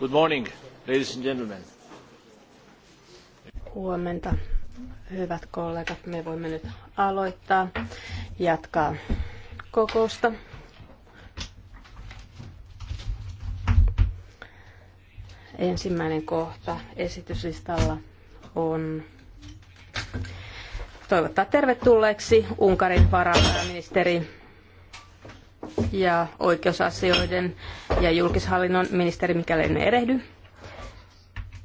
Good morning, ladies and gentlemen. Huomenta, hyvät kollegat. Me voimme nyt aloittaa, jatkaa kokousta. Ensimmäinen kohta esityslistalla on toivottaa tervetulleeksi Unkarin varapääministeri ja oikeusasioiden ja julkishallinnon ministeri, mikäli en erehdy.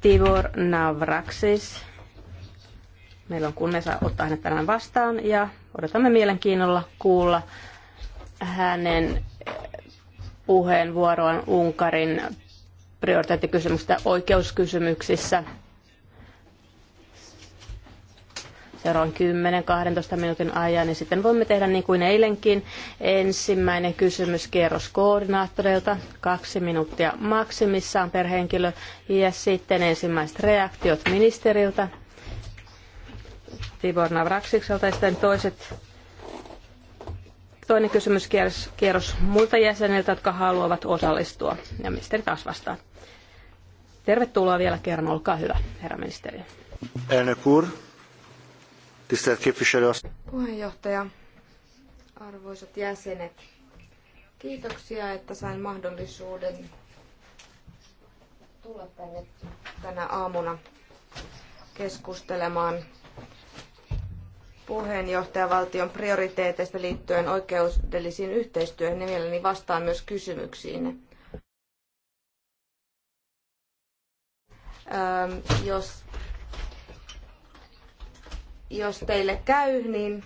Tibor Navraksis. Meillä on kunniansa ottaa hänet tänään vastaan ja odotamme mielenkiinnolla kuulla hänen puheenvuoroaan Unkarin prioriteettikysymyksistä oikeuskysymyksissä – seuraavan 10-12 minuutin ajan, niin sitten voimme tehdä niin kuin eilenkin. Ensimmäinen kysymys kierros koordinaattoreilta, kaksi minuuttia maksimissaan per henkilö, ja sitten ensimmäiset reaktiot ministeriltä, Tibor Navraksikselta, ja sitten toiset Toinen kysymyskierros kierros muilta jäseniltä, jotka haluavat osallistua. Ja ministeri taas vastaa. Tervetuloa vielä kerran, olkaa hyvä, herra ministeri. Elnök Tisztelt képviselő Puheenjohtaja, arvoisat jäsenet, kiitoksia, että sain mahdollisuuden tulla tänne tänä aamuna keskustelemaan puheenjohtajavaltion prioriteeteista liittyen oikeudellisiin yhteistyöhön ja mielelläni vastaan myös kysymyksiin. jos jos teille käy, niin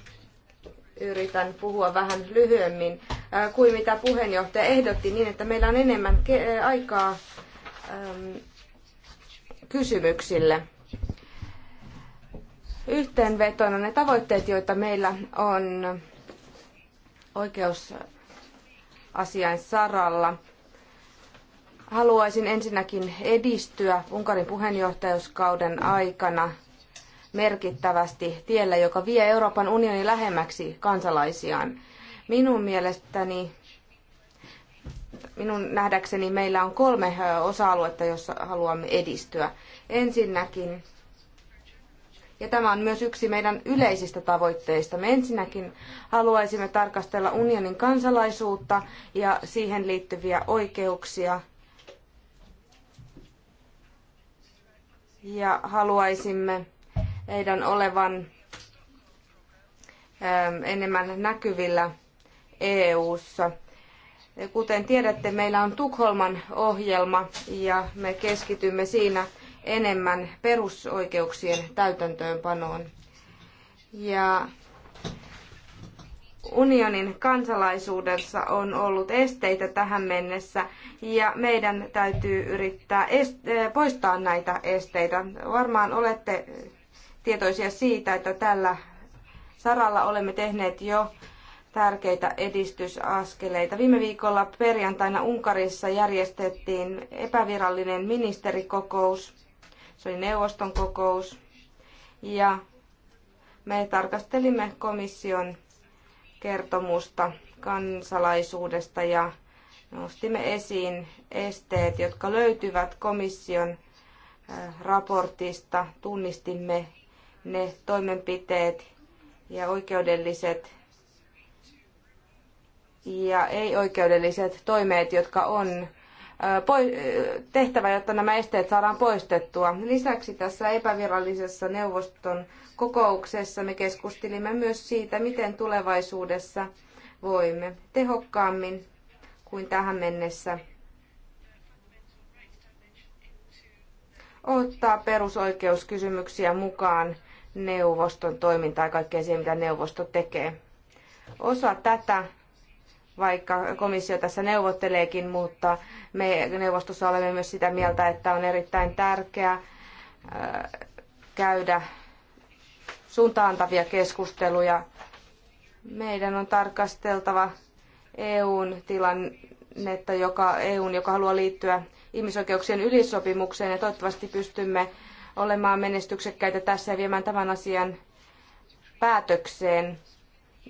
yritän puhua vähän lyhyemmin äh, kuin mitä puheenjohtaja ehdotti, niin että meillä on enemmän äh, aikaa ähm, kysymyksille. Yhteenvetona ne tavoitteet, joita meillä on oikeusasian saralla. Haluaisin ensinnäkin edistyä Unkarin puheenjohtajuuskauden aikana – merkittävästi tiellä, joka vie Euroopan unionin lähemmäksi kansalaisiaan. Minun mielestäni, minun nähdäkseni meillä on kolme osa-aluetta, jossa haluamme edistyä. Ensinnäkin, ja tämä on myös yksi meidän yleisistä tavoitteista. Me ensinnäkin haluaisimme tarkastella unionin kansalaisuutta ja siihen liittyviä oikeuksia. Ja haluaisimme meidän olevan ähm, enemmän näkyvillä EU:ssa. Kuten tiedätte, meillä on Tukholman ohjelma ja me keskitymme siinä enemmän perusoikeuksien täytäntöönpanoon. Ja unionin kansalaisuudessa on ollut esteitä tähän mennessä ja meidän täytyy yrittää äh, poistaa näitä esteitä. Varmaan olette tietoisia siitä, että tällä saralla olemme tehneet jo tärkeitä edistysaskeleita. Viime viikolla perjantaina Unkarissa järjestettiin epävirallinen ministerikokous. Se oli neuvoston kokous. Ja me tarkastelimme komission kertomusta kansalaisuudesta ja nostimme esiin esteet, jotka löytyvät komission raportista. Tunnistimme ne toimenpiteet ja oikeudelliset ja ei-oikeudelliset toimeet, jotka on tehtävä, jotta nämä esteet saadaan poistettua. Lisäksi tässä epävirallisessa neuvoston kokouksessa me keskustelimme myös siitä, miten tulevaisuudessa voimme tehokkaammin kuin tähän mennessä ottaa perusoikeuskysymyksiä mukaan neuvoston toimintaa ja kaikkea siihen, mitä neuvosto tekee. Osa tätä, vaikka komissio tässä neuvotteleekin, mutta me neuvostossa olemme myös sitä mieltä, että on erittäin tärkeää äh, käydä suuntaantavia keskusteluja. Meidän on tarkasteltava EUn tilannetta, joka, EUn, joka haluaa liittyä ihmisoikeuksien ylisopimukseen ja toivottavasti pystymme olemaan menestyksekkäitä tässä ja viemään tämän asian päätökseen.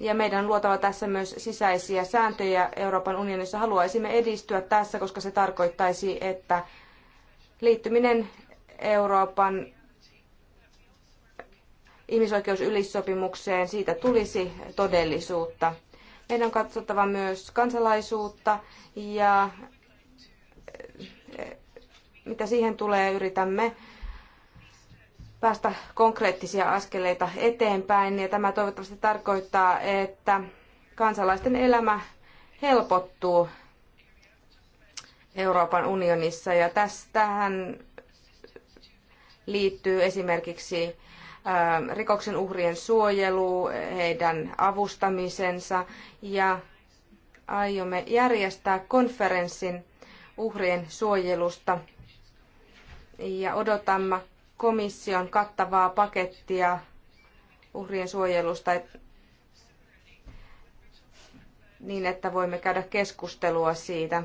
Ja meidän on luotava tässä myös sisäisiä sääntöjä Euroopan unionissa. Haluaisimme edistyä tässä, koska se tarkoittaisi, että liittyminen Euroopan ihmisoikeusylissopimukseen, siitä tulisi todellisuutta. Meidän on katsottava myös kansalaisuutta ja eh, mitä siihen tulee, yritämme päästä konkreettisia askeleita eteenpäin. Ja tämä toivottavasti tarkoittaa, että kansalaisten elämä helpottuu Euroopan unionissa. Ja tähän liittyy esimerkiksi rikoksen uhrien suojelu, heidän avustamisensa ja aiomme järjestää konferenssin uhrien suojelusta ja odotamme komission kattavaa pakettia uhrien suojelusta niin, että voimme käydä keskustelua siitä.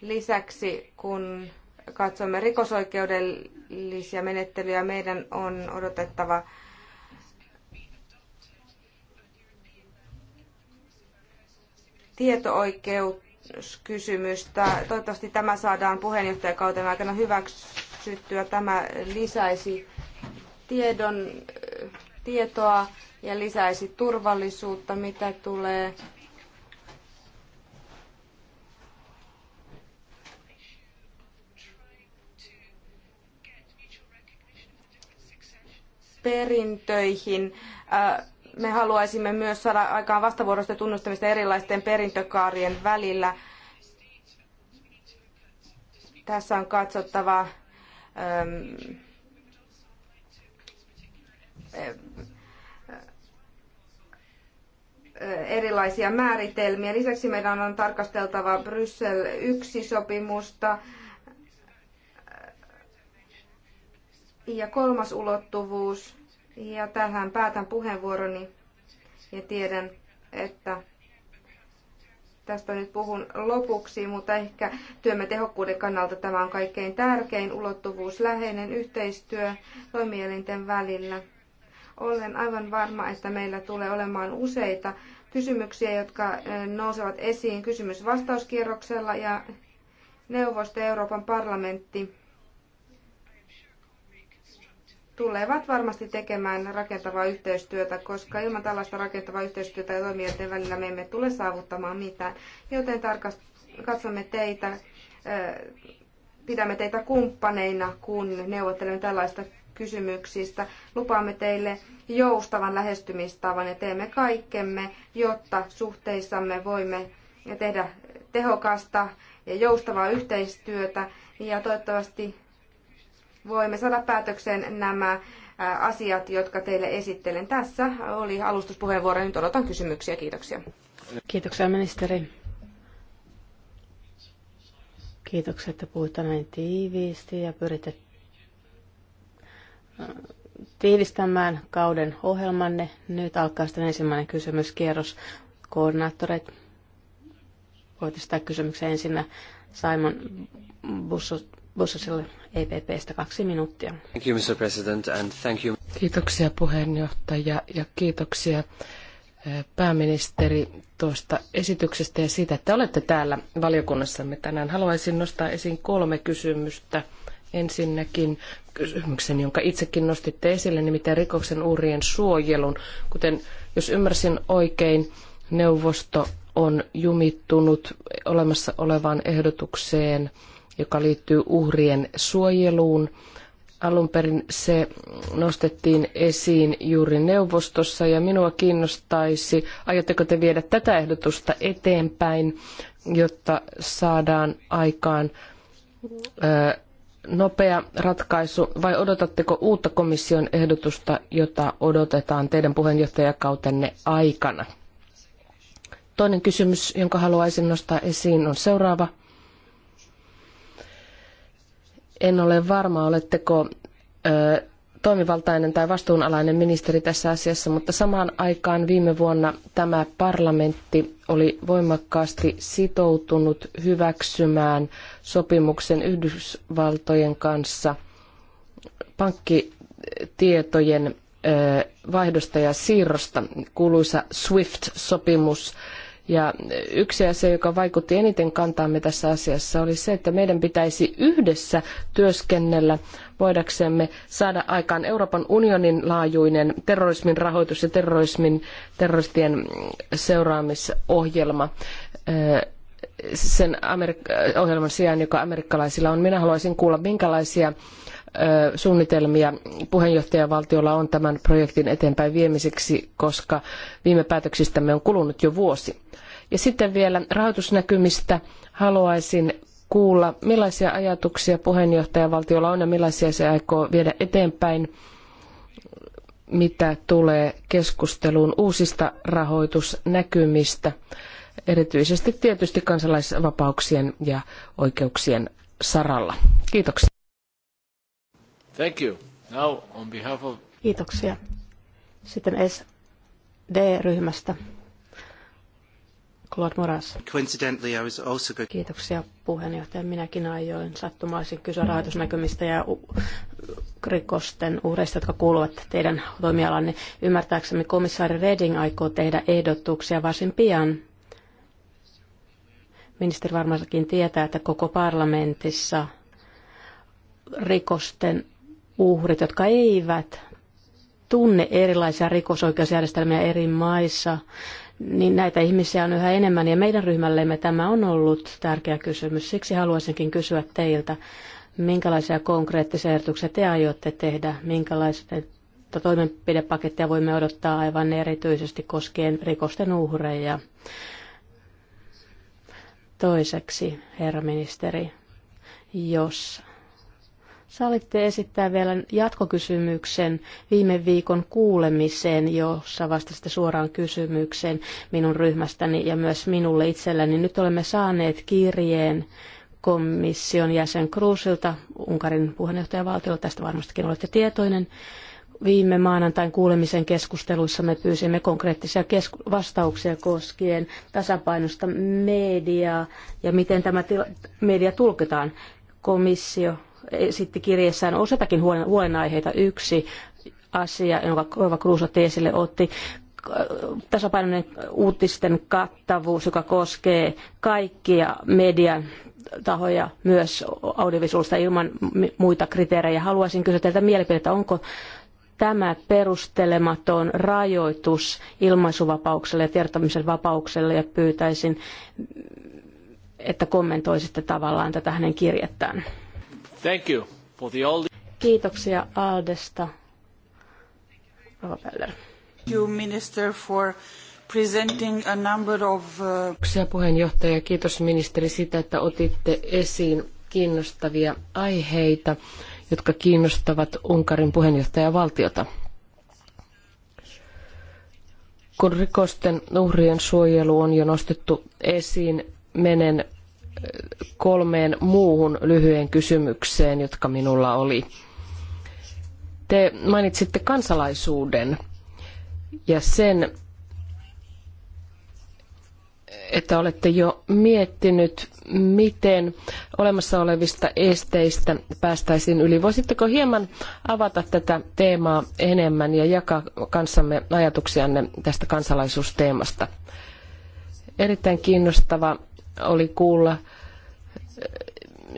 Lisäksi kun katsomme rikosoikeudellisia menettelyjä, meidän on odotettava tieto-oikeuskysymystä. Toivottavasti tämä saadaan puheenjohtajakauden aikana hyväksyttyä hyväksyttyä. Tämä lisäisi tiedon, tietoa ja lisäisi turvallisuutta, mitä tulee perintöihin. Äh, me haluaisimme myös saada aikaan vastavuoroista tunnustamista erilaisten perintökaarien välillä. Tässä on katsottava Ähm, äh, erilaisia määritelmiä. Lisäksi meidän on tarkasteltava Bryssel 1-sopimusta. Ja kolmas ulottuvuus, ja tähän päätän puheenvuoroni ja tiedän, että tästä nyt puhun lopuksi, mutta ehkä työmme tehokkuuden kannalta tämä on kaikkein tärkein ulottuvuus, läheinen yhteistyö toimielinten välillä. Olen aivan varma, että meillä tulee olemaan useita kysymyksiä, jotka nousevat esiin kysymysvastauskierroksella ja neuvosto Euroopan parlamentti tulevat varmasti tekemään rakentavaa yhteistyötä, koska ilman tällaista rakentavaa yhteistyötä ja toimijoiden välillä me emme tule saavuttamaan mitään. Joten tarkast- katsomme teitä, pidämme teitä kumppaneina, kun neuvottelemme tällaista kysymyksistä. Lupaamme teille joustavan lähestymistavan ja teemme kaikkemme, jotta suhteissamme voimme tehdä tehokasta ja joustavaa yhteistyötä ja toivottavasti voimme saada päätökseen nämä asiat, jotka teille esittelen. Tässä oli alustuspuheenvuoro. Nyt odotan kysymyksiä. Kiitoksia. Kiitoksia ministeri. Kiitoksia, että puhutaan näin tiiviisti ja pyritte tiivistämään kauden ohjelmanne. Nyt alkaa sitten ensimmäinen kysymyskierros. Koordinaattoreet voitte esittää kysymyksen ensinnä Simon Bussot Bussosille EPPstä kaksi minuuttia. Thank you, Mr. President, and thank you. Kiitoksia puheenjohtaja ja kiitoksia eh, pääministeri tuosta esityksestä ja siitä, että olette täällä valiokunnassamme tänään. Haluaisin nostaa esiin kolme kysymystä. Ensinnäkin kysymyksen, jonka itsekin nostitte esille, nimittäin rikoksen uhrien suojelun. Kuten jos ymmärsin oikein, neuvosto on jumittunut olemassa olevaan ehdotukseen joka liittyy uhrien suojeluun. Alun perin se nostettiin esiin juuri neuvostossa ja minua kiinnostaisi, aiotteko te viedä tätä ehdotusta eteenpäin, jotta saadaan aikaan nopea ratkaisu vai odotatteko uutta komission ehdotusta, jota odotetaan teidän puheenjohtajakautenne aikana? Toinen kysymys, jonka haluaisin nostaa esiin, on seuraava. En ole varma, oletteko ö, toimivaltainen tai vastuunalainen ministeri tässä asiassa, mutta samaan aikaan viime vuonna tämä parlamentti oli voimakkaasti sitoutunut hyväksymään sopimuksen Yhdysvaltojen kanssa pankkitietojen vaihdosta ja siirrosta, kuuluisa SWIFT-sopimus, ja yksi asia, joka vaikutti eniten kantaamme tässä asiassa, oli se, että meidän pitäisi yhdessä työskennellä voidaksemme saada aikaan Euroopan unionin laajuinen terrorismin rahoitus ja terrorismin, terroristien seuraamisohjelma eh, sen Amerik- eh, ohjelman sijaan, joka amerikkalaisilla on. Minä haluaisin kuulla, minkälaisia suunnitelmia puheenjohtajavaltiolla on tämän projektin eteenpäin viemiseksi, koska viime päätöksistämme on kulunut jo vuosi. Ja sitten vielä rahoitusnäkymistä haluaisin kuulla, millaisia ajatuksia puheenjohtajavaltiolla on ja millaisia se aikoo viedä eteenpäin, mitä tulee keskusteluun uusista rahoitusnäkymistä, erityisesti tietysti kansalaisvapauksien ja oikeuksien saralla. Kiitoksia. Kiitoksia. Sitten SD-ryhmästä. Claude Moras. Coincidentally, I was also good. Kiitoksia puheenjohtaja. Minäkin aioin sattumaisin kysyä rahoitusnäkymistä ja rikosten uhreista, jotka kuuluvat teidän toimialanne. Ymmärtääksemme komissaari Reding aikoo tehdä ehdotuksia varsin pian. Ministeri varmastikin tietää, että koko parlamentissa rikosten uhrit, jotka eivät tunne erilaisia rikosoikeusjärjestelmiä eri maissa, niin näitä ihmisiä on yhä enemmän ja meidän ryhmällemme tämä on ollut tärkeä kysymys. Siksi haluaisinkin kysyä teiltä, minkälaisia konkreettisia ehdotuksia te aiotte tehdä, minkälaisia toimenpidepaketteja voimme odottaa aivan erityisesti koskien rikosten uhreja. Toiseksi, herra ministeri, jos Saalitte esittää vielä jatkokysymyksen viime viikon kuulemiseen, jossa vastasitte suoraan kysymykseen minun ryhmästäni ja myös minulle itselläni. Nyt olemme saaneet kirjeen komission jäsen Kruusilta, Unkarin puheenjohtajavaltiolta, tästä varmastikin olette tietoinen. Viime maanantain kuulemisen keskusteluissa me pyysimme konkreettisia vastauksia koskien tasapainosta mediaa ja miten tämä media tulkitaan. Komissio esitti kirjeessään useitakin huolenaiheita. Yksi asia, jonka Korva Kruus otti esille, otti tasapainoinen uutisten kattavuus, joka koskee kaikkia median tahoja, myös audiovisuaalista ilman muita kriteerejä. Haluaisin kysyä teiltä mielipidettä, onko tämä perustelematon rajoitus ilmaisuvapaukselle ja tiedottamisen vapaukselle ja pyytäisin, että kommentoisitte tavallaan tätä hänen kirjettään. Thank you for the old... Kiitoksia Aldesta. You, minister, for presenting a number of... Uh, Kiitoksia puheenjohtaja. Kiitos ministeri siitä, että otitte esiin kiinnostavia aiheita, jotka kiinnostavat Unkarin puheenjohtajavaltiota. Kun rikosten uhrien suojelu on jo nostettu esiin, menen kolmeen muuhun lyhyeen kysymykseen, jotka minulla oli. Te mainitsitte kansalaisuuden ja sen, että olette jo miettinyt, miten olemassa olevista esteistä päästäisiin yli. Voisitteko hieman avata tätä teemaa enemmän ja jakaa kanssamme ajatuksianne tästä kansalaisuusteemasta? Erittäin kiinnostava oli kuulla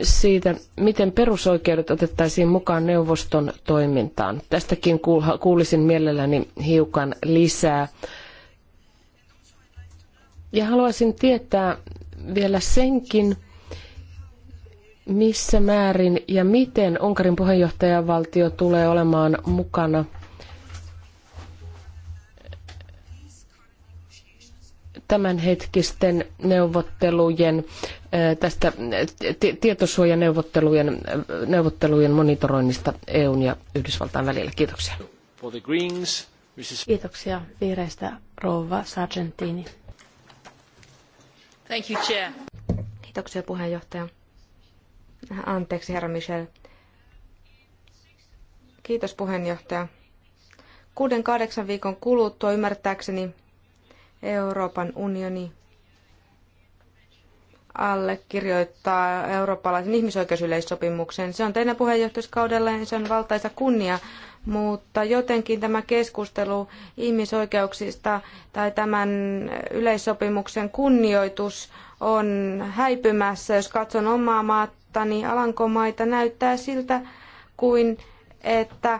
siitä, miten perusoikeudet otettaisiin mukaan neuvoston toimintaan. Tästäkin kuulisin mielelläni hiukan lisää. Ja haluaisin tietää vielä senkin, missä määrin ja miten Unkarin puheenjohtajavaltio tulee olemaan mukana – tämänhetkisten neuvottelujen, tästä tietosuojaneuvottelujen neuvottelujen monitoroinnista EUn ja Yhdysvaltain välillä. Kiitoksia. Kiitoksia vihreistä rouva Sargentini. Thank you, chair. Kiitoksia puheenjohtaja. Anteeksi, herra Michel. Kiitos puheenjohtaja. Kuuden kahdeksan viikon kuluttua ymmärtääkseni Euroopan unioni allekirjoittaa eurooppalaisen ihmisoikeusyleissopimuksen. Se on teidän ja se on valtaisa kunnia, mutta jotenkin tämä keskustelu ihmisoikeuksista tai tämän yleissopimuksen kunnioitus on häipymässä. Jos katson omaa maattani, Alankomaita, näyttää siltä kuin että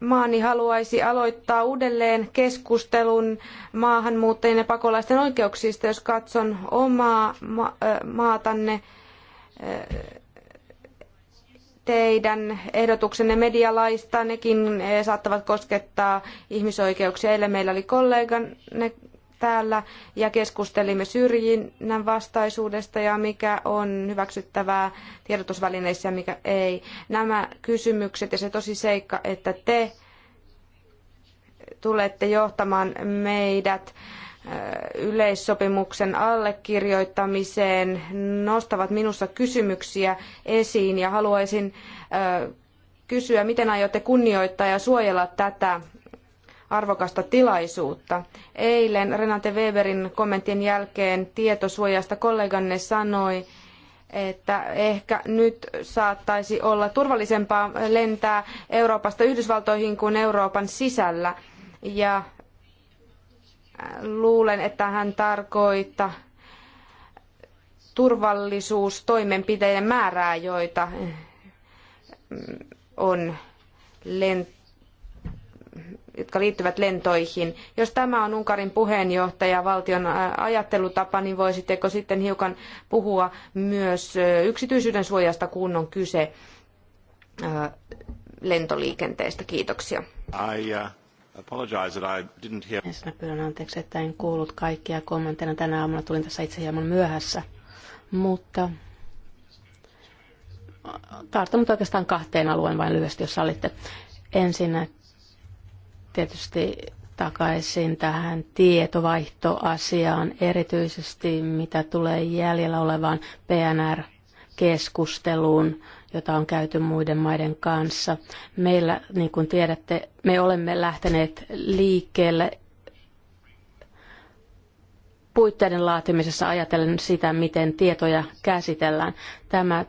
maani haluaisi aloittaa uudelleen keskustelun maahanmuuttajien ja pakolaisten oikeuksista, jos katson omaa maatanne teidän ehdotuksenne medialaista, nekin saattavat koskettaa ihmisoikeuksia. Eilen meillä oli kollegan täällä ja keskustelimme syrjinnän vastaisuudesta ja mikä on hyväksyttävää tiedotusvälineissä ja mikä ei. Nämä kysymykset ja se tosi seikka, että te tulette johtamaan meidät yleissopimuksen allekirjoittamiseen nostavat minussa kysymyksiä esiin ja haluaisin kysyä, miten aiotte kunnioittaa ja suojella tätä arvokasta tilaisuutta. Eilen Renate Weberin kommenttien jälkeen tietosuojasta kolleganne sanoi, että ehkä nyt saattaisi olla turvallisempaa lentää Euroopasta Yhdysvaltoihin kuin Euroopan sisällä. Ja äh, luulen, että hän tarkoittaa turvallisuustoimenpiteiden määrää, joita äh, on lent- jotka liittyvät lentoihin. Jos tämä on Unkarin puheenjohtajavaltion ajattelutapa, niin voisitteko sitten hiukan puhua myös yksityisyyden suojasta, kun on kyse lentoliikenteestä. Kiitoksia. I, uh... Ensinnä pyydän anteeksi, että en kuullut kaikkia kommentteja. Tänä aamuna tulin tässä itse hieman myöhässä, mutta tartun nyt oikeastaan kahteen alueen vain lyhyesti, jos sallitte. Ensinnä Tietysti takaisin tähän tietovaihtoasiaan, erityisesti mitä tulee jäljellä olevaan PNR-keskusteluun, jota on käyty muiden maiden kanssa. Meillä, niin kuin tiedätte, me olemme lähteneet liikkeelle puitteiden laatimisessa ajatellen sitä, miten tietoja käsitellään. Tämä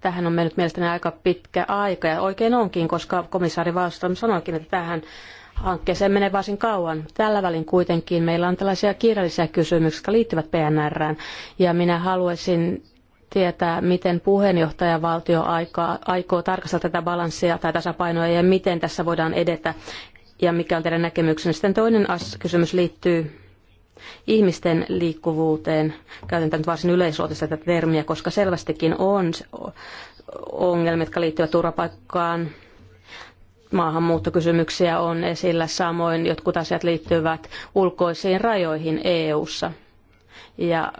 tähän on mennyt mielestäni aika pitkä aika ja oikein onkin, koska komissaari Wallström sanoikin, että tähän hankkeeseen menee varsin kauan. Tällä välin kuitenkin meillä on tällaisia kirjallisia kysymyksiä, jotka liittyvät PNRään, ja minä haluaisin tietää, miten puheenjohtajavaltio aikaa, aikoo tarkastella tätä balanssia tai tasapainoa ja miten tässä voidaan edetä ja mikä on teidän näkemyksenne. Sitten toinen kysymys liittyy ihmisten liikkuvuuteen. Käytän nyt varsin yleisluotista tätä termiä, koska selvästikin on ongelmia, jotka liittyvät turvapaikkaan, maahanmuuttokysymyksiä on esillä, samoin jotkut asiat liittyvät ulkoisiin rajoihin EU:ssa. Ja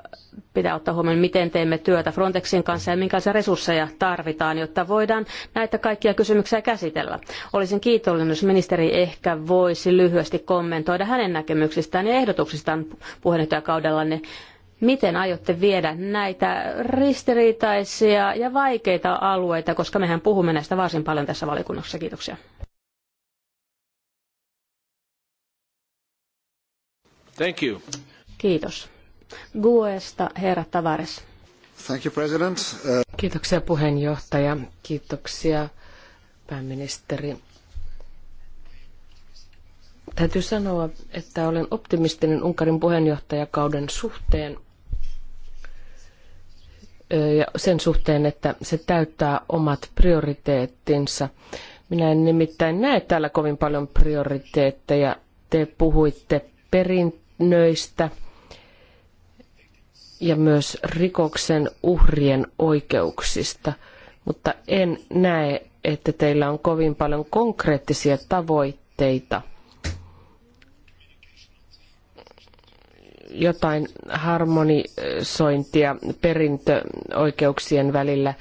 pitää ottaa huomioon, miten teemme työtä Frontexin kanssa ja minkälaisia resursseja tarvitaan, jotta voidaan näitä kaikkia kysymyksiä käsitellä. Olisin kiitollinen, jos ministeri ehkä voisi lyhyesti kommentoida hänen näkemyksistään ja ehdotuksistaan puheenjohtajakaudellanne Miten aiotte viedä näitä ristiriitaisia ja vaikeita alueita, koska mehän puhumme näistä varsin paljon tässä valiokunnassa. Kiitoksia. Thank you. Kiitos. Guesta herra Tavares. Thank you, President. Uh, Kiitoksia puheenjohtaja. Kiitoksia pääministeri. Täytyy sanoa, että olen optimistinen Unkarin puheenjohtajakauden suhteen ja sen suhteen, että se täyttää omat prioriteettinsa. Minä en nimittäin näe täällä kovin paljon prioriteetteja. Te puhuitte perinnöistä ja myös rikoksen uhrien oikeuksista, mutta en näe, että teillä on kovin paljon konkreettisia tavoitteita – jotain harmonisointia perintöoikeuksien välillä.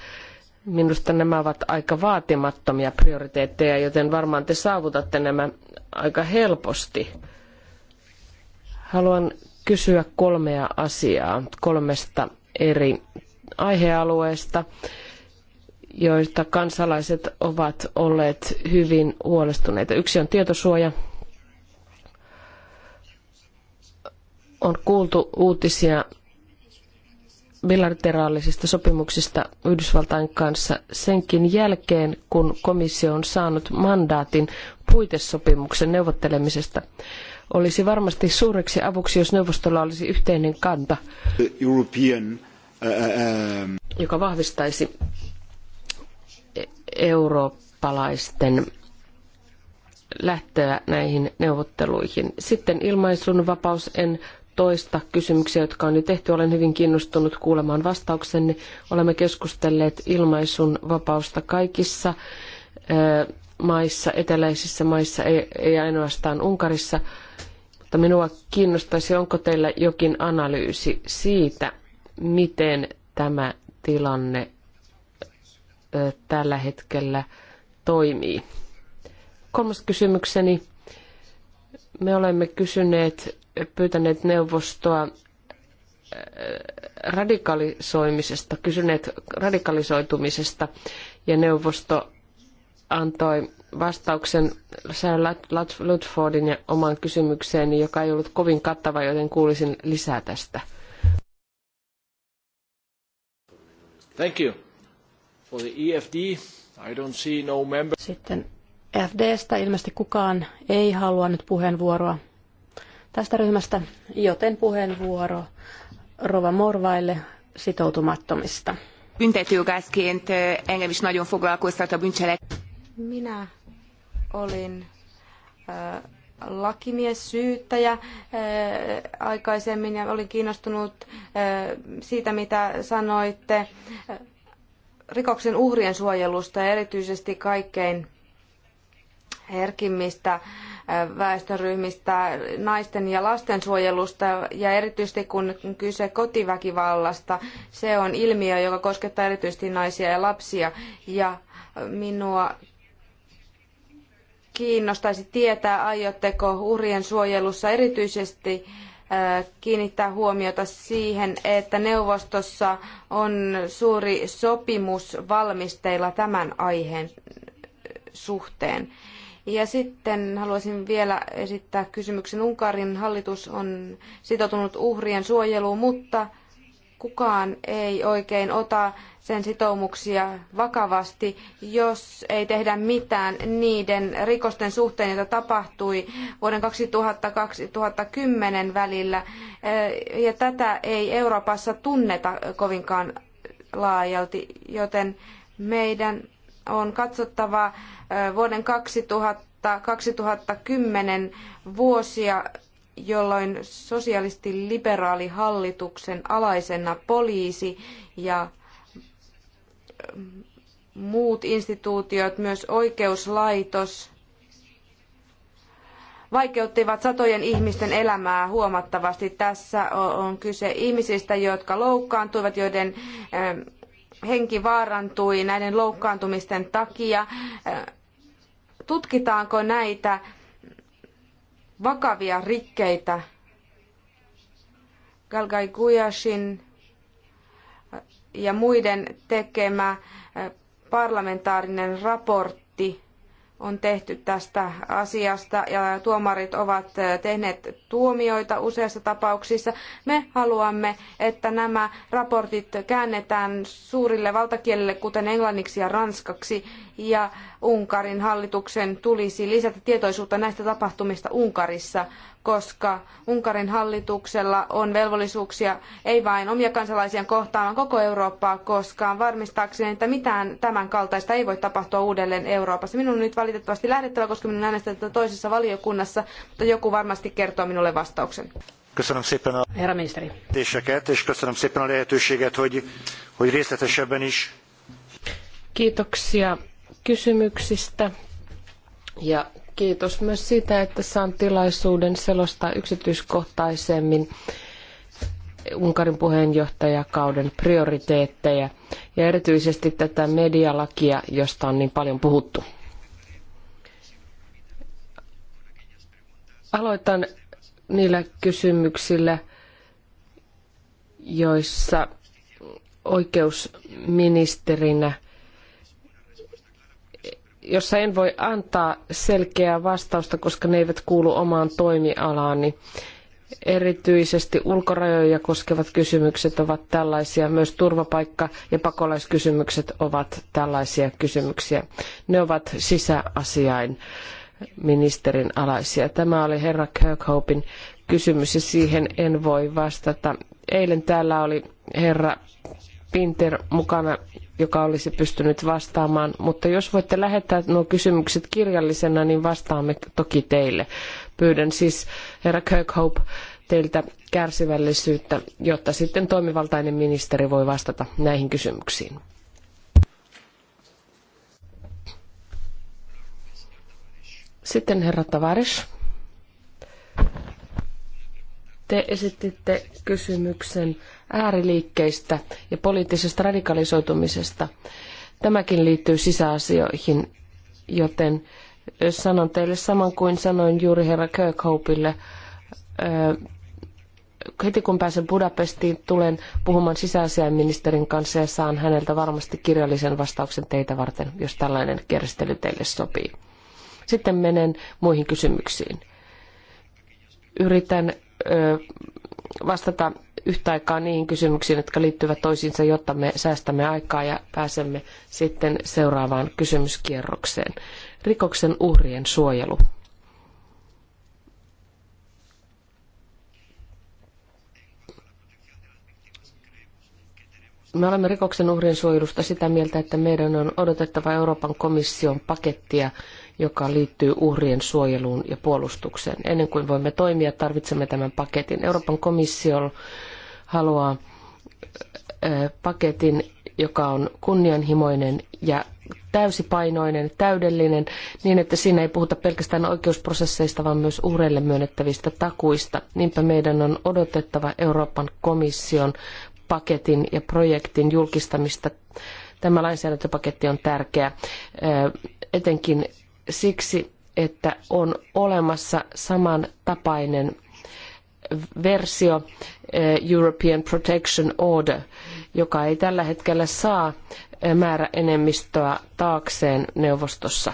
Minusta nämä ovat aika vaatimattomia prioriteetteja, joten varmaan te saavutatte nämä aika helposti. Haluan kysyä kolmea asiaa kolmesta eri aihealueesta, joista kansalaiset ovat olleet hyvin huolestuneita. Yksi on tietosuoja, on kuultu uutisia bilateraalisista sopimuksista Yhdysvaltain kanssa senkin jälkeen, kun komissio on saanut mandaatin puitesopimuksen neuvottelemisesta. Olisi varmasti suureksi avuksi, jos neuvostolla olisi yhteinen kanta, European, uh, uh, um, joka vahvistaisi eurooppalaisten lähtöä näihin neuvotteluihin. Sitten ilmaisun vapaus en toista kysymyksiä, jotka on jo tehty. Olen hyvin kiinnostunut kuulemaan vastauksenne. Olemme keskustelleet ilmaisun vapausta kaikissa eh, maissa, eteläisissä maissa, ei, ei ainoastaan Unkarissa. Mutta minua kiinnostaisi, onko teillä jokin analyysi siitä, miten tämä tilanne eh, tällä hetkellä toimii. Kolmas kysymykseni. Me olemme kysyneet pyytäneet neuvostoa äh, radikalisoimisesta, kysyneet radikalisoitumisesta ja neuvosto antoi vastauksen Sarah Ludfordin ja omaan kysymykseeni, joka ei ollut kovin kattava, joten kuulisin lisää tästä. Thank you. For the EFD, I don't see no member. Sitten FDstä ilmeisesti kukaan ei halua nyt puheenvuoroa tästä ryhmästä, joten puheenvuoro Rova Morvaille sitoutumattomista. Büntetőjogászként engem is nagyon foglalkoztat a bűncselek. Minä olin äh, lakimies syyttäjä äh, aikaisemmin ja olin kiinnostunut äh, siitä, mitä sanoitte rikoksen uhrien suojelusta ja erityisesti kaikkein herkimmistä äh, väestöryhmistä, naisten ja lastensuojelusta ja erityisesti kun kyse kotiväkivallasta. Se on ilmiö, joka koskettaa erityisesti naisia ja lapsia ja minua kiinnostaisi tietää, aiotteko uhrien suojelussa erityisesti äh, kiinnittää huomiota siihen, että neuvostossa on suuri sopimus valmisteilla tämän aiheen suhteen. Ja sitten haluaisin vielä esittää kysymyksen. Unkarin hallitus on sitoutunut uhrien suojeluun, mutta kukaan ei oikein ota sen sitoumuksia vakavasti, jos ei tehdä mitään niiden rikosten suhteen, joita tapahtui vuoden 2000-2010 välillä. Ja tätä ei Euroopassa tunneta kovinkaan laajalti, joten meidän on katsottava vuoden 2000, 2010 vuosia, jolloin sosialisti hallituksen alaisena poliisi ja muut instituutiot, myös oikeuslaitos, vaikeuttivat satojen ihmisten elämää huomattavasti. Tässä on kyse ihmisistä, jotka loukkaantuivat, joiden henki vaarantui näiden loukkaantumisten takia. Tutkitaanko näitä vakavia rikkeitä? Galgai Gujashin ja muiden tekemä parlamentaarinen raportti on tehty tästä asiasta ja tuomarit ovat eh, tehneet tuomioita useissa tapauksissa. Me haluamme, että nämä raportit käännetään suurille valtakielille, kuten englanniksi ja ranskaksi, ja Unkarin hallituksen tulisi lisätä tietoisuutta näistä tapahtumista Unkarissa koska Unkarin hallituksella on velvollisuuksia ei vain omia kansalaisiaan kohtaan, vaan koko Eurooppaa koskaan varmistaakseen, että mitään tämän kaltaista ei voi tapahtua uudelleen Euroopassa. Minun on nyt valitettavasti lähdettävä, koska minun äänestetään toisessa valiokunnassa, mutta joku varmasti kertoo minulle vastauksen. Herra ministeri. Kiitoksia kysymyksistä ja Kiitos myös siitä, että saan tilaisuuden selostaa yksityiskohtaisemmin Unkarin puheenjohtajakauden prioriteetteja ja erityisesti tätä medialakia, josta on niin paljon puhuttu. Aloitan niillä kysymyksillä, joissa oikeusministerinä – jossa en voi antaa selkeää vastausta, koska ne eivät kuulu omaan toimialaani. Erityisesti ulkorajoja koskevat kysymykset ovat tällaisia, myös turvapaikka- ja pakolaiskysymykset ovat tällaisia kysymyksiä. Ne ovat sisäasiain ministerin alaisia. Tämä oli herra Kirkhopin kysymys ja siihen en voi vastata. Eilen täällä oli herra Pinter mukana joka olisi pystynyt vastaamaan. Mutta jos voitte lähettää nuo kysymykset kirjallisena, niin vastaamme toki teille. Pyydän siis herra Kirkhope teiltä kärsivällisyyttä, jotta sitten toimivaltainen ministeri voi vastata näihin kysymyksiin. Sitten herra Tavares. Te esititte kysymyksen ääriliikkeistä ja poliittisesta radikalisoitumisesta. Tämäkin liittyy sisäasioihin, joten sanon teille saman kuin sanoin juuri herra Kirkhopeille. Heti kun pääsen Budapestiin, tulen puhumaan sisäasiainministerin kanssa ja saan häneltä varmasti kirjallisen vastauksen teitä varten, jos tällainen kerstely teille sopii. Sitten menen muihin kysymyksiin. Yritän vastata yhtä aikaa niihin kysymyksiin, jotka liittyvät toisiinsa, jotta me säästämme aikaa ja pääsemme sitten seuraavaan kysymyskierrokseen. Rikoksen uhrien suojelu. Me olemme rikoksen uhrien suojelusta sitä mieltä, että meidän on odotettava Euroopan komission pakettia, joka liittyy uhrien suojeluun ja puolustukseen. Ennen kuin voimme toimia, tarvitsemme tämän paketin. Euroopan komissiolla haluaa paketin, joka on kunnianhimoinen ja täysipainoinen, täydellinen, niin että siinä ei puhuta pelkästään oikeusprosesseista, vaan myös uhreille myönnettävistä takuista. Niinpä meidän on odotettava Euroopan komission paketin ja projektin julkistamista. Tämä lainsäädäntöpaketti on tärkeä, etenkin siksi, että on olemassa samantapainen versio eh, European Protection Order, joka ei tällä hetkellä saa eh, määräenemmistöä taakseen neuvostossa.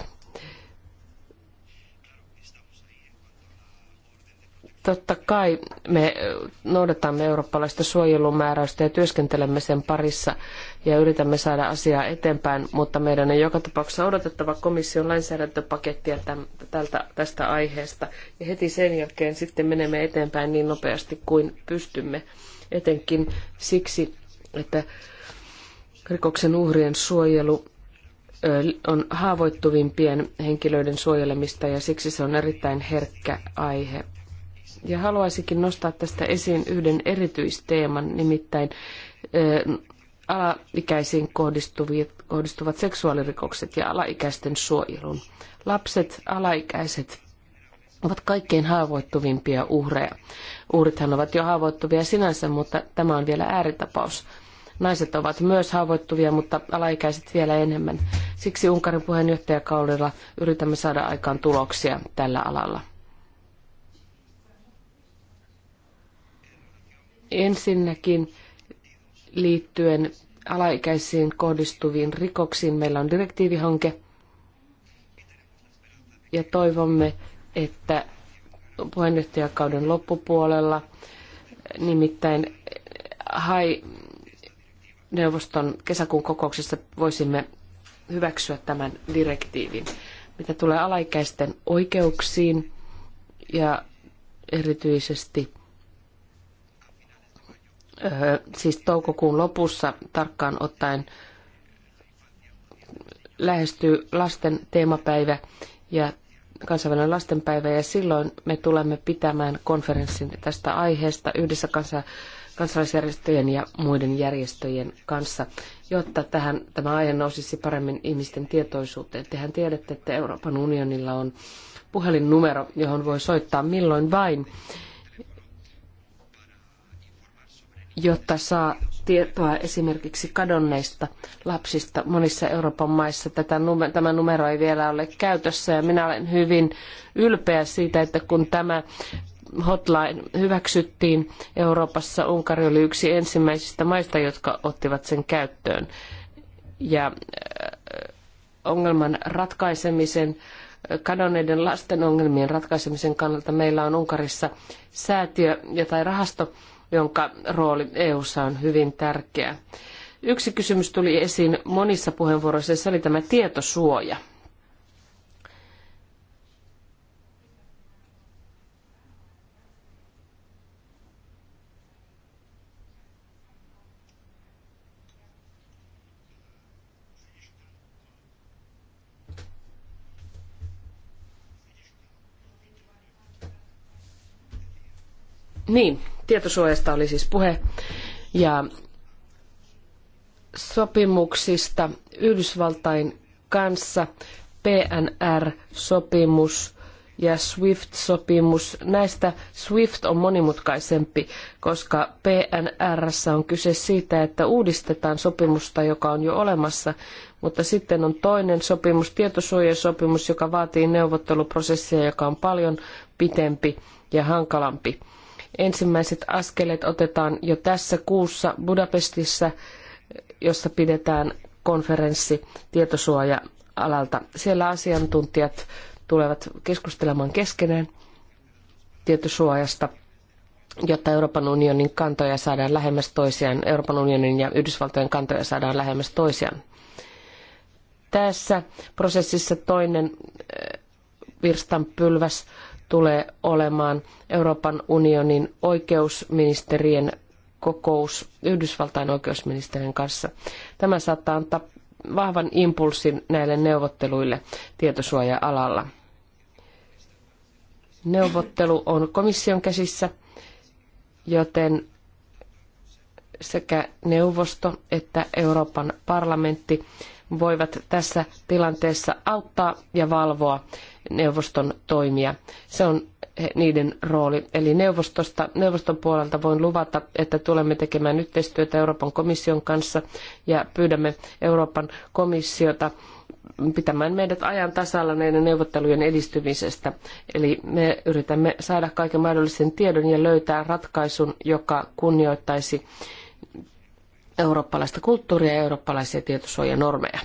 Totta kai me noudatamme eurooppalaista suojelumääräystä ja työskentelemme sen parissa ja yritämme saada asiaa eteenpäin, mutta meidän on joka tapauksessa odotettava komission lainsäädäntöpakettia tältä, tästä aiheesta. Ja heti sen jälkeen sitten menemme eteenpäin niin nopeasti kuin pystymme, etenkin siksi, että rikoksen uhrien suojelu on haavoittuvimpien henkilöiden suojelemista ja siksi se on erittäin herkkä aihe. Ja haluaisinkin nostaa tästä esiin yhden erityisteeman, nimittäin alaikäisiin kohdistuvat seksuaalirikokset ja alaikäisten suojelun. Lapset, alaikäiset ovat kaikkein haavoittuvimpia uhreja. Uhrithan ovat jo haavoittuvia sinänsä, mutta tämä on vielä ääritapaus. Naiset ovat myös haavoittuvia, mutta alaikäiset vielä enemmän. Siksi Unkarin puheenjohtajakaudella yritämme saada aikaan tuloksia tällä alalla. Ensinnäkin liittyen alaikäisiin kohdistuviin rikoksiin meillä on direktiivihanke ja toivomme, että puheenjohtajakauden loppupuolella nimittäin HAI neuvoston kesäkuun kokouksessa voisimme hyväksyä tämän direktiivin. Mitä tulee alaikäisten oikeuksiin ja erityisesti siis toukokuun lopussa tarkkaan ottaen lähestyy lasten teemapäivä ja kansainvälinen lastenpäivä ja silloin me tulemme pitämään konferenssin tästä aiheesta yhdessä kansa, kansalaisjärjestöjen ja muiden järjestöjen kanssa, jotta tähän, tämä aihe nousisi paremmin ihmisten tietoisuuteen. Tehän tiedätte, että Euroopan unionilla on puhelinnumero, johon voi soittaa milloin vain jotta saa tietoa esimerkiksi kadonneista lapsista. Monissa Euroopan maissa tätä, tämä numero ei vielä ole käytössä ja minä olen hyvin ylpeä siitä, että kun tämä hotline hyväksyttiin Euroopassa, Unkari oli yksi ensimmäisistä maista, jotka ottivat sen käyttöön. Ja äh, ongelman ratkaisemisen kadonneiden lasten ongelmien ratkaisemisen kannalta meillä on Unkarissa säätiö tai rahasto, jonka rooli EU:ssa on hyvin tärkeä. Yksi kysymys tuli esiin monissa puheenvuoroissa, ja se oli tämä tietosuoja. Niin, tietosuojasta oli siis puhe. Ja sopimuksista Yhdysvaltain kanssa PNR-sopimus ja SWIFT-sopimus. Näistä SWIFT on monimutkaisempi, koska PNR on kyse siitä, että uudistetaan sopimusta, joka on jo olemassa, mutta sitten on toinen sopimus, tietosuojasopimus, joka vaatii neuvotteluprosessia, joka on paljon pitempi ja hankalampi. Ensimmäiset askeleet otetaan jo tässä kuussa Budapestissa, jossa pidetään konferenssi tietosuoja-alalta. Siellä asiantuntijat tulevat keskustelemaan keskenään tietosuojasta, jotta Euroopan unionin kantoja saadaan lähemmäs toisiaan, Euroopan unionin ja Yhdysvaltojen kantoja saadaan lähemmäs toisiaan. Tässä prosessissa toinen eh, virstanpylväs tulee olemaan Euroopan unionin oikeusministerien kokous Yhdysvaltain oikeusministerin kanssa. Tämä saattaa antaa vahvan impulssin näille neuvotteluille tietosuoja-alalla. Neuvottelu on komission käsissä, joten sekä neuvosto että Euroopan parlamentti voivat tässä tilanteessa auttaa ja valvoa neuvoston toimia. Se on niiden rooli. Eli neuvostosta, neuvoston puolelta voin luvata, että tulemme tekemään yhteistyötä Euroopan komission kanssa ja pyydämme Euroopan komissiota pitämään meidät ajan tasalla näiden neuvottelujen edistymisestä. Eli me yritämme saada kaiken mahdollisen tiedon ja löytää ratkaisun, joka kunnioittaisi eurooppalaista kulttuuria ja eurooppalaisia tietosuojanormeja.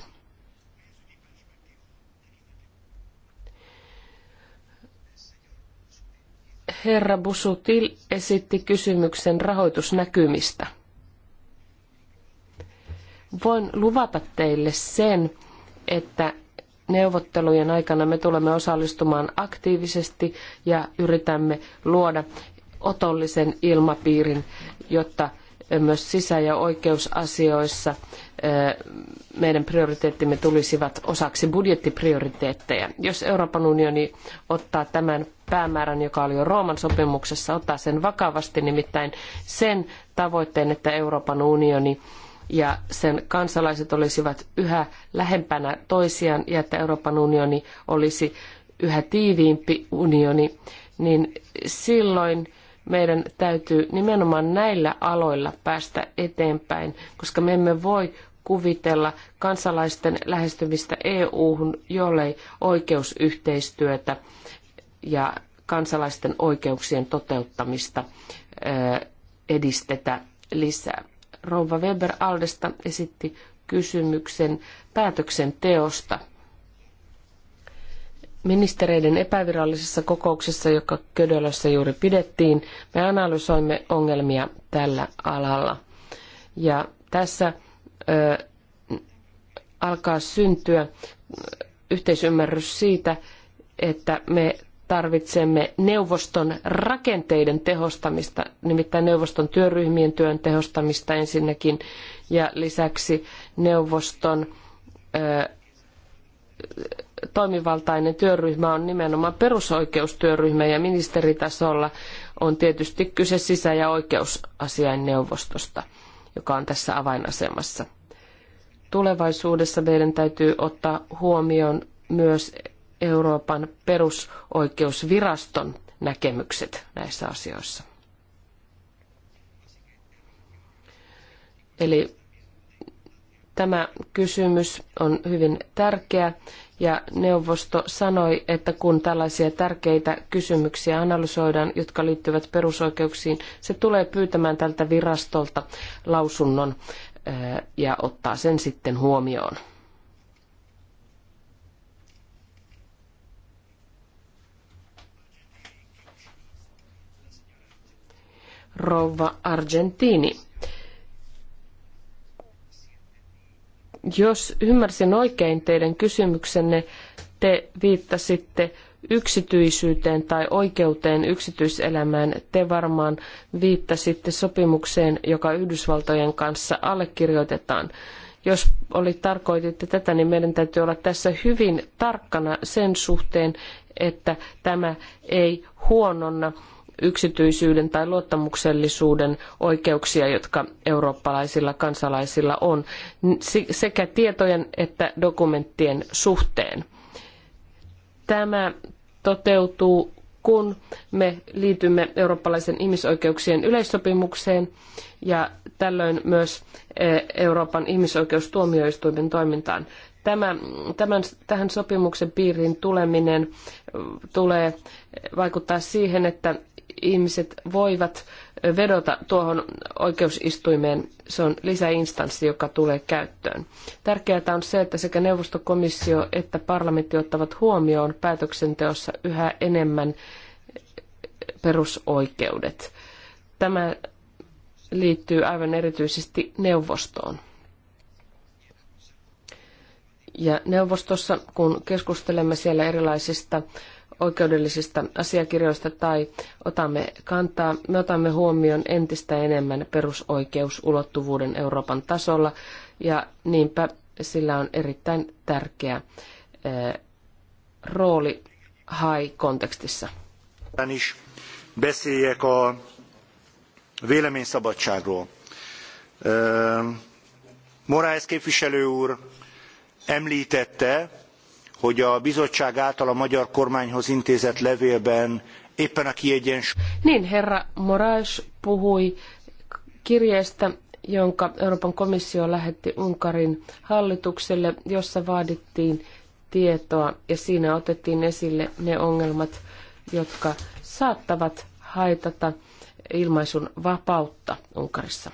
Herra Busutil esitti kysymyksen rahoitusnäkymistä. Voin luvata teille sen, että neuvottelujen aikana me tulemme osallistumaan aktiivisesti ja yritämme luoda otollisen ilmapiirin, jotta myös sisä- ja oikeusasioissa eh, meidän prioriteettimme tulisivat osaksi budjettiprioriteetteja. Jos Euroopan unioni ottaa tämän päämäärän, joka oli jo Rooman sopimuksessa, ottaa sen vakavasti, nimittäin sen tavoitteen, että Euroopan unioni ja sen kansalaiset olisivat yhä lähempänä toisiaan ja että Euroopan unioni olisi yhä tiiviimpi unioni, niin silloin – meidän täytyy nimenomaan näillä aloilla päästä eteenpäin, koska me emme voi kuvitella kansalaisten lähestymistä EU-hun, jollei oikeusyhteistyötä ja kansalaisten oikeuksien toteuttamista edistetä lisää. Rouva Weber Aldesta esitti kysymyksen päätöksenteosta ministereiden epävirallisessa kokouksessa, joka Ködölössä juuri pidettiin, me analysoimme ongelmia tällä alalla. Ja tässä ö, alkaa syntyä yhteisymmärrys siitä, että me tarvitsemme neuvoston rakenteiden tehostamista, nimittäin neuvoston työryhmien työn tehostamista ensinnäkin, ja lisäksi neuvoston ö, toimivaltainen työryhmä on nimenomaan perusoikeustyöryhmä ja ministeritasolla on tietysti kyse sisä- ja oikeusasiainneuvostosta, joka on tässä avainasemassa. Tulevaisuudessa meidän täytyy ottaa huomioon myös Euroopan perusoikeusviraston näkemykset näissä asioissa. Eli Tämä kysymys on hyvin tärkeä ja neuvosto sanoi, että kun tällaisia tärkeitä kysymyksiä analysoidaan, jotka liittyvät perusoikeuksiin, se tulee pyytämään tältä virastolta lausunnon eh, ja ottaa sen sitten huomioon. Rouva Argentini Jos ymmärsin oikein teidän kysymyksenne, te viittasitte yksityisyyteen tai oikeuteen yksityiselämään. Te varmaan viittasitte sopimukseen, joka Yhdysvaltojen kanssa allekirjoitetaan. Jos oli tarkoititte tätä, niin meidän täytyy olla tässä hyvin tarkkana sen suhteen, että tämä ei huononna yksityisyyden tai luottamuksellisuuden oikeuksia, jotka eurooppalaisilla kansalaisilla on sekä tietojen että dokumenttien suhteen. Tämä toteutuu, kun me liitymme eurooppalaisen ihmisoikeuksien yleissopimukseen ja tällöin myös e, Euroopan ihmisoikeustuomioistuimen toimintaan tämä, tämän, tähän sopimuksen piiriin tuleminen tulee vaikuttaa siihen, että ihmiset voivat vedota tuohon oikeusistuimeen. Se on lisäinstanssi, joka tulee käyttöön. Tärkeää on se, että sekä neuvostokomissio että parlamentti ottavat huomioon päätöksenteossa yhä enemmän perusoikeudet. Tämä liittyy aivan erityisesti neuvostoon. Ja neuvostossa, kun keskustelemme siellä erilaisista oikeudellisista asiakirjoista tai otamme kantaa, me otamme huomioon entistä enemmän perusoikeusulottuvuuden Euroopan tasolla ja niinpä sillä on erittäin tärkeä rooli HAI-kontekstissa. Moraes képviselő úr említette, hogy a bizottság által a magyar kormányhoz intézett levélben éppen a kiegyensúly... Niin, herra puhui kirjeestä, jonka Euroopan komissio lähetti Unkarin hallitukselle, jossa vaadittiin tietoa ja siinä otettiin esille ne ongelmat, jotka saattavat haitata ilmaisun vapautta Unkarissa.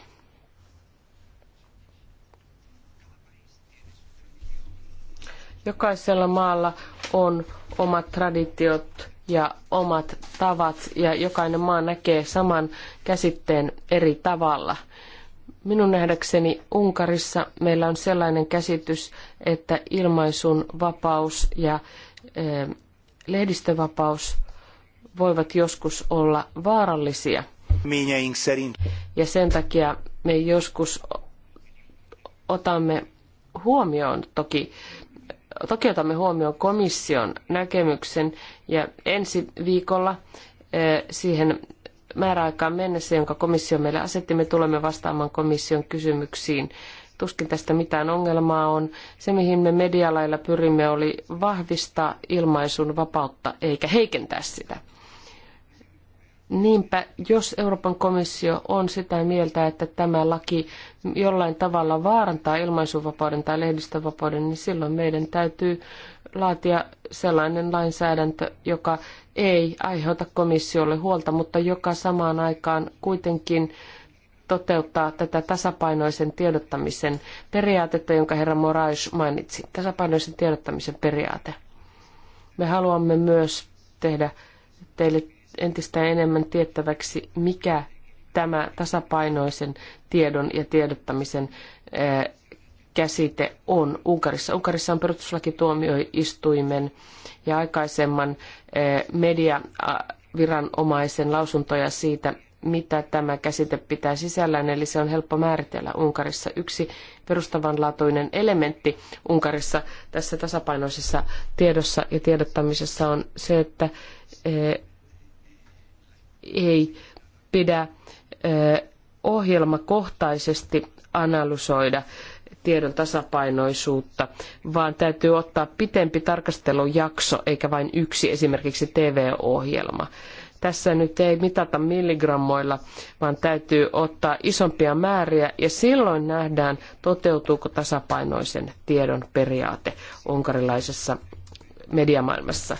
Jokaisella maalla on omat traditiot ja omat tavat ja jokainen maa näkee saman käsitteen eri tavalla. Minun nähdäkseni Unkarissa meillä on sellainen käsitys, että ilmaisun vapaus ja eh, lehdistövapaus voivat joskus olla vaarallisia. Ja sen takia me joskus otamme huomioon toki toki otamme huomioon komission näkemyksen ja ensi viikolla eh, siihen määräaikaan mennessä, jonka komissio meille asetti, me tulemme vastaamaan komission kysymyksiin. Tuskin tästä mitään ongelmaa on. Se, mihin me medialailla pyrimme, oli vahvistaa ilmaisun vapautta eikä heikentää sitä. Niinpä, jos Euroopan komissio on sitä mieltä, että tämä laki jollain tavalla vaarantaa ilmaisuvapauden tai lehdistönvapauden, niin silloin meidän täytyy laatia sellainen lainsäädäntö, joka ei aiheuta komissiolle huolta, mutta joka samaan aikaan kuitenkin toteuttaa tätä tasapainoisen tiedottamisen periaatetta, jonka herra Moraes mainitsi. Tasapainoisen tiedottamisen periaate. Me haluamme myös tehdä teille entistä enemmän tiettäväksi, mikä tämä tasapainoisen tiedon ja tiedottamisen eh, käsite on Unkarissa. Unkarissa on perustuslakituomioistuimen ja aikaisemman eh, mediaviranomaisen lausuntoja siitä, mitä tämä käsite pitää sisällään, eli se on helppo määritellä Unkarissa. Yksi perustavanlaatuinen elementti Unkarissa tässä tasapainoisessa tiedossa ja tiedottamisessa on se, että eh, ei pidä ohjelmakohtaisesti analysoida tiedon tasapainoisuutta, vaan täytyy ottaa pitempi tarkastelujakso eikä vain yksi esimerkiksi TV-ohjelma. Tässä nyt ei mitata milligrammoilla, vaan täytyy ottaa isompia määriä ja silloin nähdään, toteutuuko tasapainoisen tiedon periaate unkarilaisessa mediamaailmassa.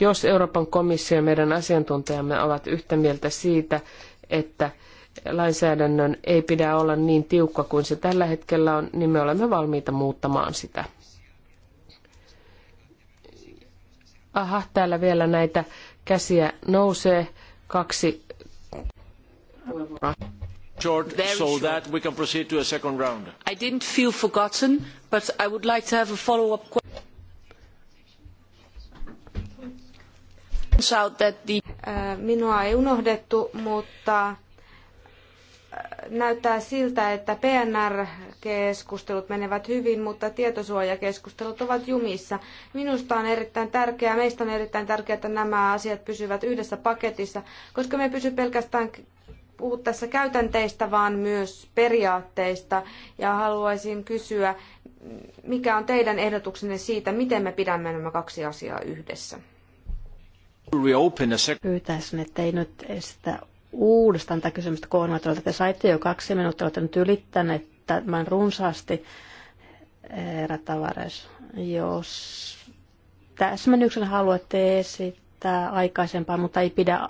Jos Euroopan komissio ja meidän asiantuntijamme ovat yhtä mieltä siitä, että lainsäädännön ei pidä olla niin tiukka kuin se tällä hetkellä on, niin me olemme valmiita muuttamaan sitä. Aha, täällä vielä näitä käsiä nousee. Kaksi short so that we can proceed to a second round. I didn't feel forgotten, but I would like to have a follow-up question. Minua ei unohdettu, mutta näyttää siltä, että PNR-keskustelut menevät hyvin, mutta tietosuojakeskustelut ovat jumissa. Minusta on erittäin tärkeää, meistä on erittäin tärkeää, että nämä asiat pysyvät yhdessä paketissa, koska me ei pysy pelkästään puhu tässä käytänteistä, vaan myös periaatteista. Ja haluaisin kysyä, mikä on teidän ehdotuksenne siitä, miten me pidämme nämä kaksi asiaa yhdessä? Pyytäisin, että ei nyt sitä uudestaan tätä kysymystä koordinaattorilta. Te saitte jo kaksi minuuttia, olette nyt ylittäneet tämän runsaasti, herra Tavares. Jos täsmennyksen haluatte esittää aikaisempaa, mutta ei pidä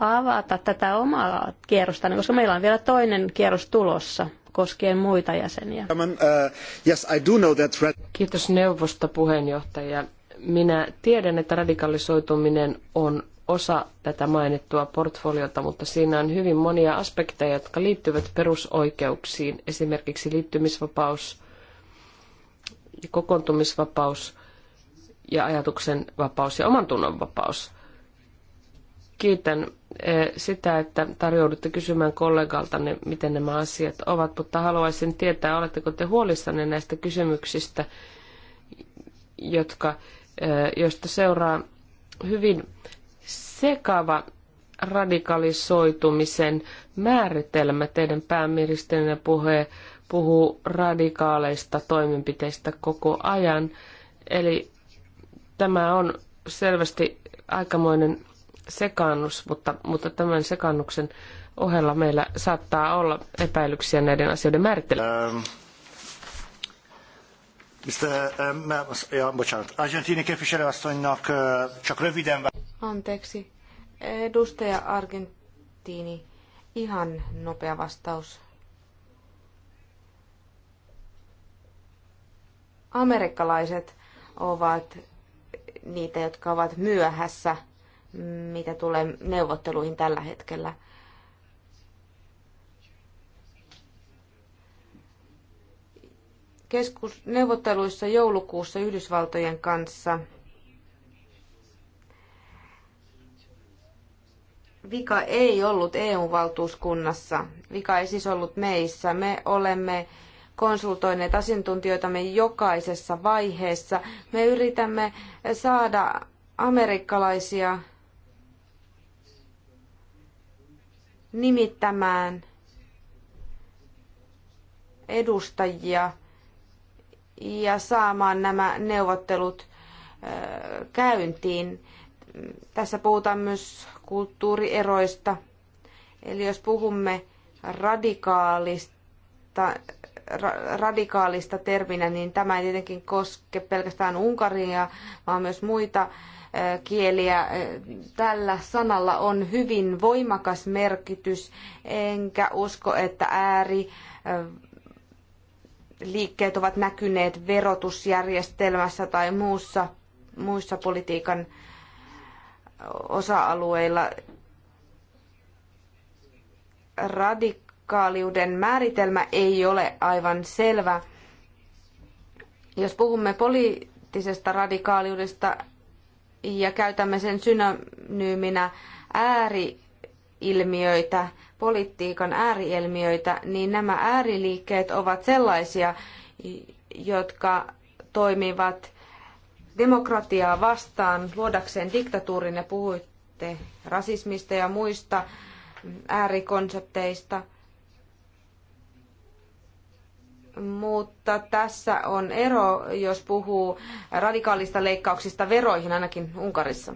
avata tätä omaa kierrosta, niin koska meillä on vielä toinen kierros tulossa koskien muita jäseniä. Uh, Kiitos neuvosta puheenjohtaja. Minä tiedän, että radikalisoituminen on osa tätä mainittua portfoliota, mutta siinä on hyvin monia aspekteja, jotka liittyvät perusoikeuksiin, esimerkiksi liittymisvapaus ja kokoontumisvapaus ja ajatuksen vapaus ja oman tunnon vapaus. Kiitän eh, sitä, että tarjoudutte kysymään kollegaltanne, miten nämä asiat ovat, mutta haluaisin tietää, oletteko te huolissanne näistä kysymyksistä, jotka josta seuraa hyvin sekava radikalisoitumisen määritelmä. Teidän pääministerinä puhe puhuu radikaaleista toimenpiteistä koko ajan. Eli tämä on selvästi aikamoinen sekaannus, mutta, mutta tämän sekannuksen ohella meillä saattaa olla epäilyksiä näiden asioiden määrittelystä ähm. Mr. Um, ja, bocsánat. Argentiini képviselőasszonynak uh, csak röviden... Anteeksi. Edustaja Argentiini. Ihan nopea vastaus. Amerikkalaiset ovat niitä, jotka ovat myöhässä, mitä tulee neuvotteluihin tällä hetkellä – keskus, neuvotteluissa joulukuussa Yhdysvaltojen kanssa vika ei ollut EU-valtuuskunnassa. Vika ei siis ollut meissä. Me olemme konsultoineet asiantuntijoitamme jokaisessa vaiheessa. Me yritämme saada amerikkalaisia nimittämään edustajia ja saamaan nämä neuvottelut käyntiin. Tässä puhutaan myös kulttuurieroista. Eli jos puhumme radikaalista, ra, radikaalista terminä, niin tämä ei tietenkin koske pelkästään Unkaria, vaan myös muita kieliä. Tällä sanalla on hyvin voimakas merkitys, enkä usko, että ääri liikkeet ovat näkyneet verotusjärjestelmässä tai muussa, muissa politiikan osa-alueilla. Radikaaliuden määritelmä ei ole aivan selvä. Jos puhumme poliittisesta radikaaliudesta ja käytämme sen synonyyminä ääriilmiöitä, politiikan ääriilmiöitä, niin nämä ääriliikkeet ovat sellaisia, jotka toimivat demokratiaa vastaan luodakseen diktatuurin ja puhuitte rasismista ja muista äärikonsepteista – mutta tässä on ero, jos puhuu radikaalista leikkauksista veroihin, ainakin Unkarissa.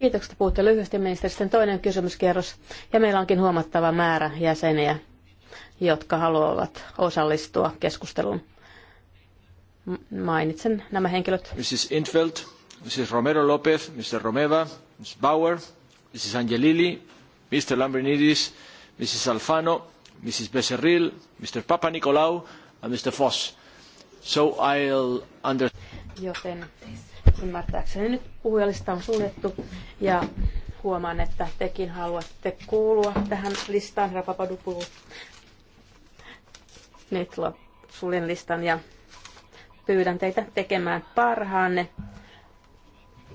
Kiitoksia, puhutte lyhyesti ministeri. Sitten toinen kysymyskierros. Ja meillä onkin huomattava määrä jäseniä, jotka haluavat osallistua keskusteluun. Mainitsen nämä henkilöt. Mrs. Infeld, Mrs. Romero Lopez, Mr. Romeva, Mrs. Bauer, Mrs. Angelilli, Mr. Lambrinidis, Mrs. Alfano, Mrs. Becerril, Mr. Papa Nicolau, Uh, Mr. Foss. So I'll under... Joten ymmärtääkseni nyt puhujalista on suljettu ja huomaan, että tekin haluatte kuulua tähän listaan, herra Papadopoulou. Nyt suljen listan ja pyydän teitä tekemään parhaanne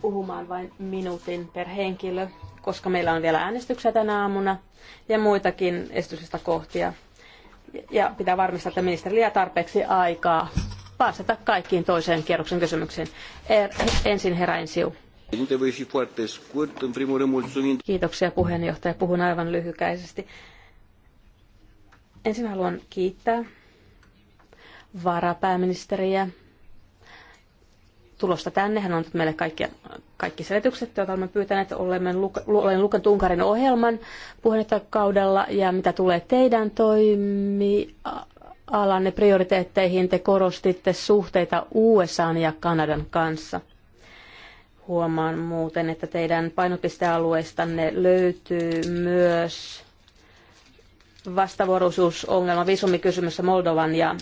puhumaan vain minuutin per henkilö, koska meillä on vielä äänestyksiä tänä aamuna ja muitakin esitystä kohtia ja pitää varmistaa, että ministerillä jää tarpeeksi aikaa vastata kaikkiin toiseen kierroksen kysymyksiin. Er, ensin herra Ensiu. Kiitoksia puheenjohtaja. Puhun aivan lyhykäisesti. Ensin haluan kiittää varapääministeriä tulosta tänne. Hän on antanut meille kaikki, kaikki selitykset, joita olemme pyytäneet. Olemme luke, olen lukenut Unkarin ohjelman kaudella ja mitä tulee teidän toimialanne prioriteetteihin, te korostitte suhteita USA ja Kanadan kanssa. Huomaan muuten, että teidän painopistealueistanne löytyy myös vastavuoroisuusongelma, viisumikysymys Moldovan ja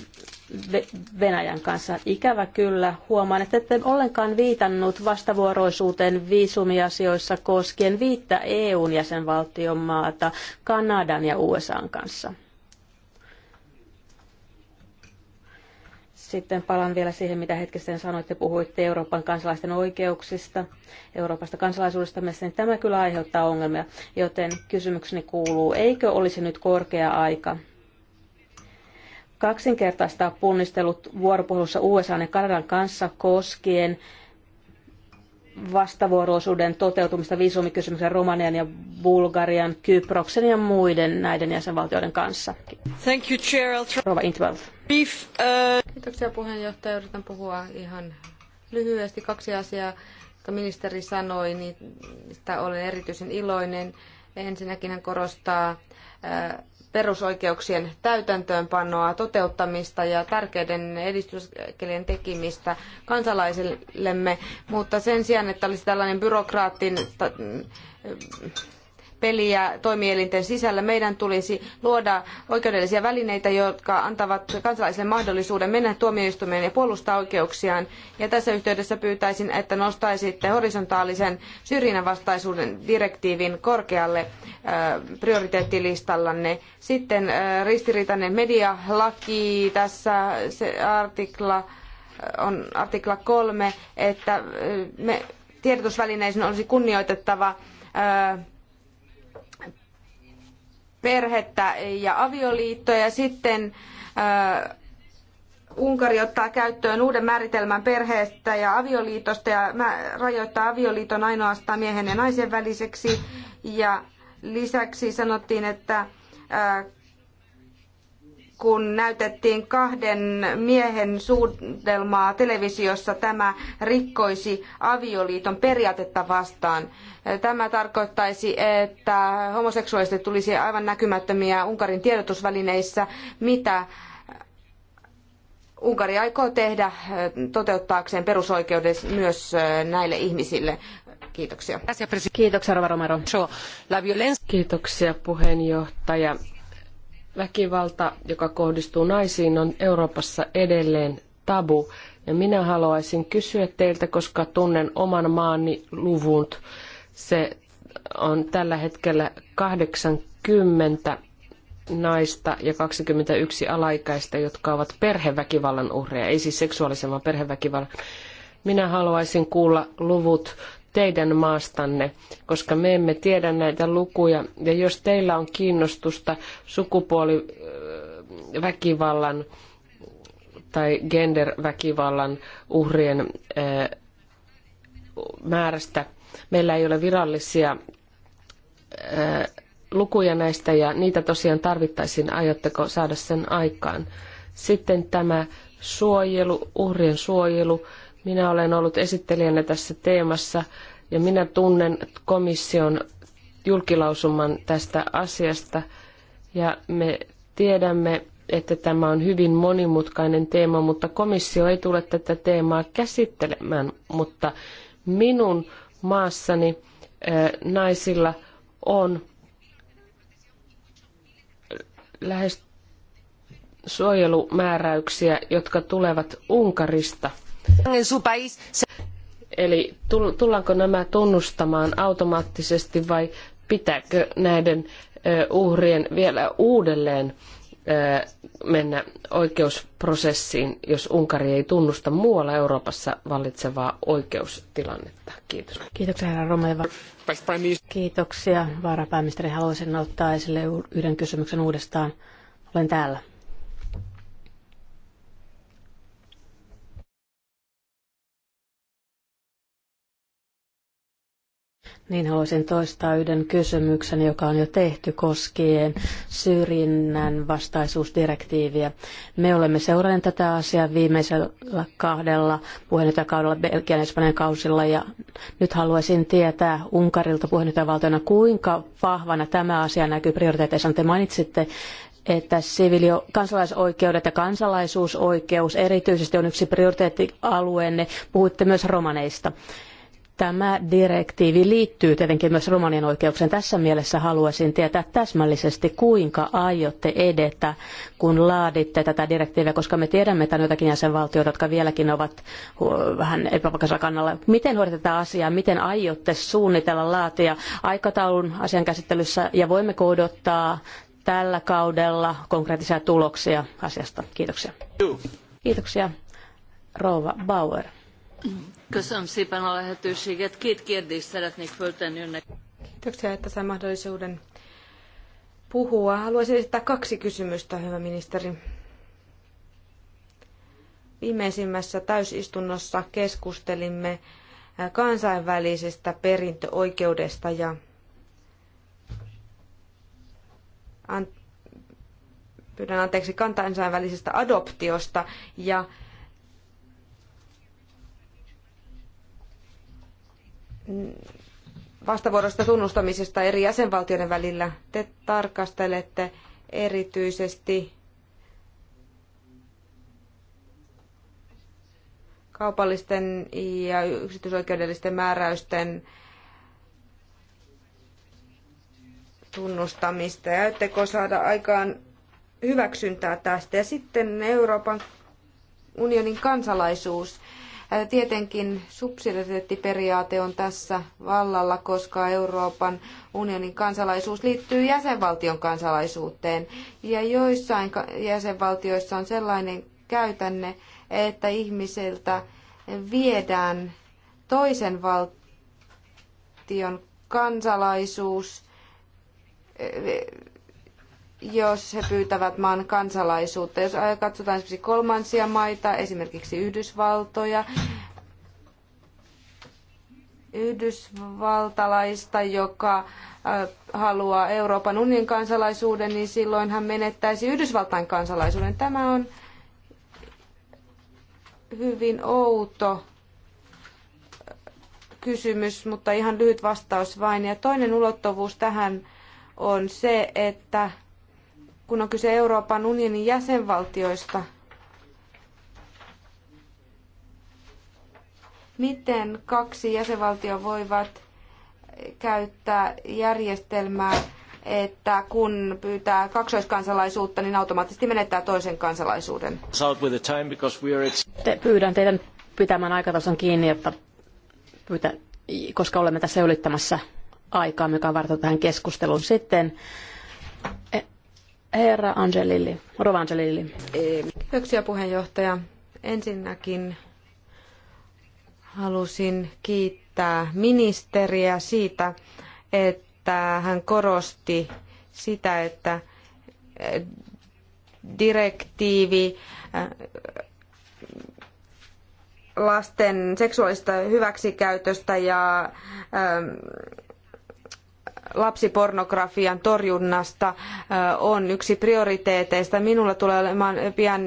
Venäjän kanssa. Ikävä kyllä huomaan, että ette ollenkaan viitannut vastavuoroisuuteen viisumiasioissa koskien viittä EUn jäsenvaltion maata Kanadan ja USAn kanssa. Sitten palaan vielä siihen, mitä hetkessä sanoitte. Puhuitte Euroopan kansalaisten oikeuksista, Euroopasta kansalaisuudesta. Niin tämä kyllä aiheuttaa ongelmia, joten kysymykseni kuuluu, eikö olisi nyt korkea aika kaksinkertaistaa punnistelut vuoropuhelussa USA ja Kanadan kanssa koskien vastavuoroisuuden toteutumista viisumikysymyksen Romanian ja Bulgarian, Kyproksen ja muiden näiden jäsenvaltioiden kanssa. Thank you, Chair. Rova Brief, uh... Kiitoksia puheenjohtaja. Yritän puhua ihan lyhyesti kaksi asiaa, jotka ministeri sanoi, niistä olen erityisen iloinen. Ensinnäkin hän korostaa uh, perusoikeuksien täytäntöönpanoa, toteuttamista ja tärkeiden edistyskelien tekemistä kansalaisillemme, mutta sen sijaan, että olisi tällainen byrokraattin peliä toimielinten sisällä. Meidän tulisi luoda oikeudellisia välineitä, jotka antavat kansalaisille mahdollisuuden mennä tuomioistuimeen ja puolustaa oikeuksiaan. Ja tässä yhteydessä pyytäisin, että nostaisitte horisontaalisen syrjinnän vastaisuuden direktiivin korkealle prioriteettilistallanne. Sitten ristiriitainen medialaki, tässä se artikla on artikla kolme, että me tiedotusvälineisiin olisi kunnioitettava perhettä ja avioliittoja. Ja sitten äh, Unkari ottaa käyttöön uuden määritelmän perheestä ja avioliitosta ja rajoittaa avioliiton ainoastaan miehen ja naisen väliseksi. Ja lisäksi sanottiin, että äh, kun näytettiin kahden miehen suudelmaa televisiossa, tämä rikkoisi avioliiton periaatetta vastaan. Tämä tarkoittaisi, että homoseksuaaliset tulisi aivan näkymättömiä Unkarin tiedotusvälineissä, mitä Unkari aikoo tehdä äh, toteuttaakseen perusoikeudet myös äh, näille ihmisille. Kiitoksia. Kiitoksia, Romero. Kiitoksia, puheenjohtaja Väkivalta, joka kohdistuu naisiin, on Euroopassa edelleen tabu. Ja minä haluaisin kysyä teiltä, koska tunnen oman maani luvut. Se on tällä hetkellä 80 naista ja 21 alaikäistä, jotka ovat perheväkivallan uhreja, ei siis seksuaalisen, vaan perheväkivallan. Minä haluaisin kuulla luvut teidän maastanne, koska me emme tiedä näitä lukuja. Ja jos teillä on kiinnostusta sukupuoliväkivallan äh, tai genderväkivallan uhrien äh, määrästä, meillä ei ole virallisia äh, lukuja näistä ja niitä tosiaan tarvittaisiin. Aiotteko saada sen aikaan? Sitten tämä suojelu, uhrien suojelu. Minä olen ollut esittelijänä tässä teemassa ja minä tunnen komission julkilausuman tästä asiasta ja me tiedämme, että tämä on hyvin monimutkainen teema, mutta komissio ei tule tätä teemaa käsittelemään. Mutta minun maassani naisilla on lähes suojelumääräyksiä, jotka tulevat Unkarista. Eli tullaanko nämä tunnustamaan automaattisesti vai pitääkö näiden uhrien vielä uudelleen mennä oikeusprosessiin, jos Unkari ei tunnusta muualla Euroopassa vallitsevaa oikeustilannetta. Kiitos. Kiitoksia herra Romeva. Kiitoksia. Varapääministeri, haluaisin ottaa esille yhden kysymyksen uudestaan. Olen täällä. Niin haluaisin toistaa yhden kysymyksen, joka on jo tehty koskien syrjinnän vastaisuusdirektiiviä. Me olemme seuranneet tätä asiaa viimeisellä kahdella puheenjohtajakaudella Belgian ja Espanjan kausilla ja nyt haluaisin tietää Unkarilta puheenjohtajavaltiona, kuinka vahvana tämä asia näkyy prioriteeteissa. Te mainitsitte että sivilio kansalaisoikeudet ja kansalaisuusoikeus erityisesti on yksi prioriteettialueenne. Puhuitte myös romaneista. Tämä direktiivi liittyy tietenkin myös romanien oikeuksiin. Tässä mielessä haluaisin tietää täsmällisesti, kuinka aiotte edetä, kun laaditte tätä direktiiviä, koska me tiedämme, että on joitakin jäsenvaltioita, jotka vieläkin ovat vähän epävakaisella kannalla. Miten hoidatte tätä asiaa? Miten aiotte suunnitella laatia aikataulun asian käsittelyssä ja voimmeko odottaa tällä kaudella konkreettisia tuloksia asiasta? Kiitoksia. Kiitoksia. Rouva Bauer. Köszönöm szépen a lehetőséget. Két kérdést szeretnék föltenni önnek. Kiitoksia, että sain mahdollisuuden puhua. Haluaisin esittää kaksi kysymystä, hyvä ministeri. Viimeisimmässä täysistunnossa keskustelimme kansainvälisestä perintöoikeudesta ja an, pyydän anteeksi kansainvälisestä adoptiosta ja vastavuoroisesta tunnustamisesta eri jäsenvaltioiden välillä. Te tarkastelette erityisesti kaupallisten ja yksityisoikeudellisten määräysten tunnustamista ja etteko saada aikaan hyväksyntää tästä. Ja sitten Euroopan unionin kansalaisuus. Tietenkin subsidiariteettiperiaate on tässä vallalla, koska Euroopan unionin kansalaisuus liittyy jäsenvaltion kansalaisuuteen. Ja joissain jäsenvaltioissa on sellainen käytänne, että ihmiseltä viedään toisen valtion kansalaisuus jos he pyytävät maan kansalaisuutta. Jos katsotaan esimerkiksi kolmansia maita, esimerkiksi Yhdysvaltoja, yhdysvaltalaista, joka haluaa Euroopan unionin kansalaisuuden, niin silloin hän menettäisi Yhdysvaltain kansalaisuuden. Tämä on hyvin outo kysymys, mutta ihan lyhyt vastaus vain. Ja toinen ulottuvuus tähän on se, että kun on kyse Euroopan unionin jäsenvaltioista, miten kaksi jäsenvaltio voivat käyttää järjestelmää, että kun pyytää kaksoiskansalaisuutta, niin automaattisesti menettää toisen kansalaisuuden. Te, pyydän teidän pitämään aikatason kiinni, jotta pyytä, koska olemme tässä ylittämässä aikaa, joka on varattu tähän keskusteluun. Sitten eh, Herra Angelilli, Rova Angelilli. Kiitoksia puheenjohtaja. Ensinnäkin halusin kiittää ministeriä siitä, että hän korosti sitä, että direktiivi äh, lasten seksuaalista hyväksikäytöstä ja ähm, lapsipornografian torjunnasta on yksi prioriteeteista. Minulla tulee olemaan pian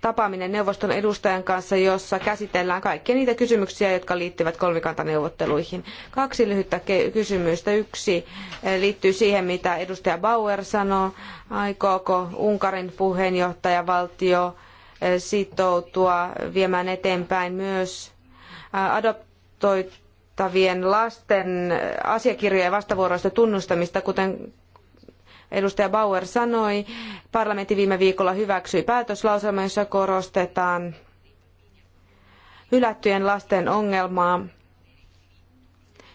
tapaaminen neuvoston edustajan kanssa, jossa käsitellään kaikkia niitä kysymyksiä, jotka liittyvät kolmikantaneuvotteluihin. Kaksi lyhyttä kysymystä. Yksi liittyy siihen, mitä edustaja Bauer sanoi. Aikooko Unkarin puheenjohtajavaltio sitoutua viemään eteenpäin myös adoptoitu osallistavien lasten asiakirjojen vastavuoroista tunnustamista, kuten edustaja Bauer sanoi. Parlamentti viime viikolla hyväksyi päätöslauselman, jossa korostetaan hylättyjen lasten ongelmaa,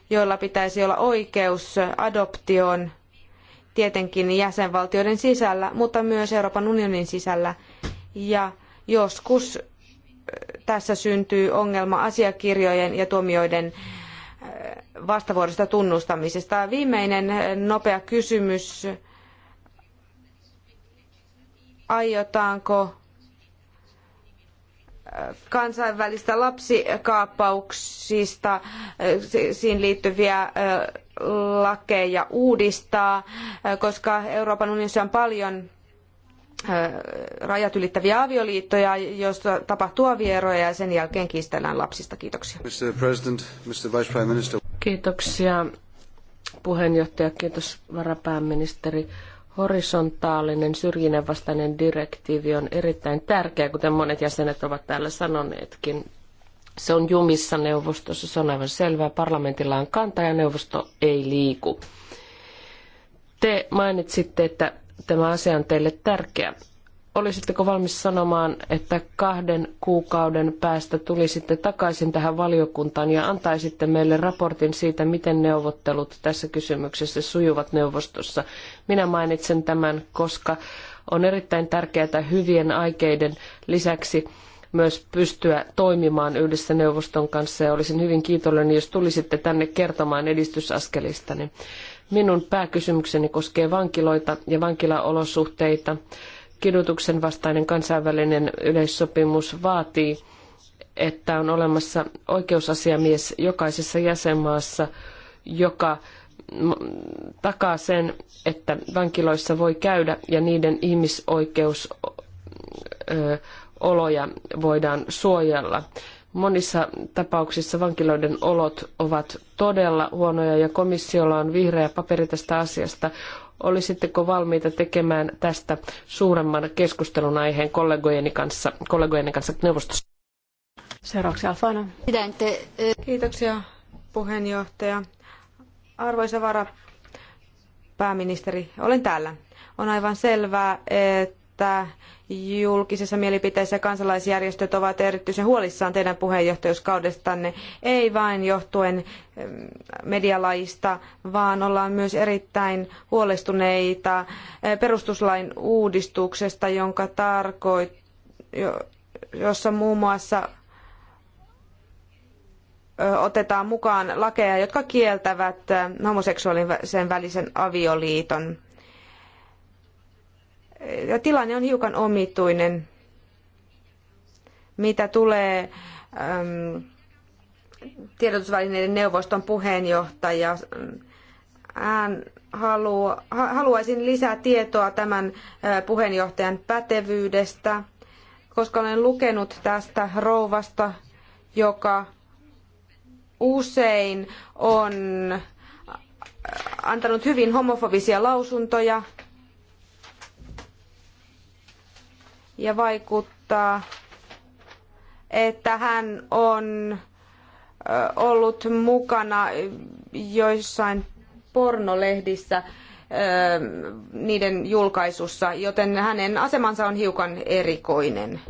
joilla pitäisi olla oikeus adoptioon tietenkin jäsenvaltioiden sisällä, mutta myös Euroopan unionin sisällä. Ja joskus tässä syntyy ongelma asiakirjojen ja tuomioiden vastavuoroisesta tunnustamisesta. Viimeinen nopea kysymys. Aiotaanko kansainvälistä lapsikaappauksista siihen liittyviä lakeja uudistaa, koska Euroopan unionissa on paljon rajat ylittäviä avioliittoja, joissa tapahtuu avieroja ja sen jälkeen kiistellään lapsista. Kiitoksia. Mr. President, Mr. Vice Prime Minister. Kiitoksia puheenjohtaja, kiitos varapääministeri. Horisontaalinen syrjinnän vastainen direktiivi on erittäin tärkeä, kuten monet jäsenet ovat täällä sanoneetkin. Se on jumissa neuvostossa, se on aivan selvää. Parlamentilla on kanta ja neuvosto ei liiku. Te mainitsitte, että tämä asia on teille tärkeä. Olisitteko valmis sanomaan, että kahden kuukauden päästä tulisitte takaisin tähän valiokuntaan ja antaisitte meille raportin siitä, miten neuvottelut tässä kysymyksessä sujuvat neuvostossa? Minä mainitsen tämän, koska on erittäin tärkeää hyvien aikeiden lisäksi myös pystyä toimimaan yhdessä neuvoston kanssa ja olisin hyvin kiitollinen, jos tulisitte tänne kertomaan edistysaskelistanne. Niin Minun pääkysymykseni koskee vankiloita ja vankilaolosuhteita. Kidutuksen vastainen kansainvälinen yleissopimus vaatii, että on olemassa oikeusasiamies jokaisessa jäsenmaassa, joka takaa sen, että vankiloissa voi käydä ja niiden ihmisoikeusoloja voidaan suojella. Monissa tapauksissa vankiloiden olot ovat todella huonoja ja komissiolla on vihreä paperi tästä asiasta. Olisitteko valmiita tekemään tästä suuremman keskustelun aiheen kollegojeni kanssa, kollegojeni kanssa neuvostossa? Seuraavaksi Alfano. Eh, Kiitoksia puheenjohtaja. Arvoisa vara pääministeri, olen täällä. On aivan selvää, että että julkisessa mielipiteessä kansalaisjärjestöt ovat erityisen huolissaan teidän puheenjohtajuuskaudestanne, ei vain johtuen medialaista, vaan ollaan myös erittäin huolestuneita eh, perustuslain uudistuksesta, jonka tarkoit, jossa muun muassa otetaan mukaan lakeja, jotka kieltävät eh, homoseksuaalisen välisen avioliiton tilanne on hiukan omituinen, mitä tulee äm, tiedotusvälineiden neuvoston puheenjohtaja. Hän haluaa, haluaisin lisää tietoa tämän puheenjohtajan pätevyydestä, koska olen lukenut tästä rouvasta, joka usein on antanut hyvin homofobisia lausuntoja – ja vaikuttaa, että hän on ollut mukana joissain pornolehdissä niiden julkaisussa, joten hänen asemansa on hiukan erikoinen.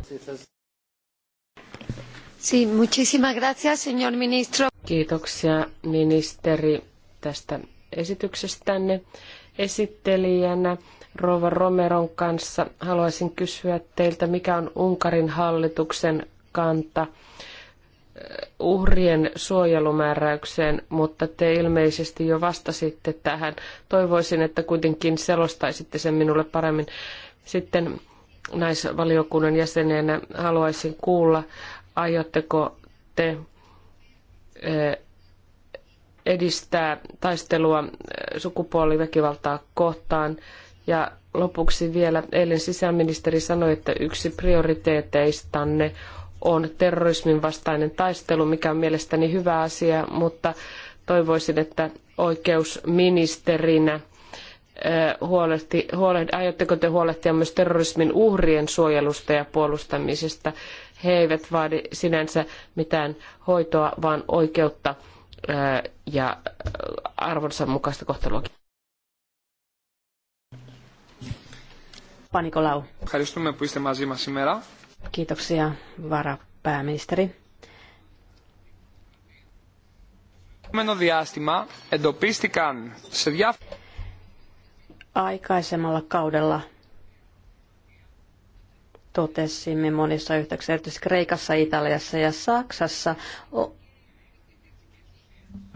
Sí, muchísimas gracias, señor ministro. Kiitoksia ministeri tästä esityksestänne esittelijänä. Rova Romeron kanssa. Haluaisin kysyä teiltä, mikä on Unkarin hallituksen kanta eh, uhrien suojelumääräykseen, mutta te ilmeisesti jo vastasitte tähän. Toivoisin, että kuitenkin selostaisitte sen minulle paremmin. Sitten naisvaliokunnan jäsenenä haluaisin kuulla, aiotteko te eh, edistää taistelua eh, sukupuoliväkivaltaa kohtaan – ja lopuksi vielä eilen sisäministeri sanoi, että yksi prioriteeteistanne on terrorismin vastainen taistelu, mikä on mielestäni hyvä asia, mutta toivoisin, että oikeusministerinä huolehti, huolehti, aiotteko te huolehtia myös terrorismin uhrien suojelusta ja puolustamisesta? He eivät vaadi sinänsä mitään hoitoa, vaan oikeutta ja arvonsa mukaista kohteluakin. Papanikolaou. Kiitoksia, varapääministeri. προηγούμενο διάστημα εντοπίστηκαν σε διάφορα... Aikaisemmalla kaudella totesimme monissa yhteyksissä, erityisesti Kreikassa, Italiassa ja Saksassa,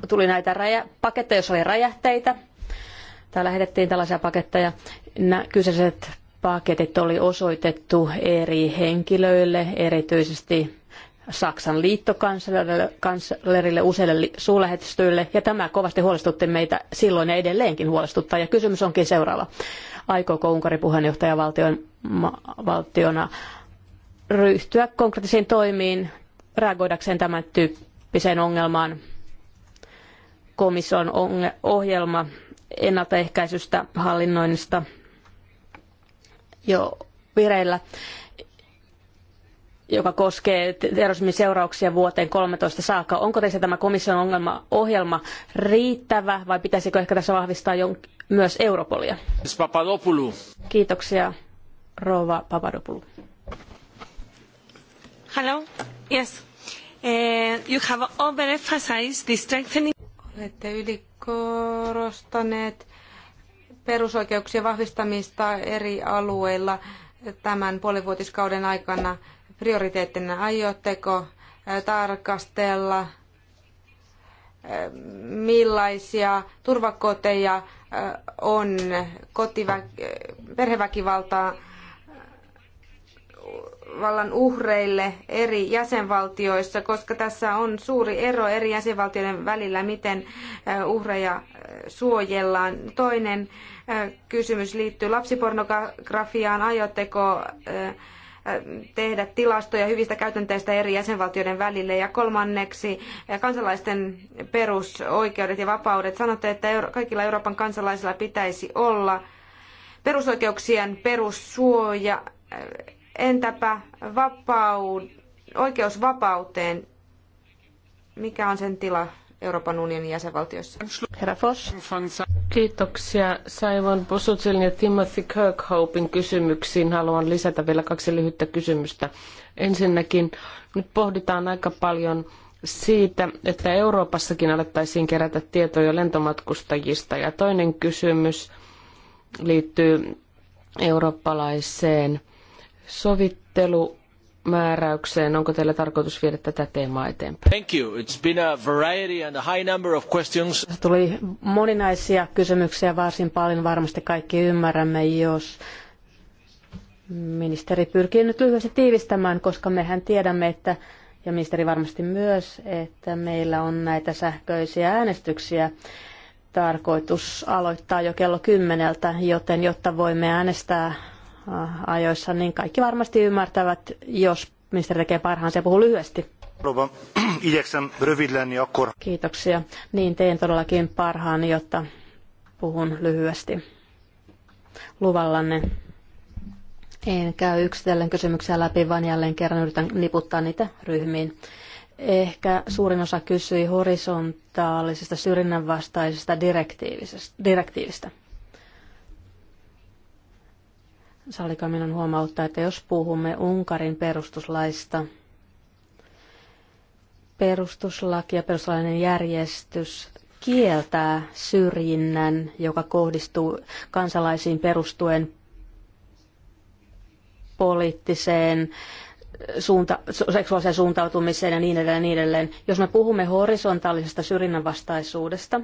tuli näitä räjä, paketteja, joissa oli räjähteitä. Täällä lähetettiin tällaisia paketteja. Nämä kyseiset paketit oli osoitettu eri henkilöille, erityisesti Saksan liittokanslerille, useille suurlähetystöille, ja tämä kovasti huolestutti meitä silloin ja edelleenkin huolestuttaa. Ja kysymys onkin seuraava. Aikooko Unkari puheenjohtaja valtiona ryhtyä konkreettisiin toimiin reagoidakseen tämän tyyppiseen ongelmaan? Komission ohjelma ennaltaehkäisystä, hallinnoinnista, jo vireillä, joka koskee terrorismin seurauksia vuoteen 13 saakka. Onko teistä tämä komission ongelma, ohjelma riittävä vai pitäisikö ehkä tässä vahvistaa jon- myös Europolia? Papadopoulou. Kiitoksia, rouva Papadopoulou. Hello. Yes. Uh, you have overemphasized the strengthening olette ylikorostaneet perusoikeuksien vahvistamista eri alueilla tämän puolivuotiskauden aikana prioriteettina? Aiotteko tarkastella, millaisia turvakoteja on kotivä, perheväkivaltaa väkivallan uhreille eri jäsenvaltioissa, koska tässä on suuri ero eri jäsenvaltioiden välillä, miten uhreja suojellaan. Toinen kysymys liittyy lapsipornografiaan. Aiotteko tehdä tilastoja hyvistä käytänteistä eri jäsenvaltioiden välille. Ja kolmanneksi kansalaisten perusoikeudet ja vapaudet. Sanotte, että kaikilla Euroopan kansalaisilla pitäisi olla perusoikeuksien perussuoja Entäpä vapaud, oikeus vapauteen? Mikä on sen tila Euroopan unionin jäsenvaltioissa? Herra Foss. Kiitoksia Saivon Bosutin ja Timothy Kirkhopein kysymyksiin. Haluan lisätä vielä kaksi lyhyttä kysymystä. Ensinnäkin nyt pohditaan aika paljon siitä, että Euroopassakin alettaisiin kerätä tietoja lentomatkustajista. Ja toinen kysymys liittyy eurooppalaiseen sovittelumääräykseen. Onko teillä tarkoitus viedä tätä teemaa eteenpäin? Thank you. It's been a variety and a high number of questions. Tuli moninaisia kysymyksiä varsin paljon. Varmasti kaikki ymmärrämme, jos ministeri pyrkii nyt lyhyesti tiivistämään, koska mehän tiedämme, että ja ministeri varmasti myös, että meillä on näitä sähköisiä äänestyksiä tarkoitus aloittaa jo kello kymmeneltä, joten jotta voimme äänestää Äh, ajoissa, niin kaikki varmasti ymmärtävät, jos ministeri tekee parhaansa ja puhuu lyhyesti. Kiitoksia. Niin teen todellakin parhaani, jotta puhun lyhyesti luvallanne. En käy yksitellen kysymyksiä läpi, vaan jälleen kerran yritän niputtaa niitä ryhmiin. Ehkä suurin osa kysyi horisontaalisesta vastaisesta direktiivistä. Salika minun huomauttaa, että jos puhumme Unkarin perustuslaista, perustuslaki ja perustuslainen järjestys kieltää syrjinnän, joka kohdistuu kansalaisiin perustuen poliittiseen suunta, seksuaaliseen suuntautumiseen ja niin edelleen, niin edelleen. Jos me puhumme horisontaalisesta syrjinnänvastaisuudesta,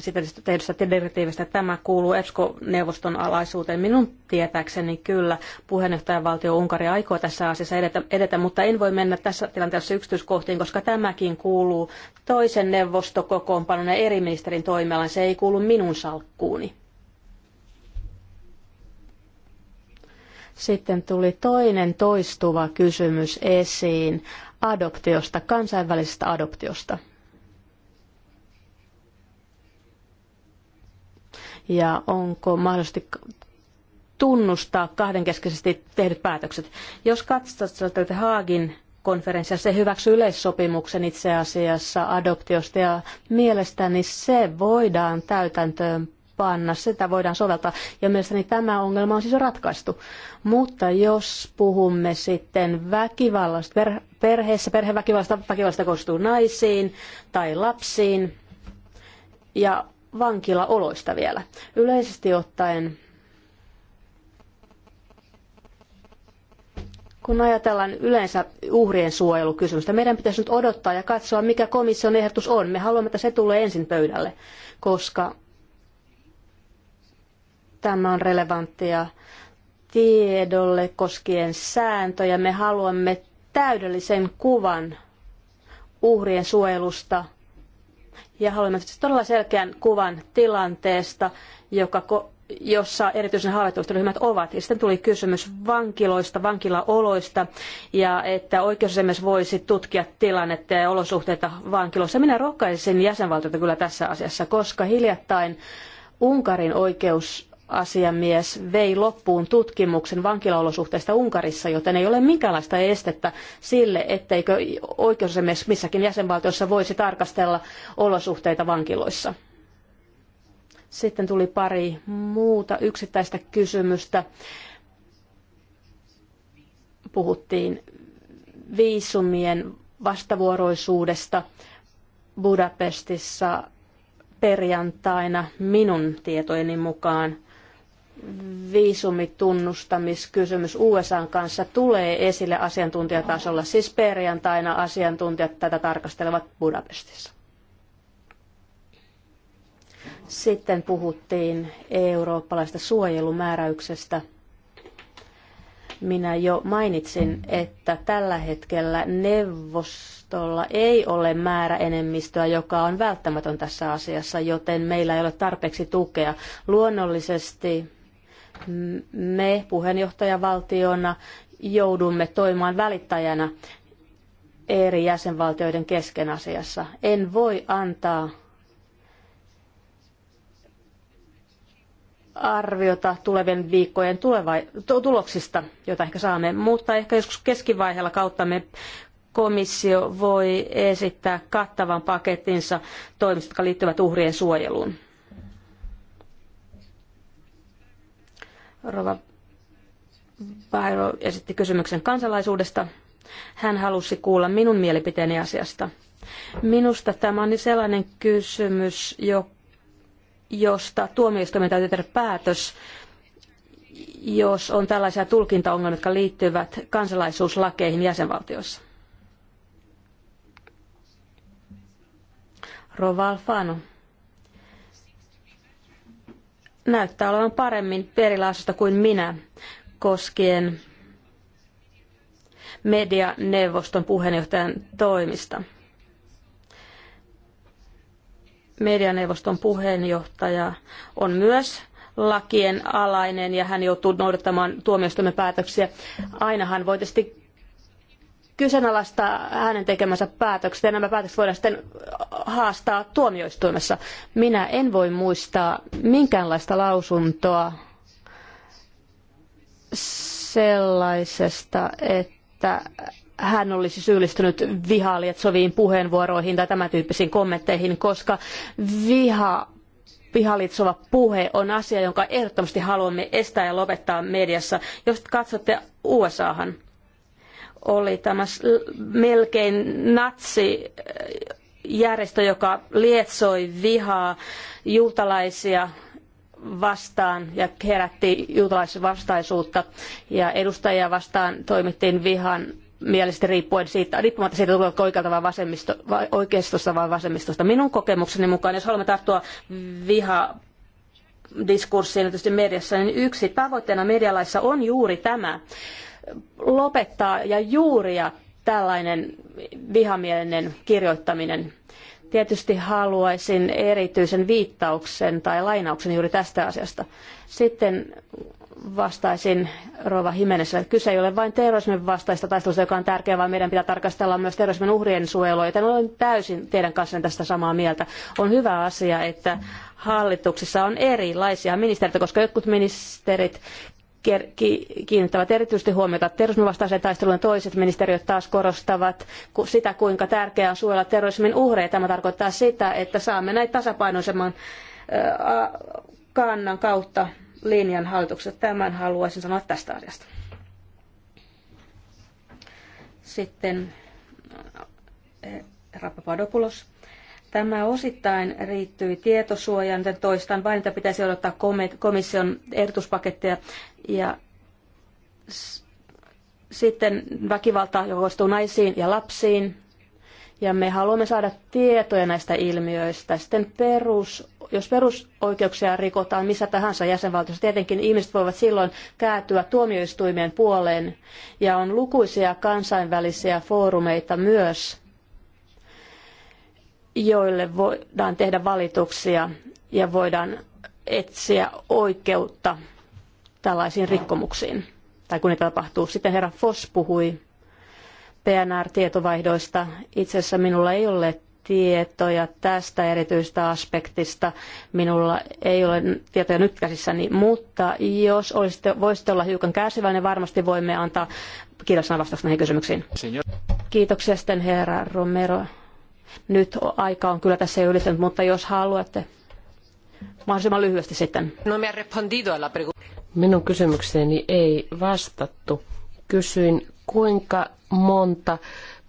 sitä tehdystä direktiivistä. Tämä kuuluu EPSCO-neuvoston alaisuuteen. Minun tietääkseni kyllä puheenjohtajavaltio Unkari aikoo tässä asiassa edetä, edetä, mutta en voi mennä tässä tilanteessa yksityiskohtiin, koska tämäkin kuuluu toisen neuvostokokoonpanon ja eri ministerin toimialan. Se ei kuulu minun salkkuuni. Sitten tuli toinen toistuva kysymys esiin adoptiosta, kansainvälisestä adoptiosta. ja onko mahdollisesti tunnustaa kahdenkeskeisesti tehdyt päätökset. Jos katsotaan tätä Haagin konferenssia, se hyväksyi yleissopimuksen itse asiassa adoptiosta ja mielestäni se voidaan täytäntöön panna, sitä voidaan soveltaa. Ja mielestäni tämä ongelma on siis ratkaistu. Mutta jos puhumme sitten väkivallasta perheessä, perheväkivallasta, väkivallasta koostuu naisiin tai lapsiin, ja vankilaoloista vielä. Yleisesti ottaen, kun ajatellaan yleensä uhrien suojelukysymystä, meidän pitäisi nyt odottaa ja katsoa, mikä komission ehdotus on. Me haluamme, että se tulee ensin pöydälle, koska tämä on relevanttia tiedolle koskien sääntöjä. Me haluamme täydellisen kuvan uhrien suojelusta – ja haluamme siis todella selkeän kuvan tilanteesta, joka jossa erityisen haavoittuvat ryhmät ovat. Ja sitten tuli kysymys vankiloista, vankilaoloista ja että oikeusasiamies voisi tutkia tilannetta ja olosuhteita vankiloissa. Minä rohkaisin jäsenvaltiota kyllä tässä asiassa, koska hiljattain Unkarin oikeus oikeusasiamies vei loppuun tutkimuksen vankilaolosuhteista Unkarissa, joten ei ole minkäänlaista estettä sille, etteikö oikeusasiamies missäkin jäsenvaltiossa voisi tarkastella olosuhteita vankiloissa. Sitten tuli pari muuta yksittäistä kysymystä. Puhuttiin viisumien vastavuoroisuudesta Budapestissa perjantaina minun tietojeni mukaan – viisumitunnustamiskysymys USAn kanssa tulee esille asiantuntijatasolla. Siis perjantaina asiantuntijat tätä tarkastelevat Budapestissa. Sitten puhuttiin eurooppalaista suojelumääräyksestä. Minä jo mainitsin, että tällä hetkellä neuvostolla ei ole määräenemmistöä, joka on välttämätön tässä asiassa, joten meillä ei ole tarpeeksi tukea. Luonnollisesti me puheenjohtajavaltiona joudumme toimimaan välittäjänä eri jäsenvaltioiden kesken asiassa. En voi antaa arviota tulevien viikkojen tuleva- tuloksista, joita ehkä saamme, mutta ehkä joskus keskivaiheella kautta me komissio voi esittää kattavan pakettinsa toimista, jotka liittyvät uhrien suojeluun. Rova Bairo esitti kysymyksen kansalaisuudesta. Hän halusi kuulla minun mielipiteeni asiasta. Minusta tämä on sellainen kysymys, josta tuomioistuimen täytyy tehdä päätös, jos on tällaisia tulkintaongelmia, jotka liittyvät kansalaisuuslakeihin jäsenvaltioissa. Rova Alfano näyttää olevan paremmin perilaasusta kuin minä koskien medianeuvoston puheenjohtajan toimista. Medianeuvoston puheenjohtaja on myös lakien alainen ja hän joutuu noudattamaan tuomioistuimen päätöksiä. hän voi tietysti kyseenalaistaa hänen tekemänsä päätökset ja nämä päätökset voidaan sitten haastaa tuomioistuimessa. Minä en voi muistaa minkäänlaista lausuntoa sellaisesta, että hän olisi syyllistynyt lietsoviin puheenvuoroihin tai tämän tyyppisiin kommentteihin, koska viha vihalitsova puhe on asia, jonka ehdottomasti haluamme estää ja lopettaa mediassa. Jos katsotte USAhan, oli tämä melkein natsi äh, järjestö, joka lietsoi vihaa juutalaisia vastaan ja herätti juutalaisvastaisuutta ja edustajia vastaan toimittiin vihan mielestä riippuen siitä, riippumatta siitä, tuleeko oikealta vai, vasemmisto, vai oikeistosta vai vasemmistosta. Minun kokemukseni mukaan, jos haluamme tarttua viha diskurssiin tietysti mediassa, niin yksi tavoitteena medialaissa on juuri tämä lopettaa ja juuria tällainen vihamielinen kirjoittaminen. Tietysti haluaisin erityisen viittauksen tai lainauksen juuri tästä asiasta. Sitten vastaisin Rova himenessä, että kyse ei ole vain terrorismin vastaista taistelusta, joka on tärkeää, vaan meidän pitää tarkastella myös terrorismin uhrien suojelua, joten olen täysin teidän kanssanne tästä samaa mieltä. On hyvä asia, että hallituksissa on erilaisia ministereitä, koska jotkut ministerit kiinnittävät erityisesti huomiota terrorismin taisteluun. Toiset ministeriöt taas korostavat sitä, kuinka tärkeää on suojella terrorismin uhreja. Tämä tarkoittaa sitä, että saamme näitä tasapainoisemman kannan kautta linjan hallitukset. Tämän haluaisin sanoa tästä asiasta. Sitten Rappapadopoulos. Tämä osittain riittyi tietosuojaan, joten toistan vain, että pitäisi odottaa komission ehdotuspaketteja. Ja sitten väkivalta, kohdistuu naisiin ja lapsiin. Ja me haluamme saada tietoja näistä ilmiöistä. Sitten perus, jos perusoikeuksia rikotaan missä tahansa jäsenvaltiossa, tietenkin ihmiset voivat silloin kääntyä tuomioistuimien puoleen. Ja on lukuisia kansainvälisiä foorumeita myös, joille voidaan tehdä valituksia ja voidaan etsiä oikeutta tällaisiin rikkomuksiin, tai kun niitä tapahtuu. Sitten herra Foss puhui PNR-tietovaihdoista. Itse asiassa minulla ei ole tietoja tästä erityistä aspektista. Minulla ei ole tietoja nyt käsissäni, mutta jos olisitte, voisitte olla hiukan kärsivällinen, niin varmasti voimme antaa kirjallisena vastauksen näihin kysymyksiin. Kiitoksia sitten herra Romero. Nyt aika on kyllä tässä ylittänyt, mutta jos haluatte mahdollisimman lyhyesti sitten. No me Minun kysymykseeni ei vastattu. Kysyin, kuinka monta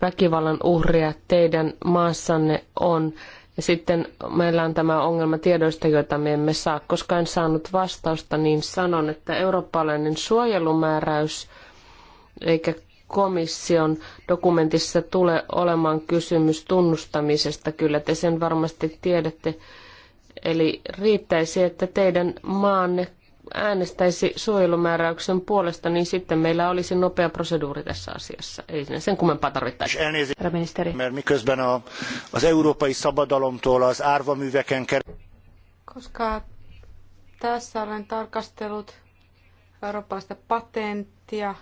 väkivallan uhria teidän maassanne on. Ja sitten meillä on tämä ongelma tiedoista, joita me emme saa. Koska en saanut vastausta, niin sanon, että eurooppalainen suojelumääräys eikä komission dokumentissa tule olemaan kysymys tunnustamisesta. Kyllä te sen varmasti tiedätte. Eli riittäisi, että teidän maanne äänestäisi suojelumääräyksen puolesta, niin sitten meillä olisi nopea proseduuri tässä asiassa. Ei sinne sen kummempaa tarvittaisi. Herra ministeri. Miközben a, az európai szabadalomtól az árvaműveken Koska tässä olen tarkastellut eurooppalaista patenttia,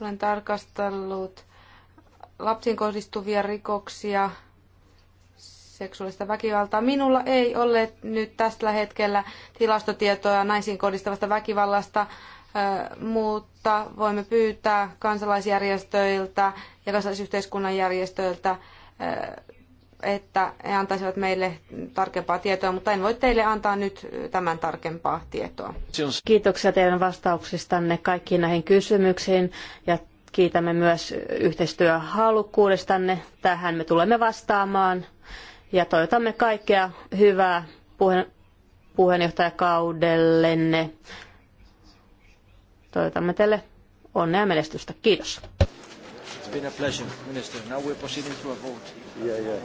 olen tarkastellut lapsiin kohdistuvia rikoksia, seksuaalista väkivaltaa. Minulla ei ole nyt tällä hetkellä tilastotietoja naisiin kohdistavasta väkivallasta, mutta voimme pyytää kansalaisjärjestöiltä ja kansalaisyhteiskunnan järjestöiltä, että he antaisivat meille tarkempaa tietoa, mutta en voi teille antaa nyt tämän tarkempaa tietoa. Kiitoksia teidän vastauksistanne kaikkiin näihin kysymyksiin ja kiitämme myös yhteistyöhalukkuudestanne. Tähän me tulemme vastaamaan ja toivotamme kaikkea hyvää puhe- puheenjohtajakaudellenne. Toivotamme teille onnea ja menestystä. Kiitos. It's been a pleasure, Minister. Now we're proceeding to a vote. Yeah, yeah.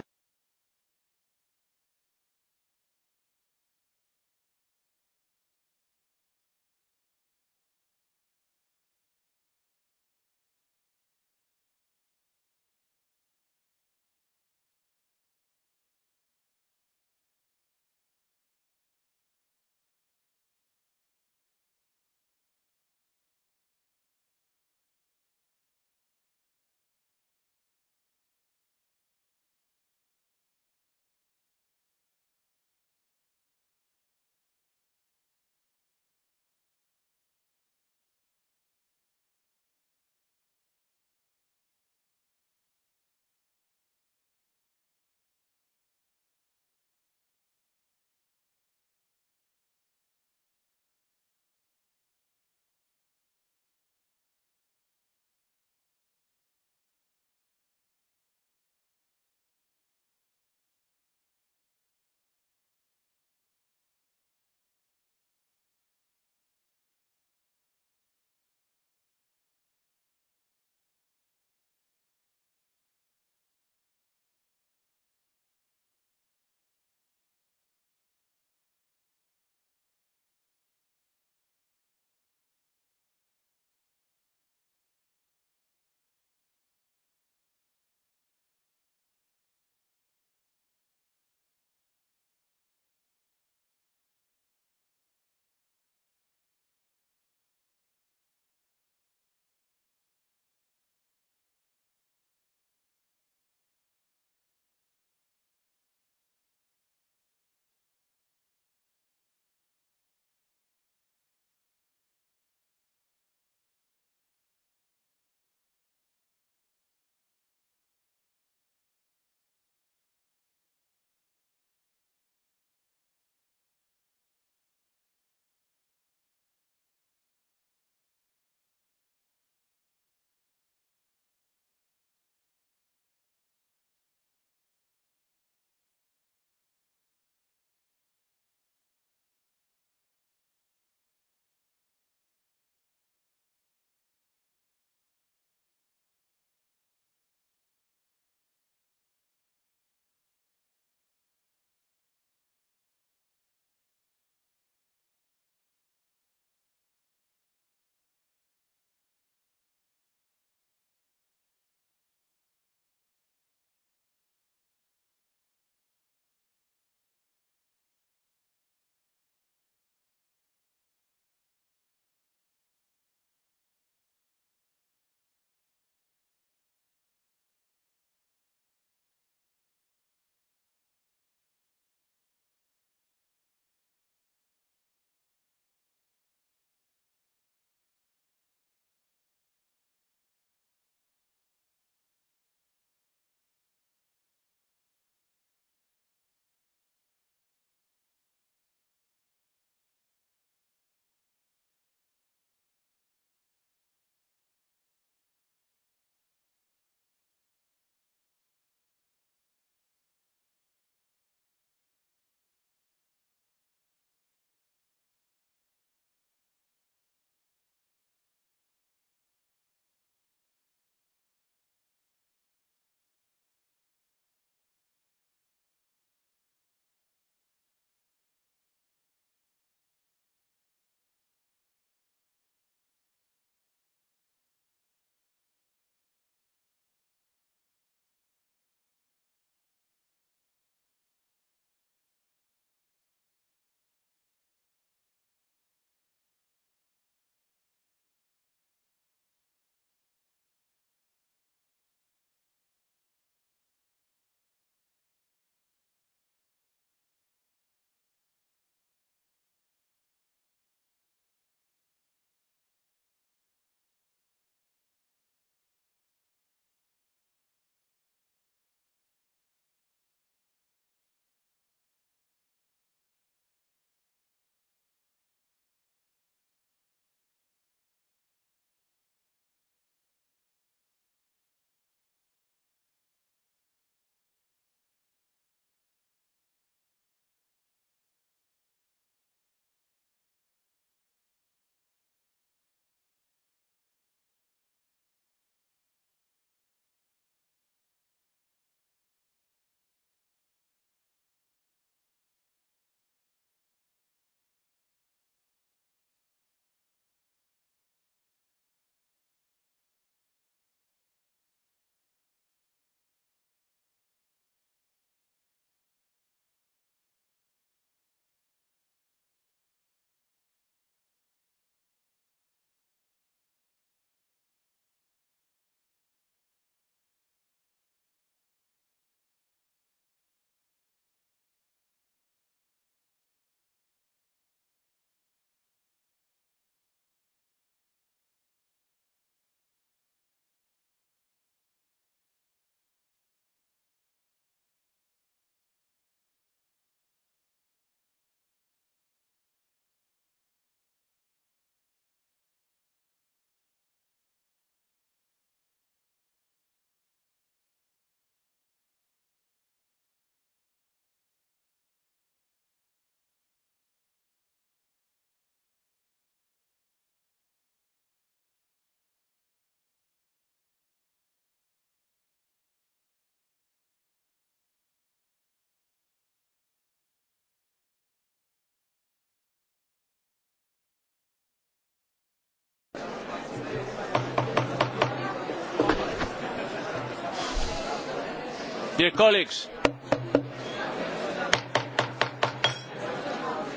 Dear colleagues,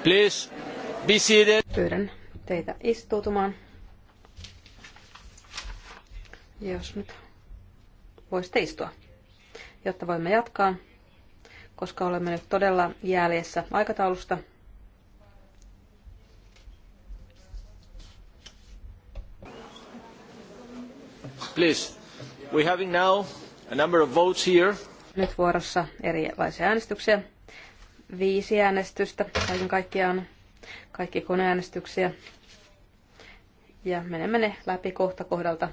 please be seated. Pyydän teitä istuutumaan. Jos nyt voisitte istua, jotta voimme jatkaa, koska olemme nyt todella jäljessä aikataulusta. Please, we're having now a number of votes here. Nyt vuorossa erilaisia äänestyksiä. Viisi äänestystä kaiken kaikkiaan. Kaikki koneäänestyksiä. Ja menemme ne läpi kohta kohdalta.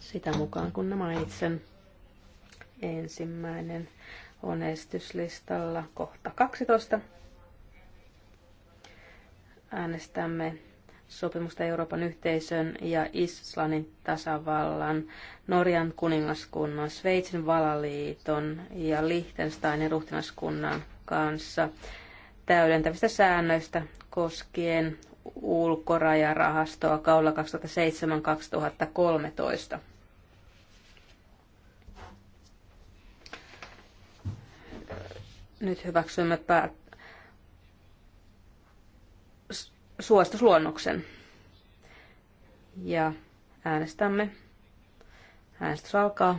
Sitä mukaan kun ne mainitsen. Ensimmäinen on esityslistalla kohta 12. Äänestämme sopimusta Euroopan yhteisön ja Islannin tasavallan, Norjan kuningaskunnan, Sveitsin valaliiton ja Liechtensteinin ruhtinaskunnan kanssa täydentävistä säännöistä koskien ulkorajarahastoa kaudella 2007-2013. Nyt hyväksymme päät- suositusluonnoksen. Ja äänestämme. Äänestys alkaa.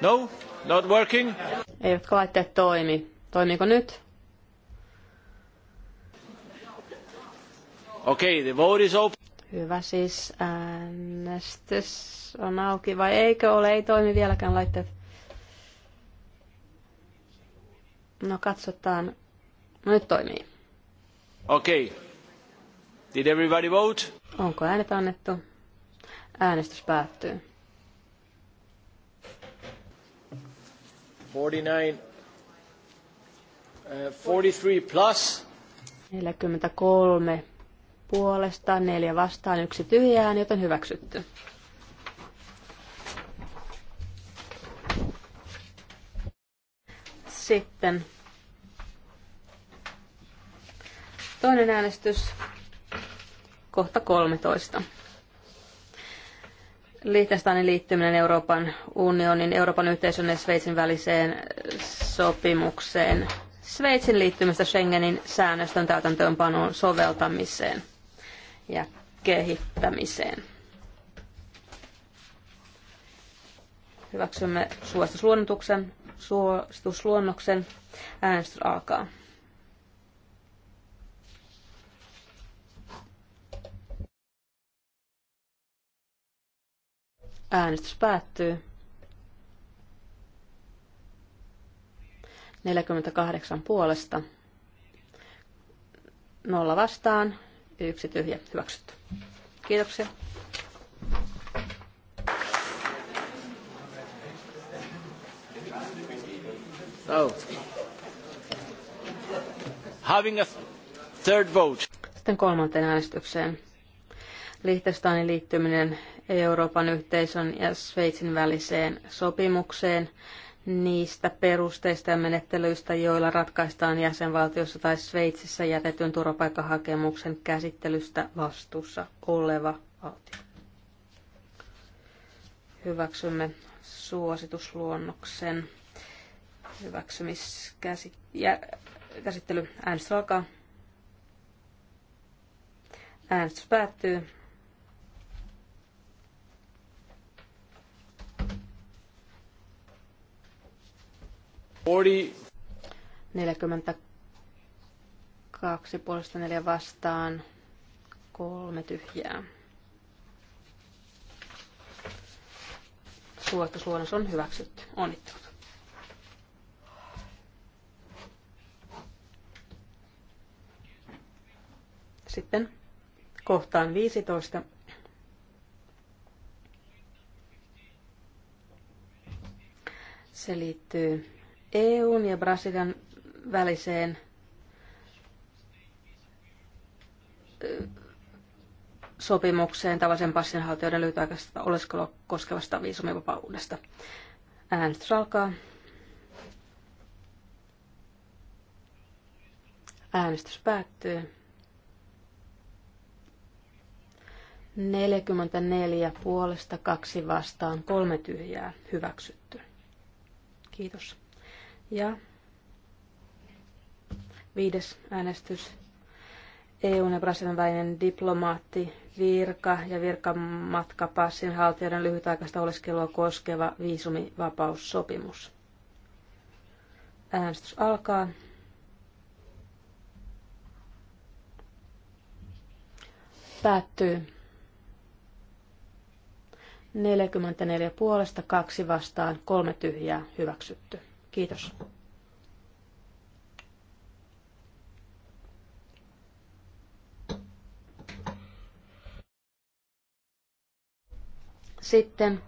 No, not working. Eivätkö laitteet toimi? Toimiiko nyt? Okei, okay, the vote is open. Hyvä, siis äänestys on auki vai eikö ole? Ei toimi vieläkään laitteet. No katsotaan. No nyt toimii. Okei. Okay. Did everybody vote? Onko äänet annettu? Äänestys päättyy. 49, uh, 43 plus. 43 puolesta, neljä vastaan, yksi tyhjään, joten hyväksytty. Sitten toinen äänestys, kohta 13. Liechtensteinin liittyminen Euroopan unionin, Euroopan yhteisön ja Sveitsin väliseen sopimukseen. Sveitsin liittymistä Schengenin säännöstön täytäntöönpanoon soveltamiseen ja kehittämiseen. Hyväksymme suositusluonnotuksen suostusluonnoksen. Äänestys alkaa. Äänestys päättyy. 48 puolesta. Nolla vastaan. Yksi tyhjä. Hyväksytty. Kiitoksia. Oh. Sitten kolmanteen äänestykseen. Liechtensteinin liittyminen Euroopan yhteisön ja Sveitsin väliseen sopimukseen niistä perusteista ja menettelyistä, joilla ratkaistaan jäsenvaltiossa tai Sveitsissä jätetyn turvapaikkahakemuksen käsittelystä vastuussa oleva valtio. Hyväksymme suositusluonnoksen hyväksymiskäsittely. Äänestys alkaa. Äänestys päättyy. Forty. 42 puolesta neljä vastaan, kolme tyhjää. Suositusluonnos on hyväksytty. Onnittelut. Sitten kohtaan 15. Se liittyy EUn ja Brasilian väliseen sopimukseen tavallisen passinhaltijoiden lyhytaikaisesta oleskelua koskevasta viisumivapaudesta. Äänestys alkaa. Äänestys päättyy. 44 puolesta, kaksi vastaan, kolme tyhjää hyväksytty. Kiitos. Ja viides äänestys. EUn ja Brasilian välinen diplomaatti, virka ja virkamatkapassin haltijoiden lyhytaikaista oleskelua koskeva viisumivapaussopimus. Äänestys alkaa. Päättyy. 44 puolesta, kaksi vastaan, kolme tyhjää hyväksytty. Kiitos. Sitten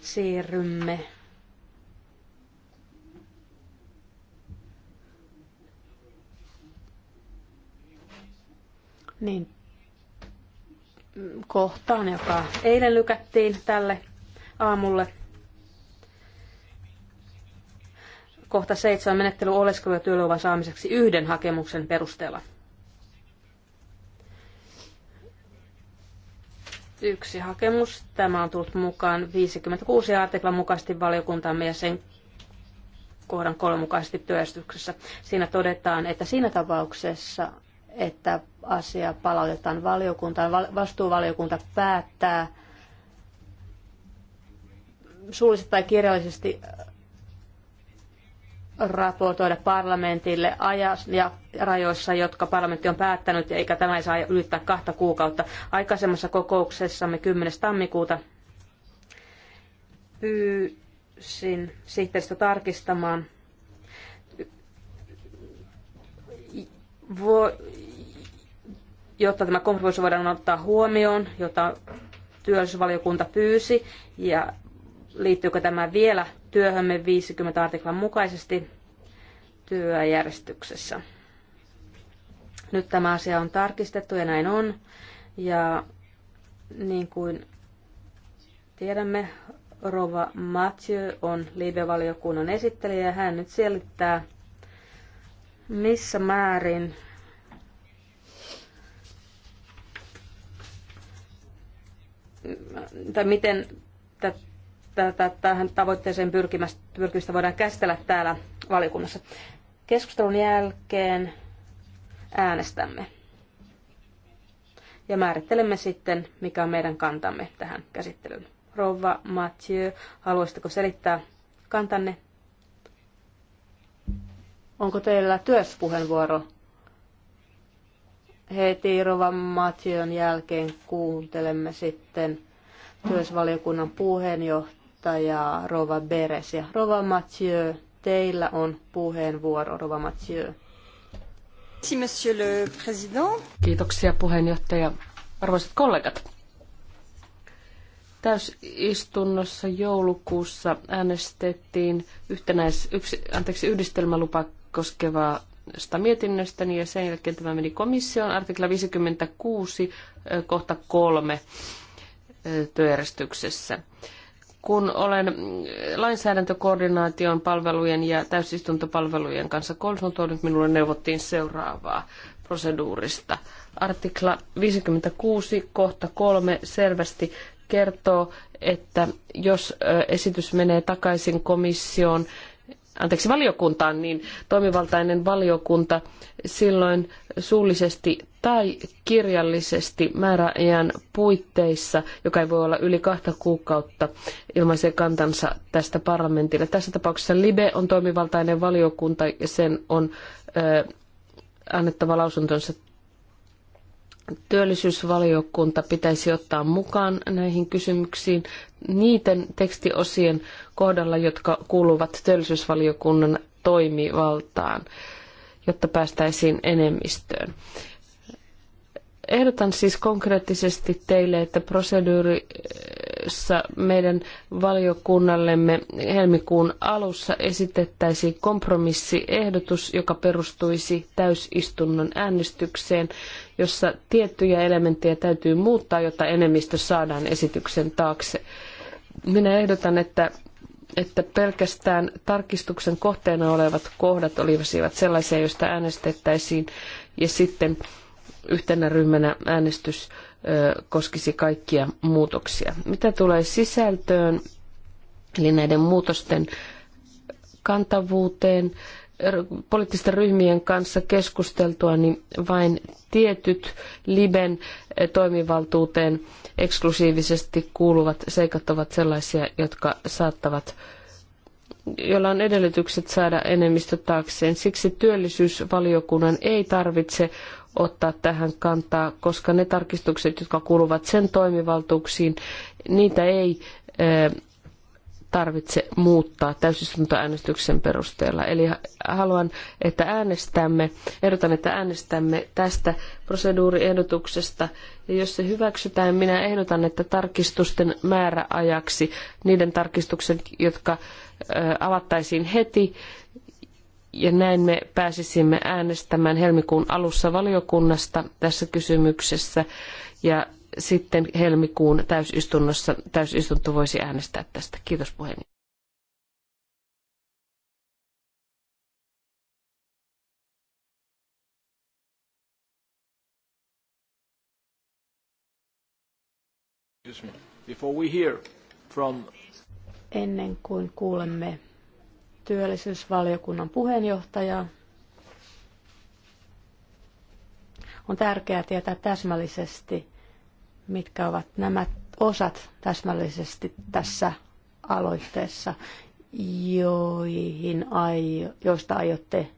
siirrymme Niin, kohtaan, joka eilen lykättiin tälle aamulle. Kohta 7 menettely työluvan saamiseksi yhden hakemuksen perusteella. Yksi hakemus. Tämä on tullut mukaan 56 artiklan mukaisesti valiokuntamme ja sen kohdan kolmukaisesti mukaisesti työstyksessä. Siinä todetaan, että siinä tapauksessa, että asia palautetaan valiokuntaan. Vastuuvaliokunta päättää suullisesti tai kirjallisesti äh, raportoida parlamentille ajas ja rajoissa, jotka parlamentti on päättänyt, eikä tämä ei saa ylittää kahta kuukautta. Aikaisemmassa kokouksessamme 10. tammikuuta pyysin sihteeristä tarkistamaan, jotta tämä kompromissi voidaan ottaa huomioon, jota työllisyysvaliokunta pyysi, ja liittyykö tämä vielä työhömme 50 artiklan mukaisesti työjärjestyksessä. Nyt tämä asia on tarkistettu ja näin on. Ja niin kuin tiedämme, Rova Mathieu on Libya-valiokunnan esittelijä ja hän nyt selittää, missä määrin tai miten tähän tavoitteeseen pyrkimistä voidaan käsitellä täällä valiokunnassa. Keskustelun jälkeen äänestämme ja määrittelemme sitten, mikä on meidän kantamme tähän käsittelyyn. Rova Mathieu, haluaisitko selittää kantanne? Onko teillä työspuheenvuoro? heti Rovan Matjon jälkeen kuuntelemme sitten työsvaliokunnan puheenjohtajaa Rova Beres. Ja Rova Mathieu, teillä on puheenvuoro, Rova Mathieu. Monsieur le Président. Kiitoksia puheenjohtaja. Arvoisat kollegat, täysistunnossa joulukuussa äänestettiin yhtenäis, yksi, anteeksi, yhdistelmälupa koskevaa omasta mietinnöstäni ja sen jälkeen tämä meni komission Artikla 56, kohta 3 työjärjestyksessä. Kun olen lainsäädäntökoordinaation palvelujen ja täysistuntopalvelujen kanssa konsultoinut, minulle neuvottiin seuraavaa proseduurista. Artikla 56, kohta 3 selvästi kertoo, että jos esitys menee takaisin komissioon, anteeksi, valiokuntaan, niin toimivaltainen valiokunta silloin suullisesti tai kirjallisesti määräajan puitteissa, joka ei voi olla yli kahta kuukautta, ilmaisee kantansa tästä parlamentille. Tässä tapauksessa LIBE on toimivaltainen valiokunta ja sen on ö, annettava lausuntonsa työllisyysvaliokunta pitäisi ottaa mukaan näihin kysymyksiin niiden tekstiosien kohdalla, jotka kuuluvat työllisyysvaliokunnan toimivaltaan, jotta päästäisiin enemmistöön. Ehdotan siis konkreettisesti teille, että proseduuri meidän valiokunnallemme helmikuun alussa esitettäisiin kompromissiehdotus, joka perustuisi täysistunnon äänestykseen, jossa tiettyjä elementtejä täytyy muuttaa, jotta enemmistö saadaan esityksen taakse. Minä ehdotan, että että pelkästään tarkistuksen kohteena olevat kohdat olisivat sellaisia, joista äänestettäisiin ja sitten yhtenä ryhmänä äänestys koskisi kaikkia muutoksia. Mitä tulee sisältöön, eli näiden muutosten kantavuuteen, poliittisten ryhmien kanssa keskusteltua, niin vain tietyt Liben toimivaltuuteen eksklusiivisesti kuuluvat seikat ovat sellaisia, jotka saattavat jolla on edellytykset saada enemmistö taakseen. Siksi työllisyysvaliokunnan ei tarvitse ottaa tähän kantaa, koska ne tarkistukset, jotka kuuluvat sen toimivaltuuksiin, niitä ei tarvitse muuttaa täysistuntoäänestyksen perusteella. Eli haluan, että äänestämme, ehdotan, että äänestämme tästä proseduuriehdotuksesta. Ja jos se hyväksytään, minä ehdotan, että tarkistusten määräajaksi niiden tarkistukset, jotka avattaisiin heti, ja näin me pääsisimme äänestämään helmikuun alussa valiokunnasta tässä kysymyksessä ja sitten helmikuun täysistunnossa täysistunto voisi äänestää tästä. Kiitos puheenjohtaja. Ennen kuin kuulemme työllisyysvaliokunnan puheenjohtaja On tärkeää tietää täsmällisesti, mitkä ovat nämä osat täsmällisesti tässä aloitteessa, joihin aio, joista aiotte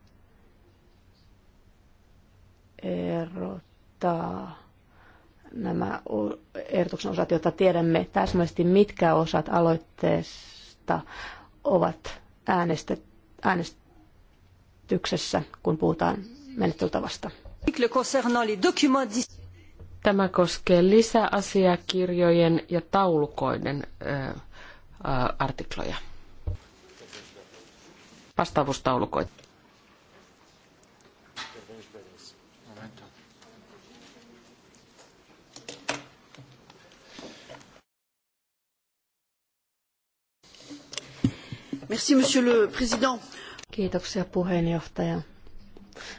erottaa nämä ehdotuksen osat, joita tiedämme täsmällisesti, mitkä osat aloitteesta ovat äänestyksessä, kun puhutaan menettelytavasta. Tämä koskee lisäasiakirjojen ja taulukoiden artikloja. Vastaavuustaulukoita. monsieur le président. Kiitoksia puheenjohtaja.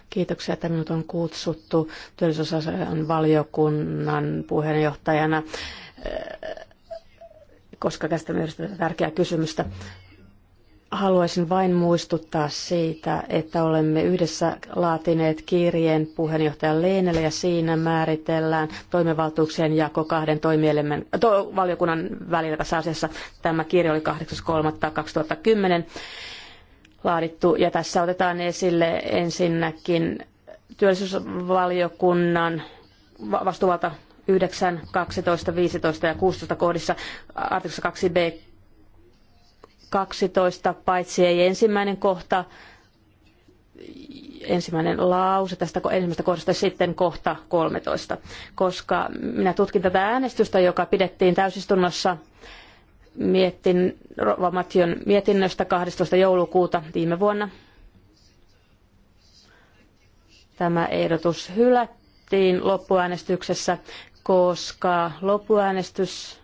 Kiitoksia, että minut on kutsuttu työllisyysasian valiokunnan puheenjohtajana, eh, koska käsittelemme tärkeää kysymystä. Haluaisin vain muistuttaa siitä, että olemme yhdessä laatineet kirjeen puheenjohtajan Leenelle ja siinä määritellään toimivaltuuksien jako kahden toimielimen, to, valiokunnan välillä tässä asiassa. Tämä kirja oli 8.3.2010 laadittu ja tässä otetaan esille ensinnäkin työllisyysvaliokunnan vastuvalta 9, 12, 15 ja 16 kohdissa artikossa 2b 12, paitsi ei ensimmäinen kohta, ensimmäinen lause tästä ensimmäisestä kohdasta sitten kohta 13, koska minä tutkin tätä äänestystä, joka pidettiin täysistunnossa miettin Rova mietinnöstä 12. joulukuuta viime vuonna. Tämä ehdotus hylättiin loppuäänestyksessä, koska loppuäänestys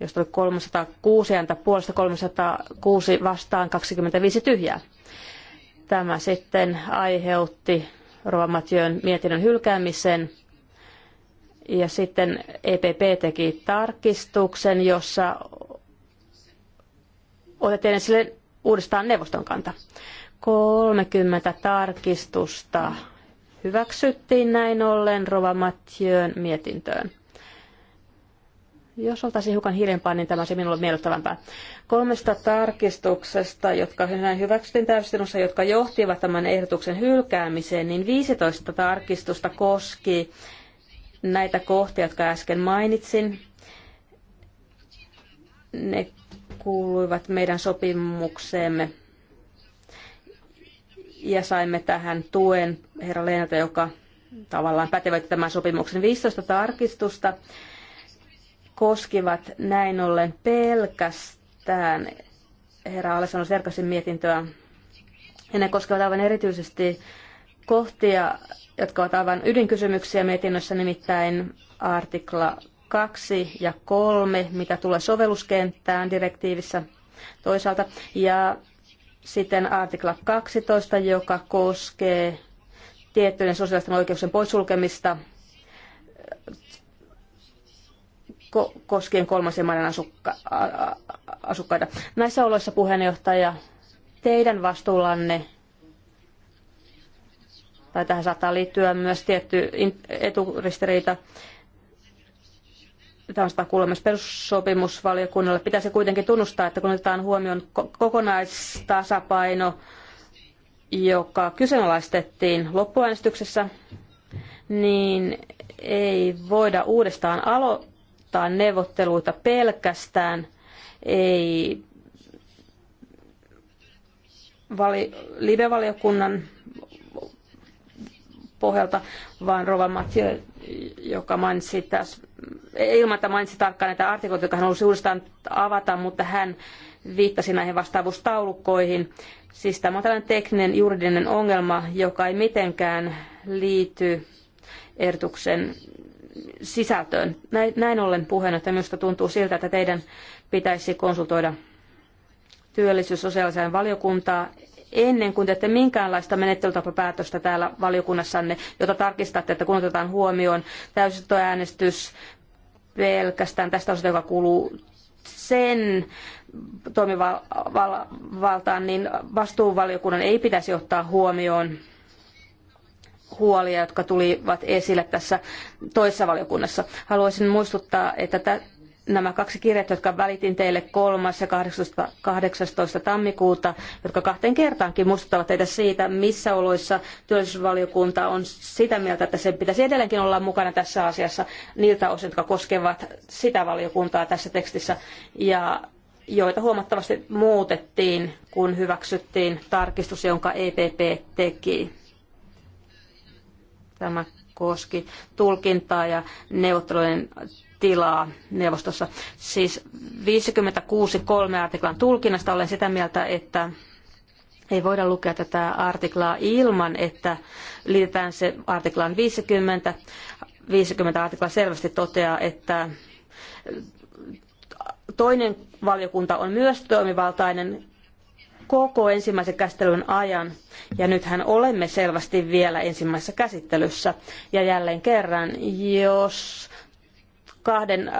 josta oli 306 ääntä puolesta, 306 vastaan, 25 tyhjää. Tämä sitten aiheutti Rovamatyön mietinnön hylkäämisen. Ja sitten EPP teki tarkistuksen, jossa otettiin esille uudestaan neuvoston kanta. 30 tarkistusta hyväksyttiin näin ollen Rova Mathieu'n mietintöön. Jos oltaisiin hiukan hiljempaa, niin tämä olisi minulle miellyttävämpää. Kolmesta tarkistuksesta, jotka näin hyväksyttiin täysistunnossa, jotka johtivat tämän ehdotuksen hylkäämiseen, niin 15 tarkistusta koski näitä kohtia, jotka äsken mainitsin. Ne kuuluivat meidän sopimukseemme ja saimme tähän tuen herra Leenalta, joka tavallaan pätevät tämän sopimuksen 15 tarkistusta koskivat näin ollen pelkästään herra Alessandro Serkasin mietintöä. Ja ne koskevat aivan erityisesti kohtia, jotka ovat aivan ydinkysymyksiä mietinnössä, nimittäin artikla 2 ja 3, mitä tulee sovelluskenttään direktiivissä toisaalta, ja sitten artikla 12, joka koskee tiettyjen sosiaalisten oikeuksien poissulkemista koskien kolmasen maiden asukka- asukkaita. Näissä oloissa puheenjohtaja, teidän vastuullanne tai tähän saattaa liittyä myös tietty eturistiriita. Tämä on sitä kuulemma perussopimusvaliokunnalle. Pitäisi kuitenkin tunnustaa, että kun otetaan huomioon kokonaistasapaino, joka kyseenalaistettiin loppuäänestyksessä, niin ei voida uudestaan alo- rajoittaa neuvotteluita pelkästään, ei vali, live-valiokunnan pohjalta, vaan Rova Mathieu, joka mainitsi tässä, ilman että mainitsi tarkkaan näitä artikloita, jotka hän halusi uudestaan avata, mutta hän viittasi näihin vastaavuustaulukkoihin. Siis tämä on tällainen tekninen juridinen ongelma, joka ei mitenkään liity ehdotuksen sisältöön. Näin ollen puheenjohtaja, minusta tuntuu siltä, että teidän pitäisi konsultoida työllisyys- valiokuntaa ennen kuin teette minkäänlaista menettelytapapäätöstä täällä valiokunnassanne, jota tarkistatte, että kun otetaan huomioon täysistöäänestys pelkästään tästä osasta, joka kuuluu sen toimivaltaan, niin vastuuvaliokunnan ei pitäisi ottaa huomioon huolia, jotka tulivat esille tässä toisessa valiokunnassa. Haluaisin muistuttaa, että nämä kaksi kirjettä, jotka välitin teille 3. ja 18, 18. tammikuuta, jotka kahteen kertaankin muistuttavat teitä siitä, missä oloissa työllisyysvaliokunta on sitä mieltä, että sen pitäisi edelleenkin olla mukana tässä asiassa niiltä osin, jotka koskevat sitä valiokuntaa tässä tekstissä, ja joita huomattavasti muutettiin, kun hyväksyttiin tarkistus, jonka EPP teki Tämä koski tulkintaa ja neuvottelujen tilaa neuvostossa. Siis 56.3 artiklan tulkinnasta olen sitä mieltä, että ei voida lukea tätä artiklaa ilman, että liitetään se artiklaan 50. 50 artikla selvästi toteaa, että toinen valiokunta on myös toimivaltainen koko ensimmäisen käsittelyn ajan. Ja nythän olemme selvästi vielä ensimmäisessä käsittelyssä. Ja jälleen kerran, jos kahden, äh,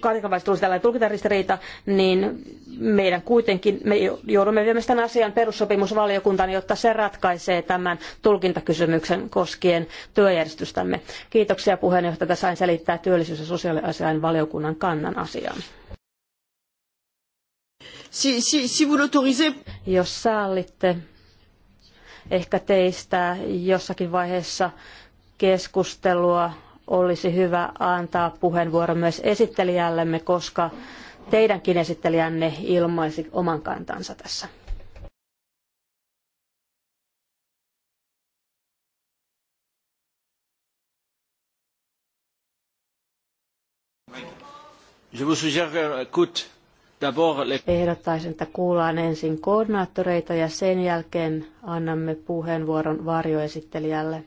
kahden välistä tulisi tällainen tulkintaristiriita, niin meidän kuitenkin, me joudumme viemään tämän asian perussopimusvaliokuntaan, jotta se ratkaisee tämän tulkintakysymyksen koskien työjärjestystämme. Kiitoksia puheenjohtaja, sain selittää työllisyys- ja sosiaaliasian valiokunnan kannan asiaan si, si, si vous l'autorisez. Jos sallitte, ehkä teistä jossakin vaiheessa keskustelua olisi hyvä antaa puheenvuoro myös esittelijällemme, koska teidänkin esittelijänne ilmaisi oman kantansa tässä. Je vous suggère, écoute, Ehdottaisin, että kuullaan ensin koordinaattoreita ja sen jälkeen annamme puheenvuoron varjoesittelijälle.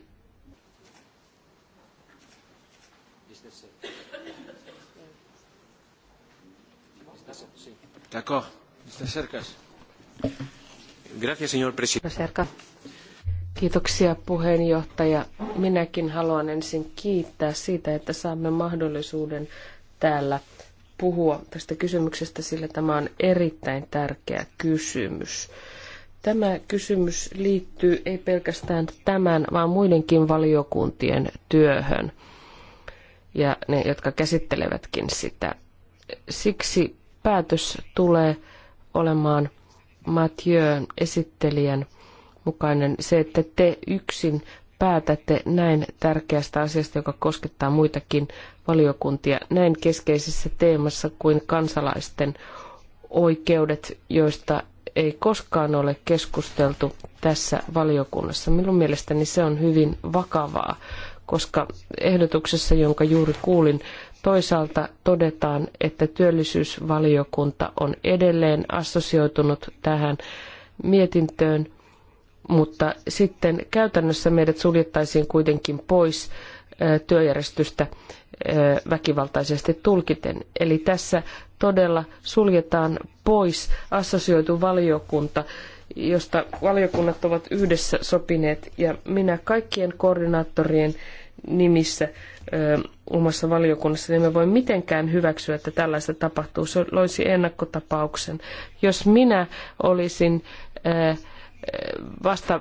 D'accord. presidente. Kiitoksia puheenjohtaja. Minäkin haluan ensin kiittää siitä, että saamme mahdollisuuden täällä puhua tästä kysymyksestä, sillä tämä on erittäin tärkeä kysymys. Tämä kysymys liittyy ei pelkästään tämän, vaan muidenkin valiokuntien työhön ja ne, jotka käsittelevätkin sitä. Siksi päätös tulee olemaan Mathieu esittelijän mukainen se, että te yksin päätätte näin tärkeästä asiasta, joka koskettaa muitakin valiokuntia, näin keskeisessä teemassa kuin kansalaisten oikeudet, joista ei koskaan ole keskusteltu tässä valiokunnassa. Minun mielestäni se on hyvin vakavaa, koska ehdotuksessa, jonka juuri kuulin, toisaalta todetaan, että työllisyysvaliokunta on edelleen assosioitunut tähän mietintöön mutta sitten käytännössä meidät suljettaisiin kuitenkin pois työjärjestystä väkivaltaisesti tulkiten. Eli tässä todella suljetaan pois assosioitu valiokunta, josta valiokunnat ovat yhdessä sopineet ja minä kaikkien koordinaattorien nimissä ö, omassa valiokunnassa, niin me voi mitenkään hyväksyä, että tällaista tapahtuu. Se loisi ennakkotapauksen. Jos minä olisin vasta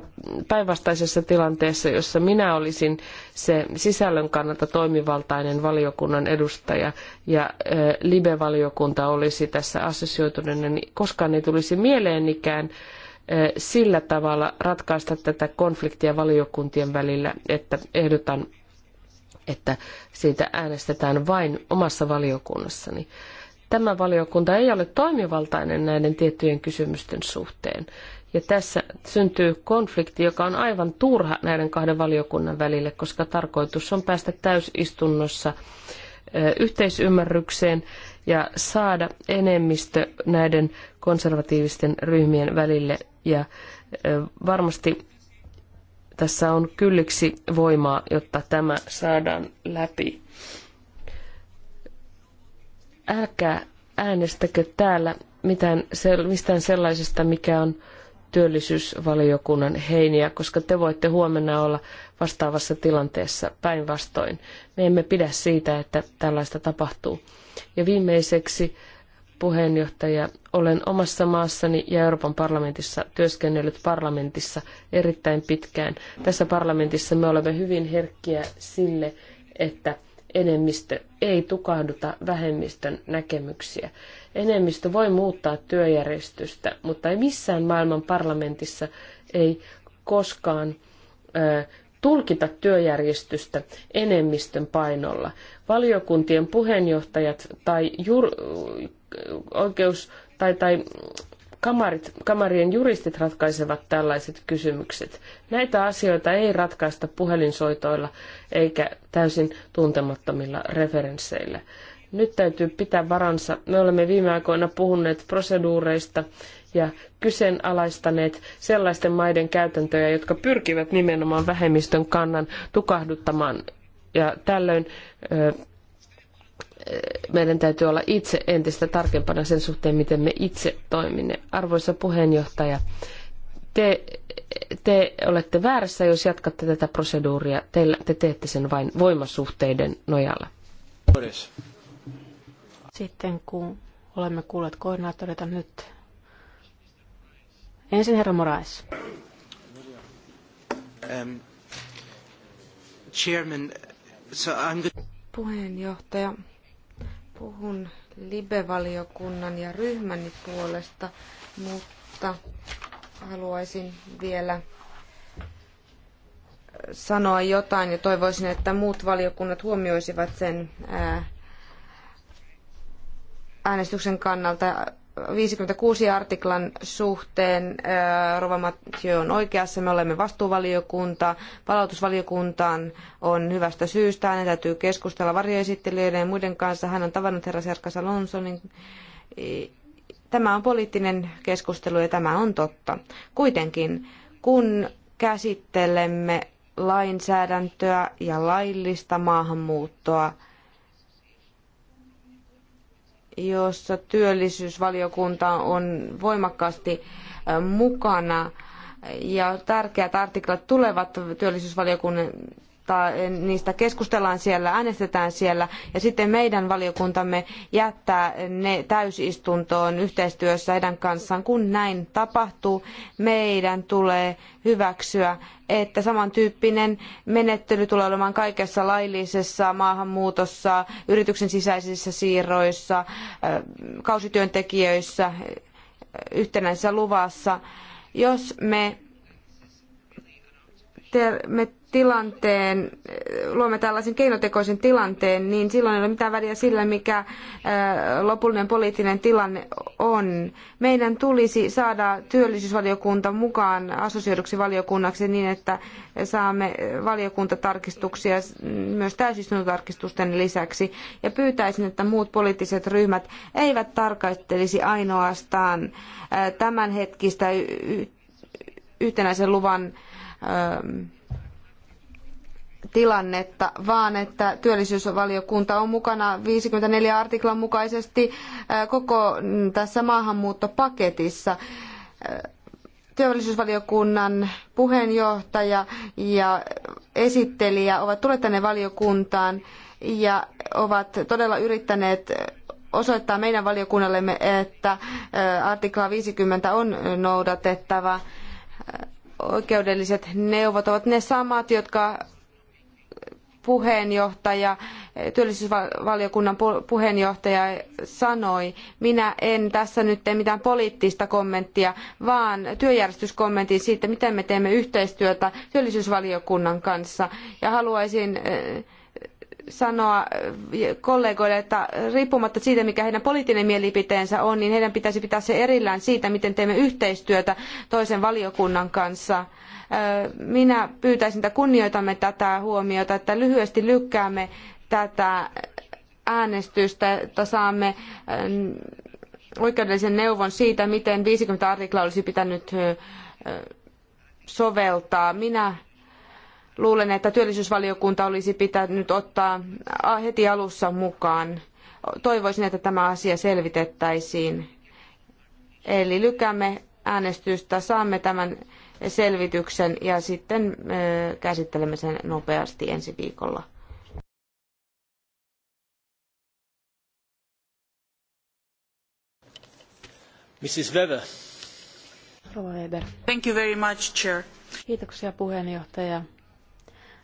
päinvastaisessa tilanteessa, jossa minä olisin se sisällön kannalta toimivaltainen valiokunnan edustaja ja libe valiokunta olisi tässä assosioituneena, niin koskaan ei tulisi mieleenikään sillä tavalla ratkaista tätä konfliktia valiokuntien välillä, että ehdotan, että siitä äänestetään vain omassa valiokunnassani. Tämä valiokunta ei ole toimivaltainen näiden tiettyjen kysymysten suhteen. Ja tässä syntyy konflikti, joka on aivan turha näiden kahden valiokunnan välille, koska tarkoitus on päästä täysistunnossa yhteisymmärrykseen ja saada enemmistö näiden konservatiivisten ryhmien välille. Ja varmasti tässä on kylliksi voimaa, jotta tämä saadaan läpi. Älkää äänestäkö täällä mitään, mistään sellaisesta, mikä on työllisyysvaliokunnan heiniä, koska te voitte huomenna olla vastaavassa tilanteessa päinvastoin. Me emme pidä siitä, että tällaista tapahtuu. Ja viimeiseksi puheenjohtaja, olen omassa maassani ja Euroopan parlamentissa työskennellyt parlamentissa erittäin pitkään. Tässä parlamentissa me olemme hyvin herkkiä sille, että enemmistö ei tukahduta vähemmistön näkemyksiä. Enemmistö voi muuttaa työjärjestystä, mutta ei missään maailman parlamentissa ei koskaan ö, tulkita työjärjestystä enemmistön painolla. Valiokuntien puheenjohtajat tai jur, oikeus tai, tai kamarit, kamarien juristit ratkaisevat tällaiset kysymykset. Näitä asioita ei ratkaista puhelinsoitoilla eikä täysin tuntemattomilla referensseillä. Nyt täytyy pitää varansa. Me olemme viime aikoina puhuneet proseduureista ja kyseenalaistaneet sellaisten maiden käytäntöjä, jotka pyrkivät nimenomaan vähemmistön kannan tukahduttamaan. Ja tällöin meidän täytyy olla itse entistä tarkempana sen suhteen, miten me itse toimimme. Arvoisa puheenjohtaja, te, te olette väärässä, jos jatkatte tätä proseduuria. Te, te teette sen vain voimasuhteiden nojalla. Boris. Sitten kun olemme kuulleet koordinaattoreita nyt. Ensin herra Moraes. Um, chairman, so I'm the... Puheenjohtaja, puhun Libe-valiokunnan ja ryhmäni puolesta, mutta haluaisin vielä sanoa jotain ja toivoisin, että muut valiokunnat huomioisivat sen ää, äänestyksen kannalta 56 artiklan suhteen äh, Rova Mathieu on oikeassa. Me olemme vastuuvaliokunta. Palautusvaliokuntaan on hyvästä syystä. Hänen täytyy keskustella varjoesittelijöiden ja muiden kanssa. Hän on tavannut herra Serkas Alonsonin. Tämä on poliittinen keskustelu ja tämä on totta. Kuitenkin, kun käsittelemme lainsäädäntöä ja laillista maahanmuuttoa, jossa työllisyysvaliokunta on voimakkaasti mukana ja tärkeät artiklat tulevat työllisyysvaliokunnan mutta eh, niistä keskustellaan siellä, äänestetään siellä ja sitten meidän valiokuntamme jättää ne täysistuntoon yhteistyössä heidän kanssaan. Kun näin tapahtuu, meidän tulee hyväksyä, että samantyyppinen menettely tulee olemaan kaikessa laillisessa maahanmuutossa, yrityksen sisäisissä siirroissa, eh, kausityöntekijöissä, eh, yhtenäisessä luvassa. Jos me, me tilanteen, luomme tällaisen keinotekoisen tilanteen, niin silloin ei ole mitään väliä sillä, mikä lopullinen poliittinen tilanne on. Meidän tulisi saada työllisyysvaliokunta mukaan assosioiduksi valiokunnaksi niin, että saamme valiokuntatarkistuksia myös täysistuntotarkistusten lisäksi. Ja pyytäisin, että muut poliittiset ryhmät eivät tarkastelisi ainoastaan tämänhetkistä yhtenäisen luvan tilannetta, vaan että työllisyysvaliokunta on mukana 54 artiklan mukaisesti äh, koko tässä maahanmuuttopaketissa äh, työllisyysvaliokunnan puheenjohtaja ja esittelijä ovat tulleet tänne valiokuntaan ja ovat todella yrittäneet osoittaa meidän valiokunnallemme, että äh, artikla 50 on noudatettava. Oikeudelliset neuvot ovat ne samat, jotka puheenjohtaja, työllisyysvaliokunnan puheenjohtaja sanoi, minä en tässä nyt tee mitään poliittista kommenttia, vaan työjärjestyskommentin siitä, miten me teemme yhteistyötä työllisyysvaliokunnan kanssa. Ja haluaisin eh, sanoa eh, kollegoille, että riippumatta siitä, mikä heidän poliittinen mielipiteensä on, niin heidän pitäisi pitää se erillään siitä, miten teemme yhteistyötä toisen valiokunnan kanssa. Eh, minä pyytäisin, että kunnioitamme tätä huomiota, että lyhyesti lykkäämme tätä äänestystä, että saamme eh, oikeudellisen neuvon siitä, miten 50 artiklaa olisi pitänyt soveltaa. Minä Luulen, että työllisyysvaliokunta olisi pitänyt ottaa heti alussa mukaan. Toivoisin, että tämä asia selvitettäisiin. Eli lykämme äänestystä, saamme tämän selvityksen ja sitten käsittelemme sen nopeasti ensi viikolla. Mrs. Weber. Rova Weber. Thank you very much, Chair. Kiitoksia puheenjohtaja.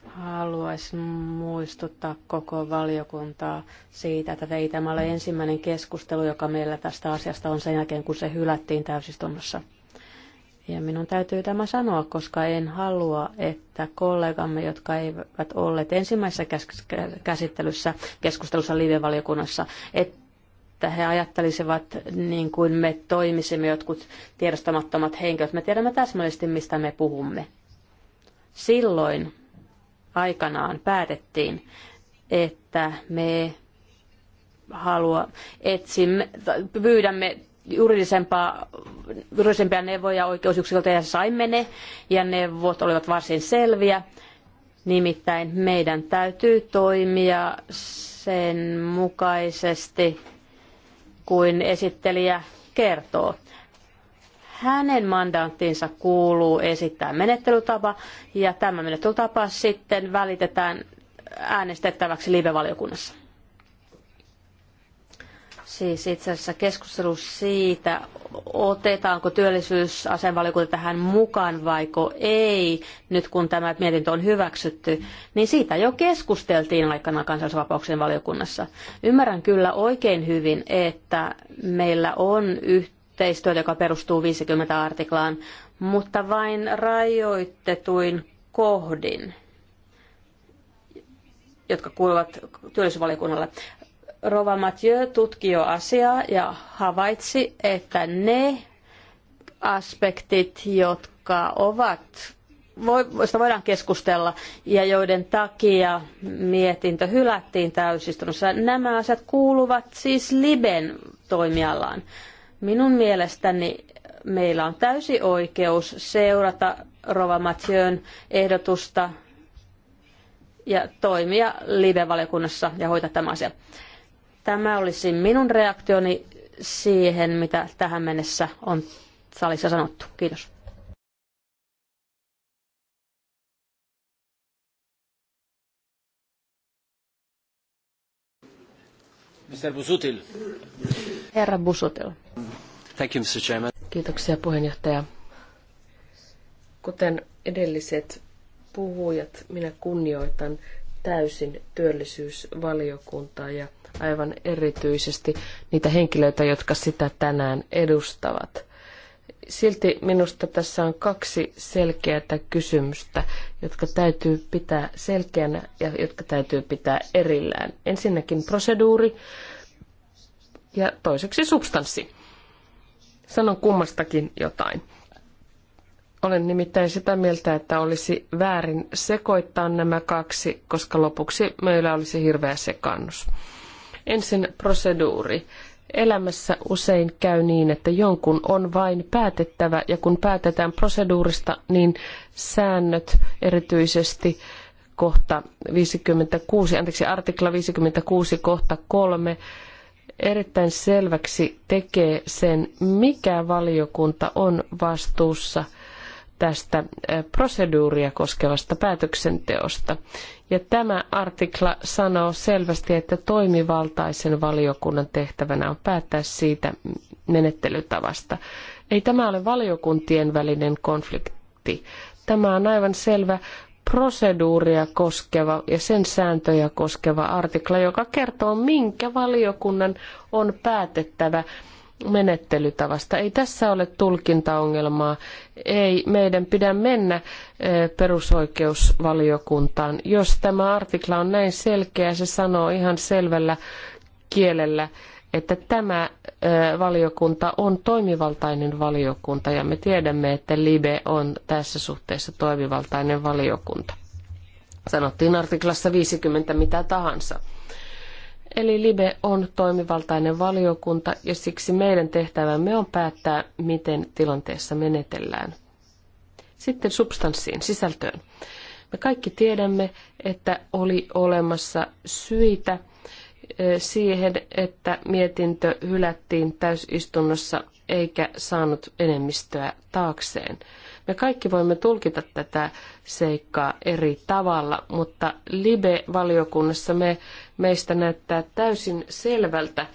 Haluaisin muistuttaa koko valiokuntaa siitä, että veitämällä tämä ensimmäinen keskustelu, joka meillä tästä asiasta on sen jälkeen, kun se hylättiin täysistunnossa. Ja minun täytyy tämä sanoa, koska en halua, että kollegamme, jotka eivät olleet ensimmäisessä käsittelyssä keskustelussa live-valiokunnassa, että he ajattelisivat niin kuin me toimisimme jotkut tiedostamattomat henkilöt. Me tiedämme täsmällisesti, mistä me puhumme. Silloin aikanaan päätettiin, että me halua, etsimme, pyydämme juridisempaa, juridisempia neuvoja oikeusyksiköltä ja saimme ne, ja neuvot olivat varsin selviä. Nimittäin meidän täytyy toimia sen mukaisesti kuin esittelijä kertoo hänen mandaattiinsa kuuluu esittää menettelytapa, ja tämä menettelytapa sitten välitetään äänestettäväksi live-valiokunnassa. Siis itse asiassa keskustelu siitä, otetaanko työllisyysasenvaliokunta tähän mukaan vaiko ei, nyt kun tämä mietintö on hyväksytty, niin siitä jo keskusteltiin aikana kansallisvapauksien valiokunnassa. Ymmärrän kyllä oikein hyvin, että meillä on yhteydessä yhteistyötä, joka perustuu 50 artiklaan, mutta vain rajoitetuin kohdin, jotka kuuluvat työllisyysvaliokunnalle. Rova Mathieu tutki jo asiaa ja havaitsi, että ne aspektit, jotka ovat joista voidaan keskustella ja joiden takia mietintö hylättiin täysistunnossa. Nämä asiat kuuluvat siis Liben toimialaan. Minun mielestäni meillä on täysi oikeus seurata Rova Mathieu'n ehdotusta ja toimia live-valiokunnassa ja hoitaa tämä asia. Tämä olisi minun reaktioni siihen, mitä tähän mennessä on salissa sanottu. Kiitos. Mr. Busutil. Herra Busutil. Thank you, Mr. Chairman. Kiitoksia puheenjohtaja. Kuten edelliset puhujat, minä kunnioitan täysin työllisyysvaliokuntaa ja aivan erityisesti niitä henkilöitä, jotka sitä tänään edustavat. Silti minusta tässä on kaksi selkeää kysymystä, jotka täytyy pitää selkeänä ja jotka täytyy pitää erillään. Ensinnäkin proseduuri ja toiseksi substanssi. Sanon kummastakin jotain. Olen nimittäin sitä mieltä, että olisi väärin sekoittaa nämä kaksi, koska lopuksi meillä olisi hirveä sekannus. Ensin proseduuri. Elämässä usein käy niin, että jonkun on vain päätettävä, ja kun päätetään proseduurista, niin säännöt erityisesti kohta 56, anteeksi, artikla 56 kohta 3 erittäin selväksi tekee sen, mikä valiokunta on vastuussa tästä proseduuria koskevasta päätöksenteosta. Ja tämä artikla sanoo selvästi, että toimivaltaisen valiokunnan tehtävänä on päättää siitä menettelytavasta. Ei tämä ole valiokuntien välinen konflikti. Tämä on aivan selvä proseduuria koskeva ja sen sääntöjä koskeva artikla, joka kertoo, minkä valiokunnan on päätettävä menettelytavasta. Ei tässä ole tulkintaongelmaa. Ei meidän pidä mennä eh, perusoikeusvaliokuntaan. Jos tämä artikla on näin selkeä, se sanoo ihan selvällä kielellä, että tämä valiokunta on toimivaltainen valiokunta ja me tiedämme, että LIBE on tässä suhteessa toimivaltainen valiokunta. Sanottiin artiklassa 50 mitä tahansa. Eli LIBE on toimivaltainen valiokunta ja siksi meidän tehtävämme on päättää, miten tilanteessa menetellään. Sitten substanssiin, sisältöön. Me kaikki tiedämme, että oli olemassa syitä – siihen, että mietintö hylättiin täysistunnossa eikä saanut enemmistöä taakseen. Me kaikki voimme tulkita tätä seikkaa eri tavalla, mutta Libe-valiokunnassa me, meistä näyttää täysin selvältä,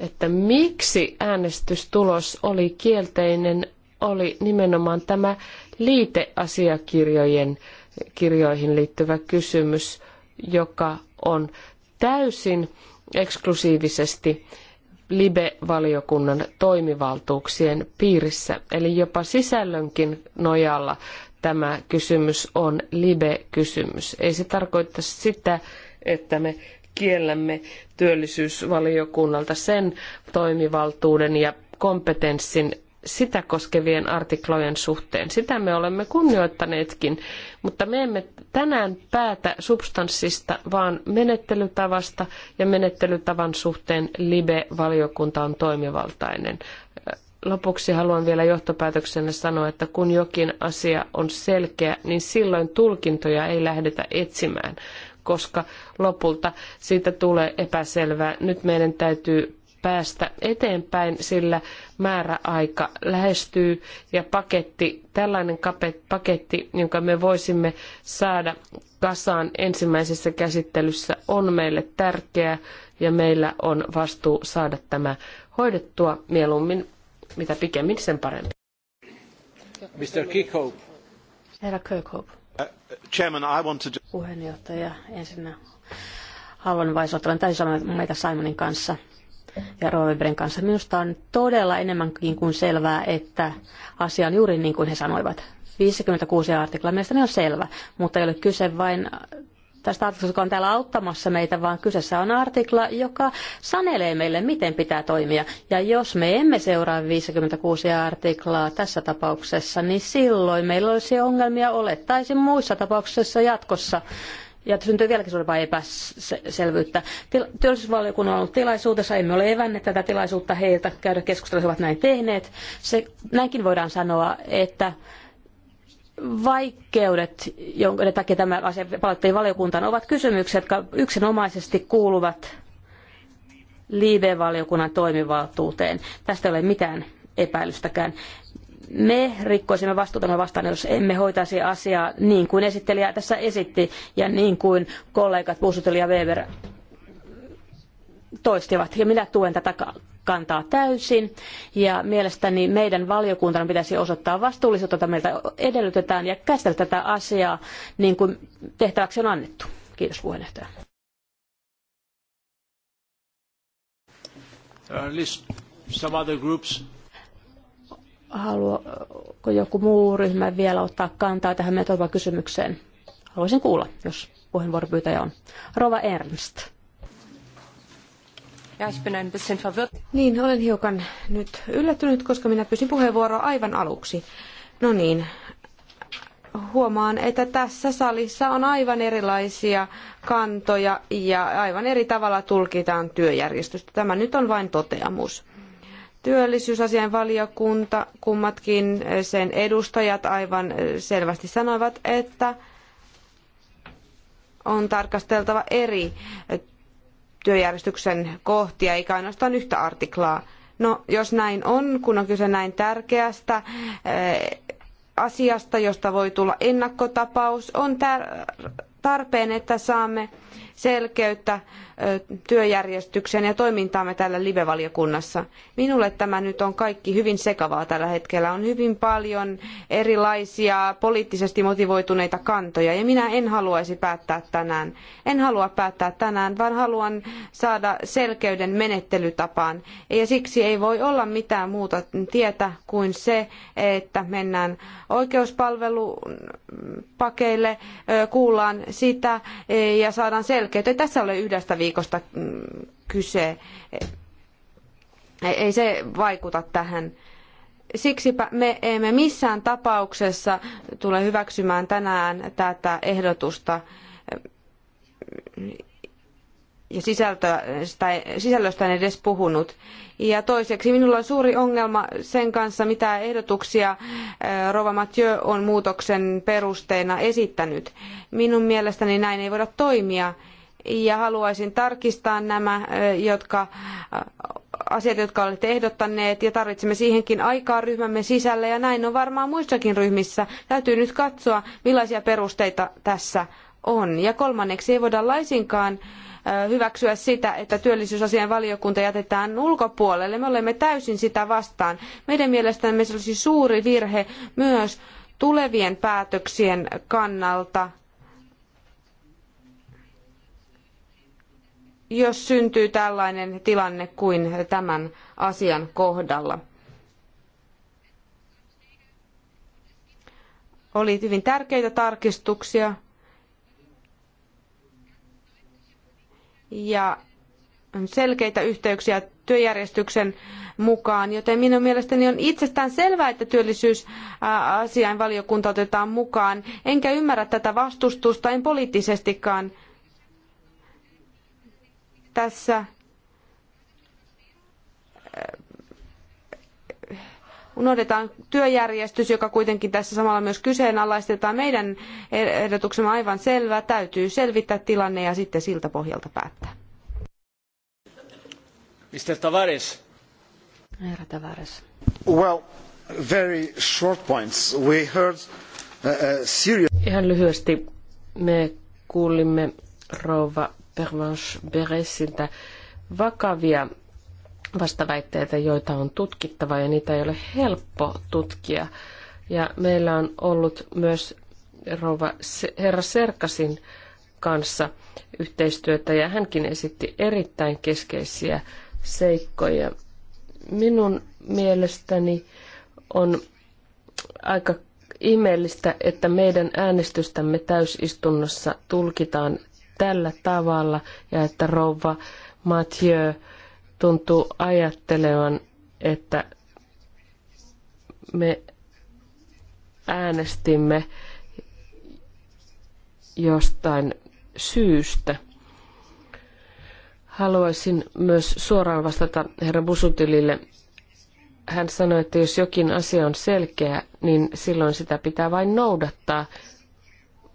että miksi äänestystulos oli kielteinen, oli nimenomaan tämä liiteasiakirjojen kirjoihin liittyvä kysymys, joka on täysin eksklusiivisesti LIBE-valiokunnan toimivaltuuksien piirissä. Eli jopa sisällönkin nojalla tämä kysymys on LIBE-kysymys. Ei se tarkoita sitä, että me kiellämme työllisyysvaliokunnalta sen toimivaltuuden ja kompetenssin sitä koskevien artiklojen suhteen. Sitä me olemme kunnioittaneetkin, mutta me emme tänään päätä substanssista, vaan menettelytavasta ja menettelytavan suhteen LIBE-valiokunta on toimivaltainen. Lopuksi haluan vielä johtopäätöksenä sanoa, että kun jokin asia on selkeä, niin silloin tulkintoja ei lähdetä etsimään, koska lopulta siitä tulee epäselvää. Nyt meidän täytyy päästä eteenpäin, sillä määräaika lähestyy ja paketti, tällainen paketti, jonka me voisimme saada kasaan ensimmäisessä käsittelyssä, on meille tärkeä ja meillä on vastuu saada tämä hoidettua mieluummin, mitä pikemmin sen parempi. Mr. Kirkhope. Herra Kirkhope. Uh, uh, chairman, I want to... Puheenjohtaja, ensinnä haluan vain sanoa, että olen täysin samaa mieltä Simonin kanssa ja Rovebren kanssa. Minusta on todella enemmänkin kuin selvää, että asia on juuri niin kuin he sanoivat. 56 artikla mielestäni on selvä, mutta ei ole kyse vain tästä artiklasta, joka on täällä auttamassa meitä, vaan kyseessä on artikla, joka sanelee meille, miten pitää toimia. Ja jos me emme seuraa 56 artiklaa tässä tapauksessa, niin silloin meillä olisi ongelmia olettaisin muissa tapauksissa jatkossa ja syntyy vieläkin suurempaa epäselvyyttä. Työllisyysvaliokunnan on ollut tilaisuudessa, emme ole evänneet tätä tilaisuutta heiltä käydä keskustelua, ovat näin tehneet. Se, näinkin voidaan sanoa, että vaikeudet, joiden takia tämä asia palattiin valiokuntaan, ovat kysymyksiä, jotka yksinomaisesti kuuluvat liive-valiokunnan toimivaltuuteen. Tästä ei ole mitään epäilystäkään me rikkoisimme vastuutamme vastaan, jos emme hoitaisi asiaa niin kuin esittelijä tässä esitti ja niin kuin kollegat Puusutel ja Weber toistivat. Ja minä tuen tätä kantaa täysin. Ja mielestäni meidän valiokuntana pitäisi osoittaa vastuullisuutta, jota meiltä edellytetään, ja käsitellä tätä asiaa niin kuin tehtäväksi on annettu. Kiitos puheenjohtaja. Some other groups haluaako joku muu ryhmä vielä ottaa kantaa tähän kysymykseen. Haluaisin kuulla, jos puheenvuoropyytäjä on. Rova Ernst. Ja, ich bin ein bisschen verwirrt. Niin, olen hiukan nyt yllättynyt, koska minä pysin puheenvuoroa aivan aluksi. No niin, huomaan, että tässä salissa on aivan erilaisia kantoja ja aivan eri tavalla tulkitaan työjärjestystä. Tämä nyt on vain toteamus. Työllisyysasian valiokunta, kummatkin eh, sen edustajat aivan eh, selvästi sanoivat, että on tarkasteltava eri eh, työjärjestyksen kohtia, eikä ainoastaan yhtä artiklaa. No, jos näin on, kun on kyse näin tärkeästä asiasta, josta voi tulla ennakkotapaus, on tarpeen, että saamme selkeyttä työjärjestykseen ja toimintaamme täällä libe valiokunnassa Minulle tämä nyt on kaikki hyvin sekavaa tällä hetkellä. On hyvin paljon erilaisia poliittisesti motivoituneita kantoja ja minä en haluaisi päättää tänään. En halua päättää tänään, vaan haluan saada selkeyden menettelytapaan. Ja siksi ei voi olla mitään muuta tietä kuin se, että mennään oikeuspalvelupakeille, kuullaan sitä e, ja saadaan sel selkeyttä. Ei tässä ole yhdestä viikosta mm, kyse. Ei se vaikuta tähän. Siksipä me emme missään tapauksessa tule hyväksymään tänään tätä ehdotusta ja sisältöstä, sisällöstä en edes puhunut. Ja toiseksi minulla on suuri ongelma sen kanssa, mitä ehdotuksia Rova Mathieu on muutoksen perusteena esittänyt. Minun mielestäni näin ei voida toimia ja haluaisin tarkistaa nämä jotka, asiat, jotka olette ehdottaneet ja tarvitsemme siihenkin aikaa ryhmämme sisällä ja näin on varmaan muissakin ryhmissä. Täytyy nyt katsoa millaisia perusteita tässä on. Ja kolmanneksi ei voida laisinkaan hyväksyä sitä, että työllisyysasian valiokunta jätetään ulkopuolelle. Me olemme täysin sitä vastaan. Meidän mielestämme se olisi suuri virhe myös tulevien päätöksien kannalta jos syntyy tällainen tilanne kuin tämän asian kohdalla. Oli hyvin tärkeitä tarkistuksia ja selkeitä yhteyksiä työjärjestyksen mukaan, joten minun mielestäni on itsestään selvää, että työllisyysasiain valiokunta otetaan mukaan. Enkä ymmärrä tätä vastustusta, en poliittisestikaan tässä äh, unohdetaan työjärjestys, joka kuitenkin tässä samalla myös kyseenalaistetaan. Meidän ehdotuksemme on aivan selvä. Täytyy selvittää tilanne ja sitten siltä pohjalta päättää. Mr. Tavares. Herra Tavares. Well, very short points. We heard uh, uh serious... Ihan lyhyesti me kuulimme rouva Pervanche Beressiltä vakavia vastaväitteitä, joita on tutkittava ja niitä ei ole helppo tutkia. Ja meillä on ollut myös rouva herra Serkasin kanssa yhteistyötä ja hänkin esitti erittäin keskeisiä seikkoja. Minun mielestäni on aika ihmeellistä, että meidän äänestystämme täysistunnossa tulkitaan tällä tavalla ja että rouva Mathieu tuntuu ajattelevan, että me äänestimme jostain syystä. Haluaisin myös suoraan vastata herra Busutilille. Hän sanoi, että jos jokin asia on selkeä, niin silloin sitä pitää vain noudattaa.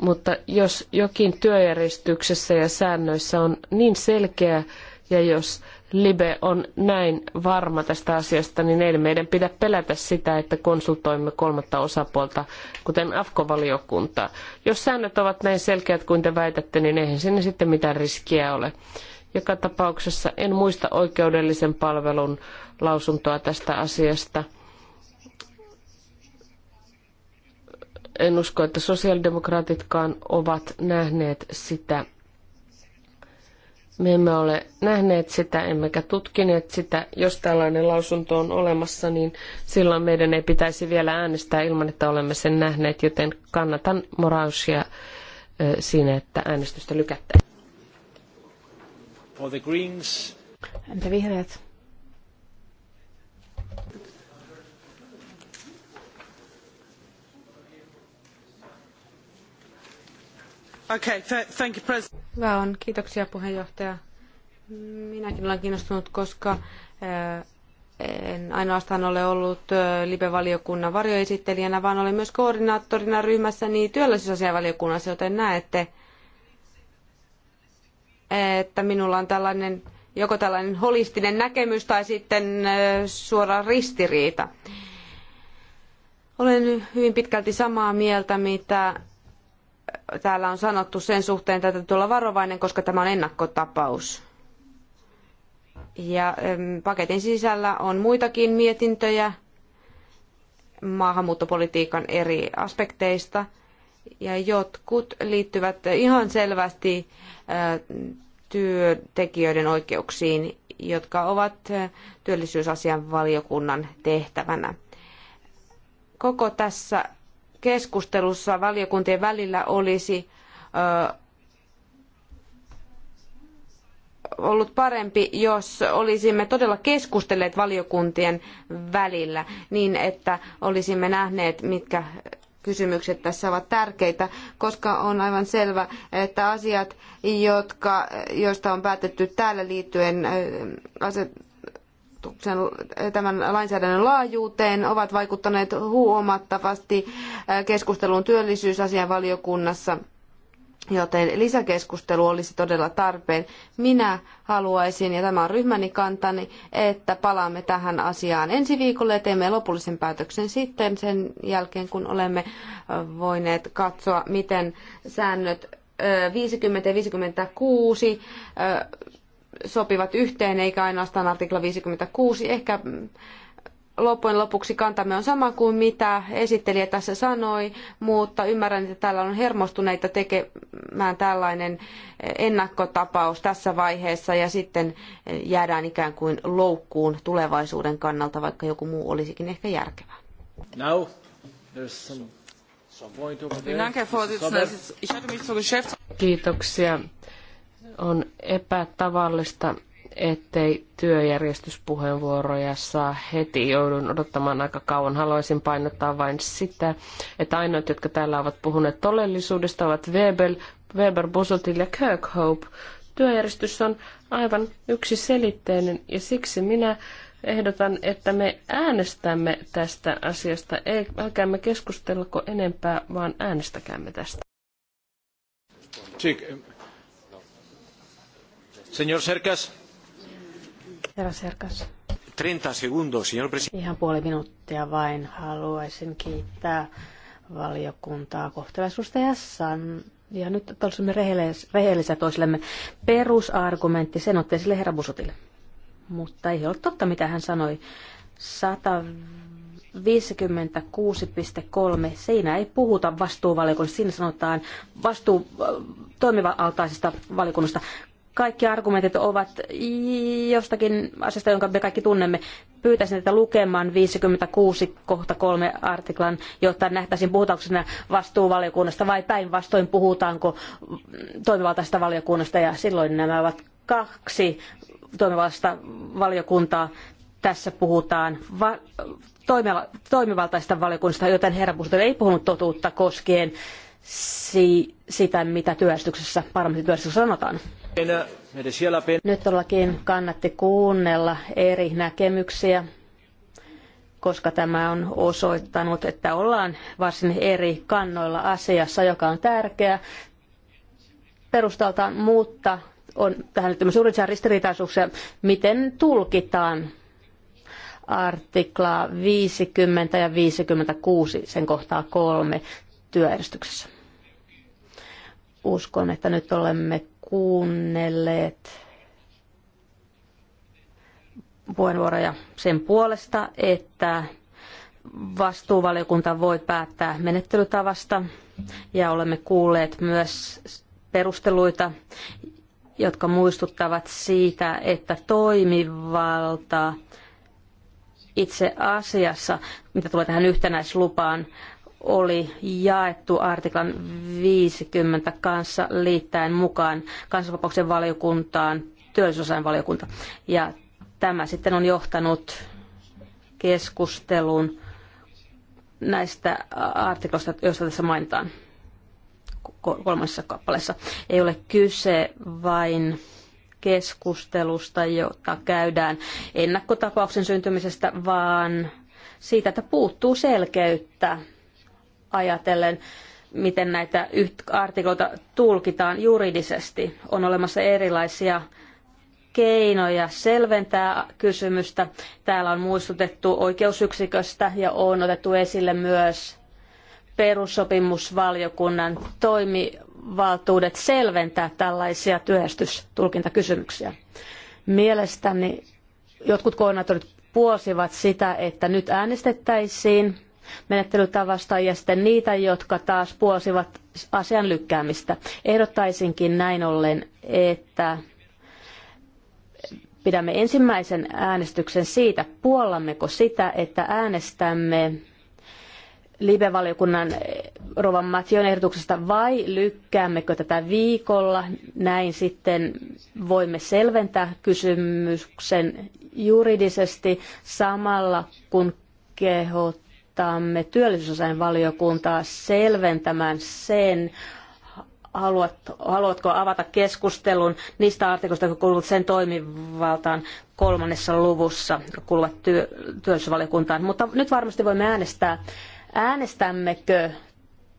Mutta jos jokin työjärjestyksessä ja säännöissä on niin selkeä ja jos Libe on näin varma tästä asiasta, niin ei meidän pidä pelätä sitä, että konsultoimme kolmatta osapuolta, kuten afko valiokunta Jos säännöt ovat näin selkeät kuin te väitätte, niin eihän sinne sitten mitään riskiä ole. Joka tapauksessa en muista oikeudellisen palvelun lausuntoa tästä asiasta – En usko, että sosiaalidemokraatitkaan ovat nähneet sitä. Me emme ole nähneet sitä, emmekä tutkineet sitä. Jos tällainen lausunto on olemassa, niin silloin meidän ei pitäisi vielä äänestää ilman, että olemme sen nähneet, joten kannatan morausia siinä, että äänestystä lykätään. For the Greens. Entä vihreät? Okay, Hyvä on. Kiitoksia puheenjohtaja. Minäkin olen kiinnostunut, koska eh, en ainoastaan ole ollut eh, Libe-valiokunnan varjoesittelijänä, vaan olen myös koordinaattorina ryhmässäni työllisyysasiavaliokunnassa, joten näette, että minulla on tällainen joko tällainen holistinen näkemys tai sitten eh, suora ristiriita. Olen hyvin pitkälti samaa mieltä, mitä täällä on sanottu sen suhteen, että täytyy olla varovainen, koska tämä on ennakkotapaus. Ja paketin sisällä on muitakin mietintöjä maahanmuuttopolitiikan eri aspekteista. Ja jotkut liittyvät ihan selvästi työntekijöiden oikeuksiin, jotka ovat työllisyysasian valiokunnan tehtävänä. Koko tässä keskustelussa valiokuntien välillä olisi ollut parempi, jos olisimme todella keskustelleet valiokuntien välillä niin, että olisimme nähneet, mitkä kysymykset tässä ovat tärkeitä, koska on aivan selvä, että asiat, jotka, joista on päätetty täällä liittyen aset, tämän lainsäädännön laajuuteen ovat vaikuttaneet huomattavasti äh, keskusteluun työllisyysasianvaliokunnassa joten lisäkeskustelu olisi todella tarpeen. Minä haluaisin, ja tämä on ryhmäni kantani, että palaamme tähän asiaan ensi viikolla ja teemme lopullisen päätöksen sitten sen jälkeen, kun olemme äh, voineet katsoa, miten säännöt 50 äh, ja 56 sopivat yhteen, eikä ainoastaan artikla 56. Ehkä loppujen lopuksi kantamme on sama kuin mitä esittelijä tässä sanoi, mutta ymmärrän, että täällä on hermostuneita tekemään tällainen ennakkotapaus tässä vaiheessa ja sitten jäädään ikään kuin loukkuun tulevaisuuden kannalta, vaikka joku muu olisikin ehkä järkevää. Now, Kiitoksia on epätavallista, ettei työjärjestyspuheenvuoroja saa heti. Joudun odottamaan aika kauan. Haluaisin painottaa vain sitä, että ainoat, jotka täällä ovat puhuneet todellisuudesta, ovat Weber, Weber Bosotil ja Kirkhope. Työjärjestys on aivan yksiselitteinen ja siksi minä ehdotan, että me äänestämme tästä asiasta. Ei, älkäämme keskustelko enempää, vaan äänestäkäämme tästä. Señor cercas Herra 30 segundos, señor presidente. Ihan puoli minuuttia vain haluaisin kiittää valiokuntaa kohtelaisuudesta ja san... Ja nyt olisimme rehellisiä toisillemme. Perusargumentti, sen otti esille herra Busutille. Mutta ei ole totta, mitä hän sanoi. 156.3. Siinä ei puhuta vastuuvaliokunnasta. Siinä sanotaan vastuu äh, toimivaltaisesta valiokunnasta kaikki argumentit ovat jostakin asiasta, jonka me kaikki tunnemme. Pyytäisin tätä lukemaan 56 kohta 3 artiklan, jotta nähtäisiin puhutaanko siinä vastuuvaliokunnasta vai päinvastoin puhutaanko toimivaltaista valiokunnasta ja silloin nämä ovat kaksi toimivaltaista valiokuntaa. Tässä puhutaan va- toimivaltaista valiokunnasta, joten herra Pustel ei puhunut totuutta koskien si- sitä, mitä työstyksessä, parlamentin työstyksessä sanotaan. Nyt todellakin kannatti kuunnella eri näkemyksiä, koska tämä on osoittanut, että ollaan varsin eri kannoilla asiassa, joka on tärkeä perustaltaan, mutta on tähän liittyy tämmöisiä juridisia ristiriitaisuuksia, miten tulkitaan artiklaa 50 ja 56, sen kohtaa kolme työjärjestyksessä. Uskon, että nyt olemme kuunnelleet puheenvuoroja sen puolesta, että vastuuvaliokunta voi päättää menettelytavasta ja olemme kuulleet myös perusteluita, jotka muistuttavat siitä, että toimivalta itse asiassa, mitä tulee tähän yhtenäislupaan, oli jaettu artiklan 50 kanssa liittäen mukaan kansanvapauksen valiokuntaan työllisyysosain valiokunta. Ja tämä sitten on johtanut keskusteluun näistä artikloista, joista tässä mainitaan kolmannessa kappaleessa. Ei ole kyse vain keskustelusta, jota käydään ennakkotapauksen syntymisestä, vaan siitä, että puuttuu selkeyttä ajatellen, miten näitä artikloita tulkitaan juridisesti. On olemassa erilaisia keinoja selventää kysymystä. Täällä on muistutettu oikeusyksiköstä ja on otettu esille myös perussopimusvaliokunnan toimivaltuudet selventää tällaisia työstystulkintakysymyksiä. Mielestäni jotkut koordinaattorit puosivat sitä, että nyt äänestettäisiin menettelytavasta ja sitten niitä, jotka taas puolsivat asian lykkäämistä. Ehdottaisinkin näin ollen, että pidämme ensimmäisen äänestyksen siitä, puollammeko sitä, että äänestämme libe valiokunnan eh, Rovan Matjon ehdotuksesta vai lykkäämmekö tätä viikolla. Näin sitten voimme selventää kysymyksen juridisesti samalla kun kehot kehottaamme työllisyysosain valiokuntaa selventämään sen, haluat, haluatko avata keskustelun niistä artikloista, jotka kuuluvat sen toimivaltaan kolmannessa luvussa, jotka kuuluvat työ, työllisyysvaliokuntaan. Mutta nyt varmasti voimme äänestää, äänestämmekö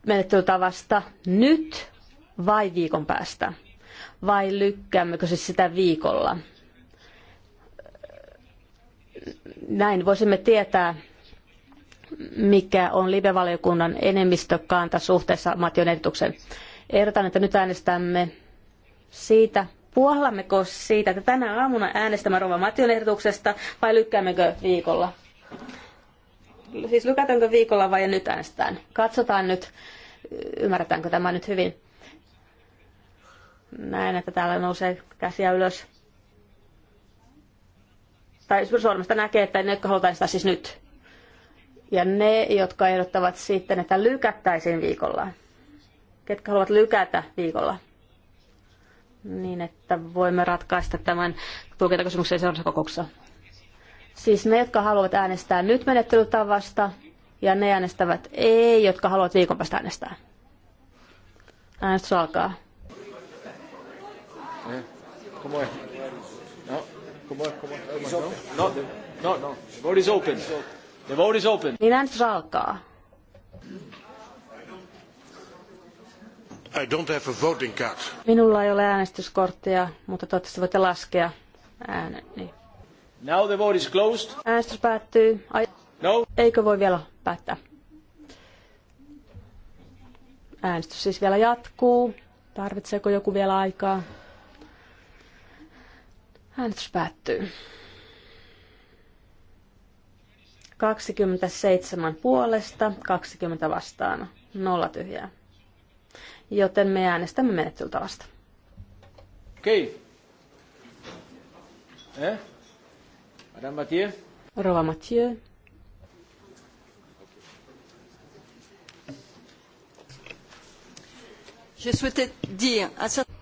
menettelytavasta nyt vai viikon päästä? Vai lykkäämmekö siis sitä viikolla? Näin voisimme tietää, mikä on libe valiokunnan enemmistökanta suhteessa Mation ehdotukseen. Ehdotan, että nyt äänestämme siitä, puohlammeko siitä, että tänä aamuna äänestämme Rova Mation ehdotuksesta vai lykkäämmekö viikolla? Siis lykätäänkö viikolla vai nyt äänestetään? Katsotaan nyt, ymmärretäänkö tämä nyt hyvin. Näen, että täällä nousee käsiä ylös. Tai sormesta näkee, että ne, jotka halutaan sitä siis nyt ja ne, jotka ehdottavat sitten, että lykättäisiin viikolla. Ketkä haluavat lykätä viikolla? Niin, että voimme ratkaista tämän tulkintakysymyksen seuraavassa kokouksessa. Siis ne, jotka haluavat äänestää nyt menettelytavasta, ja ne äänestävät ei, jotka haluavat viikon päästä äänestää. Äänestys alkaa. Eh, como es? No, como es, como es, como es, no? No, no, no. Vote is open. The vote is open. Niin äänestys alkaa. I don't have a voting card. Minulla ei ole äänestyskorttia, mutta toivottavasti voitte laskea ääneni. Niin. Now the vote is closed. Äänestys päättyy. Ai... No. Eikö voi vielä päättää? Äänestys siis vielä jatkuu. Tarvitseeko joku vielä aikaa? Äänestys päättyy. 27 puolesta, 20 vastaan, nolla tyhjää. Joten me äänestämme menettelyltä vasta. Okei. Okay. Eh? Madame Mathieu? Rova Mathieu. Je souhaitais dire à certains...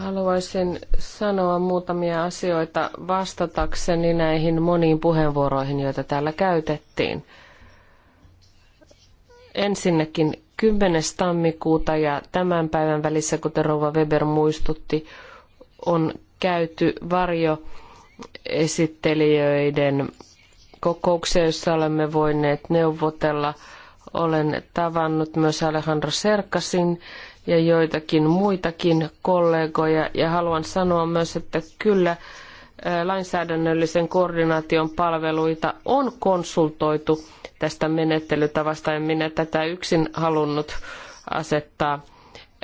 Haluaisin sanoa muutamia asioita vastatakseni näihin moniin puheenvuoroihin, joita täällä käytettiin. Ensinnäkin 10. tammikuuta ja tämän päivän välissä, kuten Rouva Weber muistutti, on käyty varjo esittelijöiden kokouksia, joissa olemme voineet neuvotella. Olen tavannut myös Alejandro Serkasin ja joitakin muitakin kollegoja. Ja haluan sanoa myös, että kyllä lainsäädännöllisen koordinaation palveluita on konsultoitu tästä menettelytavasta. En minä tätä yksin halunnut asettaa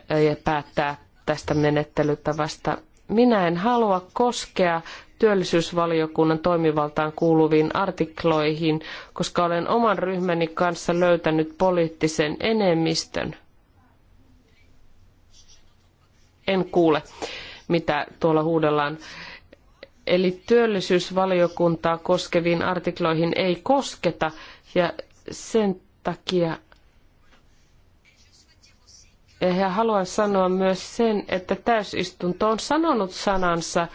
ja päättää tästä menettelytavasta. Minä en halua koskea työllisyysvaliokunnan toimivaltaan kuuluviin artikloihin, koska olen oman ryhmäni kanssa löytänyt poliittisen enemmistön en kuule, mitä tuolla huudellaan. Eli työllisyysvaliokuntaa koskeviin artikloihin ei kosketa ja sen takia ja haluan sanoa myös sen, että täysistunto on sanonut sanansa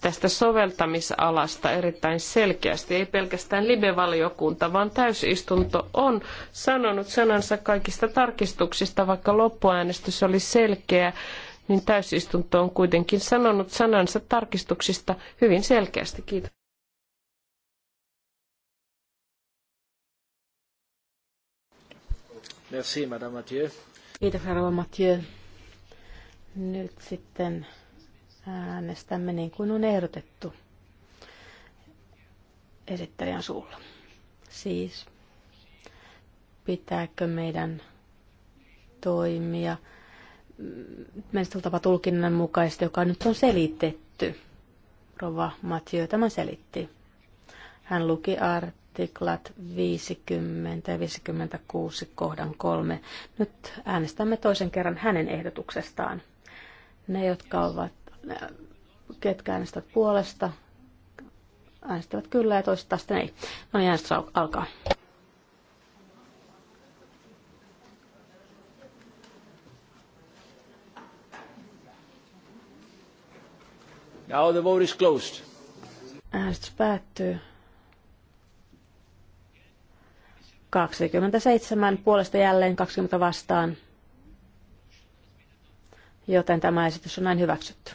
tästä soveltamisalasta erittäin selkeästi. Ei pelkästään live-valiokunta, vaan täysistunto on sanonut sanansa kaikista tarkistuksista, vaikka loppuäänestys oli selkeä niin täysistunto on kuitenkin sanonut sanansa tarkistuksista hyvin selkeästi. Kiitos. Merci, Madame Mathieu. Kiitos, Arvo Mathieu. Nyt sitten äänestämme niin kuin on ehdotettu esittelijän suulla. Siis pitääkö meidän toimia menestultava tulkinnan mukaista, joka nyt on selitetty. Rova Mathieu tämä selitti. Hän luki artiklat 50 ja 56 kohdan 3. Nyt äänestämme toisen kerran hänen ehdotuksestaan. Ne, jotka ovat, ketkä äänestävät puolesta, äänestävät kyllä ja toiset taas ei. No niin, äänestys alkaa. Now the vote is closed. Äänestys päättyy. 27 puolesta jälleen 20 vastaan, joten tämä esitys on näin hyväksytty.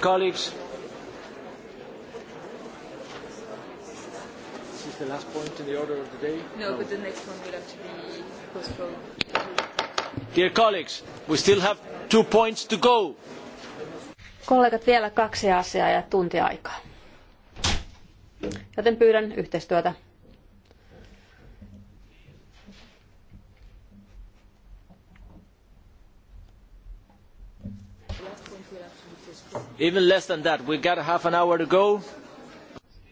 colleagues. This is the last point in the order of the day. No, no. but the next one will have to be postponed. Dear colleagues, we still have two points to go. Kollegat, vielä kaksi asiaa ja tunti aikaa. Joten pyydän yhteistyötä.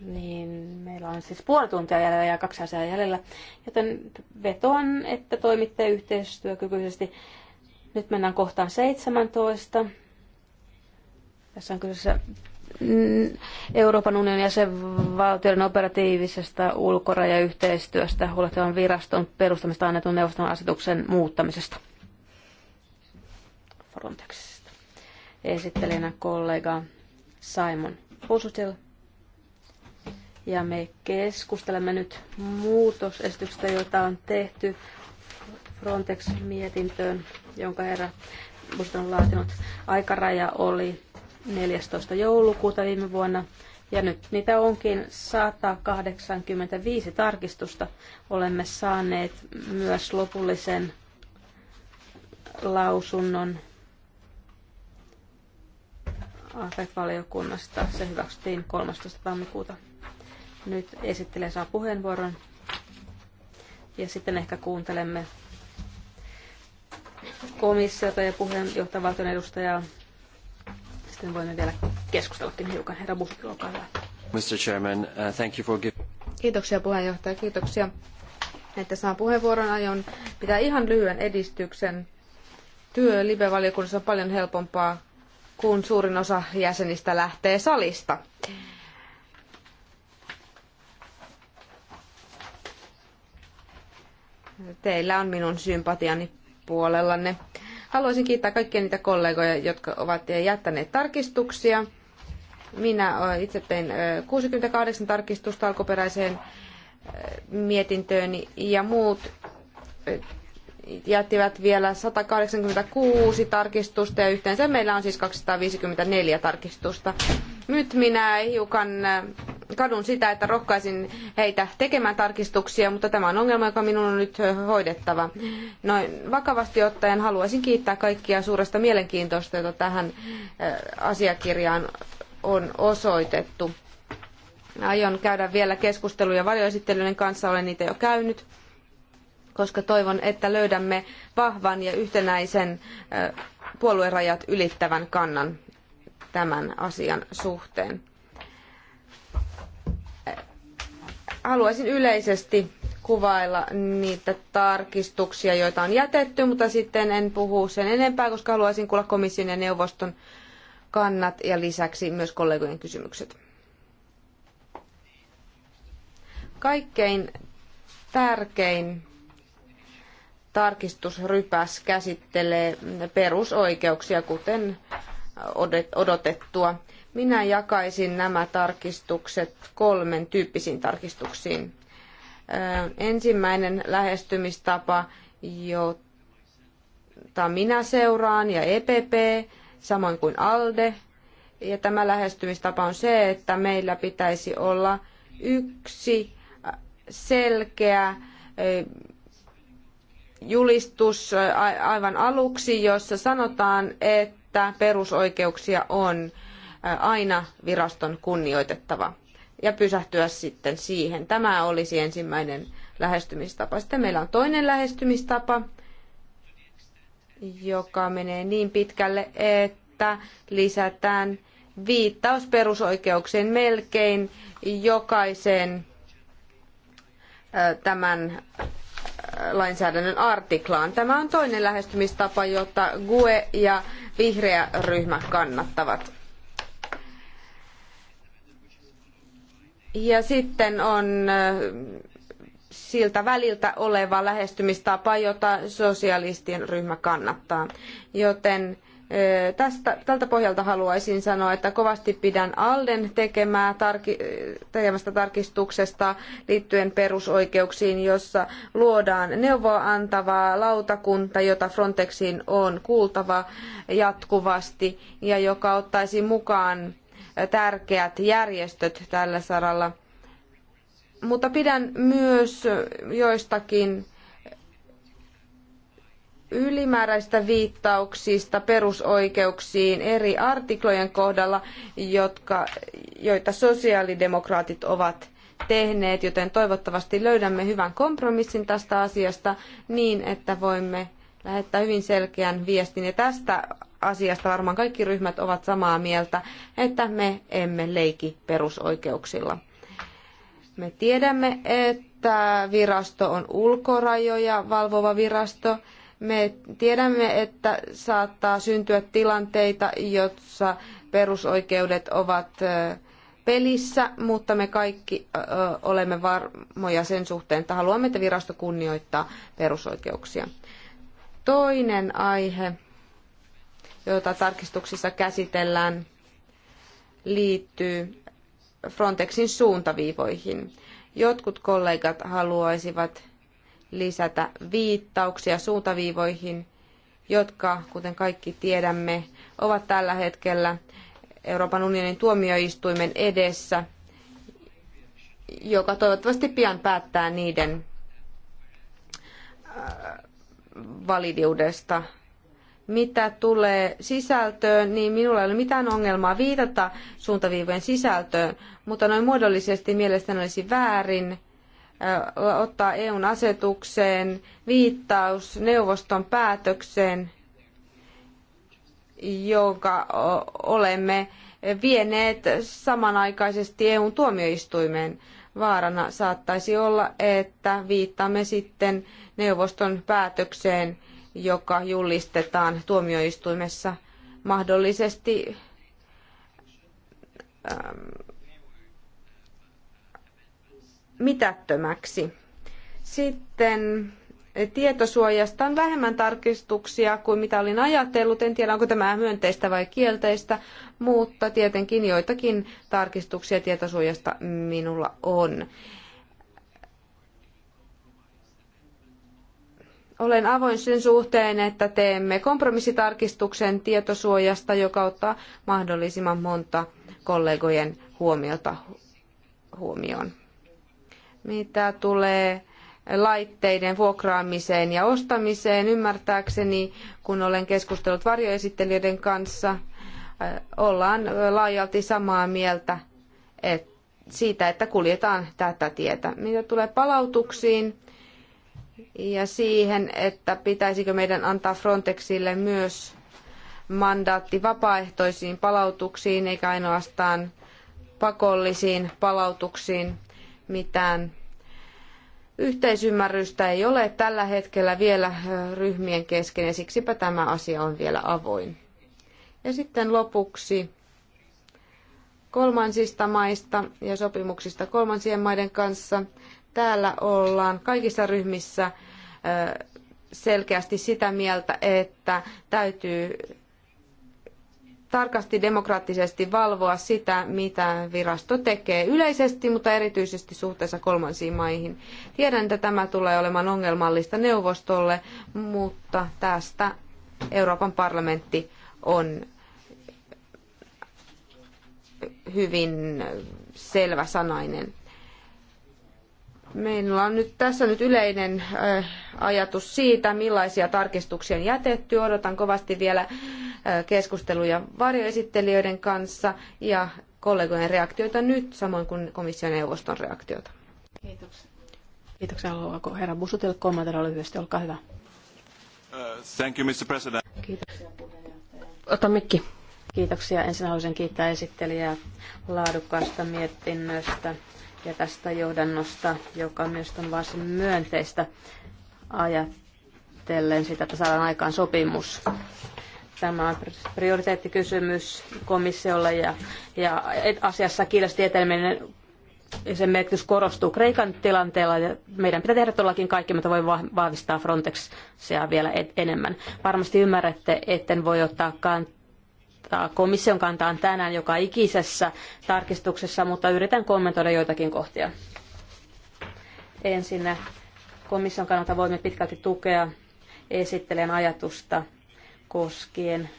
Niin, meillä on siis puoli tuntia jäljellä ja kaksi asiaa jäljellä. Joten vetoan, että toimitte yhteistyökykyisesti. Nyt mennään kohtaan 17. Tässä on kyseessä mm, Euroopan unionin jäsenvaltioiden operatiivisesta ulkorajayhteistyöstä huolehtivan viraston perustamista annetun neuvoston asetuksen muuttamisesta. Frontex esittelijänä kollega Simon Pusutil. Ja me keskustelemme nyt muutosesityksestä, jota on tehty Frontex-mietintöön, jonka herra Buston on laatinut. Aikaraja oli 14. joulukuuta viime vuonna. Ja nyt niitä onkin 185 tarkistusta. Olemme saaneet myös lopullisen lausunnon AFEC-valiokunnasta. Se hyväksyttiin 13. tammikuuta. Nyt esittelee saa puheenvuoron ja sitten ehkä kuuntelemme komissiota ja puheenjohtajavaltion edustajaa. Sitten voimme vielä keskustellakin hiukan. Herra Buskin, olkaa hyvä. Mr. Chairman, uh, thank you for giving... Kiitoksia puheenjohtaja, kiitoksia, että saan puheenvuoron. Aion pitää ihan lyhyen edistyksen. Työ live-valiokunnassa on paljon helpompaa kun suurin osa jäsenistä lähtee salista. Teillä on minun sympatiani puolellanne. Haluaisin kiittää kaikkia niitä kollegoja, jotka ovat jättäneet tarkistuksia. Minä itse tein 68 tarkistusta alkuperäiseen mietintööni ja muut jättivät vielä 186 tarkistusta ja yhteensä meillä on siis 254 tarkistusta. Nyt minä hiukan äh, kadun sitä, että rohkaisin heitä tekemään tarkistuksia, mutta tämä on ongelma, joka minun on nyt äh, hoidettava. Noin vakavasti ottaen haluaisin kiittää kaikkia suuresta mielenkiintoista, jota tähän äh, asiakirjaan on osoitettu. Aion käydä vielä keskusteluja varjoesittelyiden kanssa, olen niitä jo käynyt koska toivon, että löydämme vahvan ja yhtenäisen puoluerajat ylittävän kannan tämän asian suhteen. Haluaisin yleisesti kuvailla niitä tarkistuksia, joita on jätetty, mutta sitten en puhu sen enempää, koska haluaisin kuulla komission ja neuvoston kannat ja lisäksi myös kollegojen kysymykset. Kaikkein tärkein tarkistusrypäs käsittelee perusoikeuksia, kuten odotettua. Minä jakaisin nämä tarkistukset kolmen tyyppisiin tarkistuksiin. Ensimmäinen lähestymistapa, jota minä seuraan, ja EPP, samoin kuin ALDE. Ja tämä lähestymistapa on se, että meillä pitäisi olla yksi selkeä julistus aivan aluksi, jossa sanotaan, että perusoikeuksia on aina viraston kunnioitettava ja pysähtyä sitten siihen. Tämä olisi ensimmäinen lähestymistapa. Sitten meillä on toinen lähestymistapa, joka menee niin pitkälle, että lisätään viittaus perusoikeuksien melkein jokaisen tämän lainsäädännön artiklaan. Tämä on toinen lähestymistapa, jota GUE ja vihreä ryhmä kannattavat. Ja sitten on äh, siltä väliltä oleva lähestymistapa, jota sosialistien ryhmä kannattaa. Joten Tästä, tältä pohjalta haluaisin sanoa, että kovasti pidän Alden tekemää, tarki, tekemästä tarkistuksesta liittyen perusoikeuksiin, jossa luodaan neuvoa antavaa lautakunta, jota Frontexin on kuultava jatkuvasti ja joka ottaisi mukaan tärkeät järjestöt tällä saralla. Mutta pidän myös joistakin ylimääräistä viittauksista perusoikeuksiin eri artiklojen kohdalla, jotka, joita sosiaalidemokraatit ovat tehneet, joten toivottavasti löydämme hyvän kompromissin tästä asiasta niin, että voimme lähettää hyvin selkeän viestin. Ja tästä asiasta varmaan kaikki ryhmät ovat samaa mieltä, että me emme leiki perusoikeuksilla. Me tiedämme, että virasto on ulkorajoja valvova virasto me tiedämme, että saattaa syntyä tilanteita, joissa perusoikeudet ovat pelissä, mutta me kaikki olemme varmoja sen suhteen, että haluamme, että virasto kunnioittaa perusoikeuksia. Toinen aihe, jota tarkistuksissa käsitellään, liittyy Frontexin suuntaviivoihin. Jotkut kollegat haluaisivat lisätä viittauksia suuntaviivoihin, jotka, kuten kaikki tiedämme, ovat tällä hetkellä Euroopan unionin tuomioistuimen edessä, joka toivottavasti pian päättää niiden äh, validiudesta. Mitä tulee sisältöön, niin minulla ei ole mitään ongelmaa viitata suuntaviivojen sisältöön, mutta noin muodollisesti mielestäni olisi väärin ottaa EUn asetukseen viittaus neuvoston päätökseen, jonka olemme vieneet samanaikaisesti EUn tuomioistuimeen. Vaarana saattaisi olla, että viittaamme sitten neuvoston päätökseen, joka julistetaan tuomioistuimessa mahdollisesti ähm, mitättömäksi. Sitten tietosuojasta on vähemmän tarkistuksia kuin mitä olin ajatellut. En tiedä, onko tämä myönteistä vai kielteistä, mutta tietenkin joitakin tarkistuksia tietosuojasta minulla on. Olen avoin sen suhteen, että teemme kompromissitarkistuksen tietosuojasta, joka ottaa mahdollisimman monta kollegojen huomiota huomioon mitä tulee laitteiden vuokraamiseen ja ostamiseen. Ymmärtääkseni, kun olen keskustellut varjoesittelijöiden kanssa, ollaan laajalti samaa mieltä siitä, että kuljetaan tätä tietä. Mitä tulee palautuksiin ja siihen, että pitäisikö meidän antaa Frontexille myös mandaatti vapaaehtoisiin palautuksiin eikä ainoastaan pakollisiin palautuksiin, mitään yhteisymmärrystä ei ole tällä hetkellä vielä ryhmien kesken ja siksipä tämä asia on vielä avoin. Ja sitten lopuksi kolmansista maista ja sopimuksista kolmansien maiden kanssa. Täällä ollaan kaikissa ryhmissä selkeästi sitä mieltä, että täytyy tarkasti demokraattisesti valvoa sitä, mitä virasto tekee yleisesti, mutta erityisesti suhteessa kolmansiin maihin. Tiedän, että tämä tulee olemaan ongelmallista neuvostolle, mutta tästä Euroopan parlamentti on hyvin selväsanainen. Meillä on nyt tässä nyt yleinen ajatus siitä, millaisia tarkistuksia on jätetty. Odotan kovasti vielä keskusteluja varjoesittelijöiden kanssa ja kollegojen reaktioita nyt, samoin kuin komission neuvoston reaktiota. Kiitoksia. Kiitoksia. Haluaako herra Busutil kommentoida lyhyesti? Olkaa hyvä. Uh, thank you, Mr. President. Kiitoksia puheenjohtaja. Ota mikki. Kiitoksia. Ensin haluaisin kiittää esittelijää laadukkaasta mietinnöstä ja tästä johdannosta, joka myös on varsin myönteistä ajatellen sitä, että saadaan aikaan sopimus. Tämä on prioriteettikysymys komissiolle ja, ja asiassa kiireesti eteneminen ja sen merkitys korostuu Kreikan tilanteella ja meidän pitää tehdä todellakin kaikki, mutta voi vahvistaa Frontexia vielä enemmän. Varmasti ymmärrätte, etten voi ottaa kantaa viittaa komission kantaan tänään joka ikisessä tarkistuksessa, mutta yritän kommentoida joitakin kohtia. Ensinnä komission kannalta voimme pitkälti tukea esittelen ajatusta koskien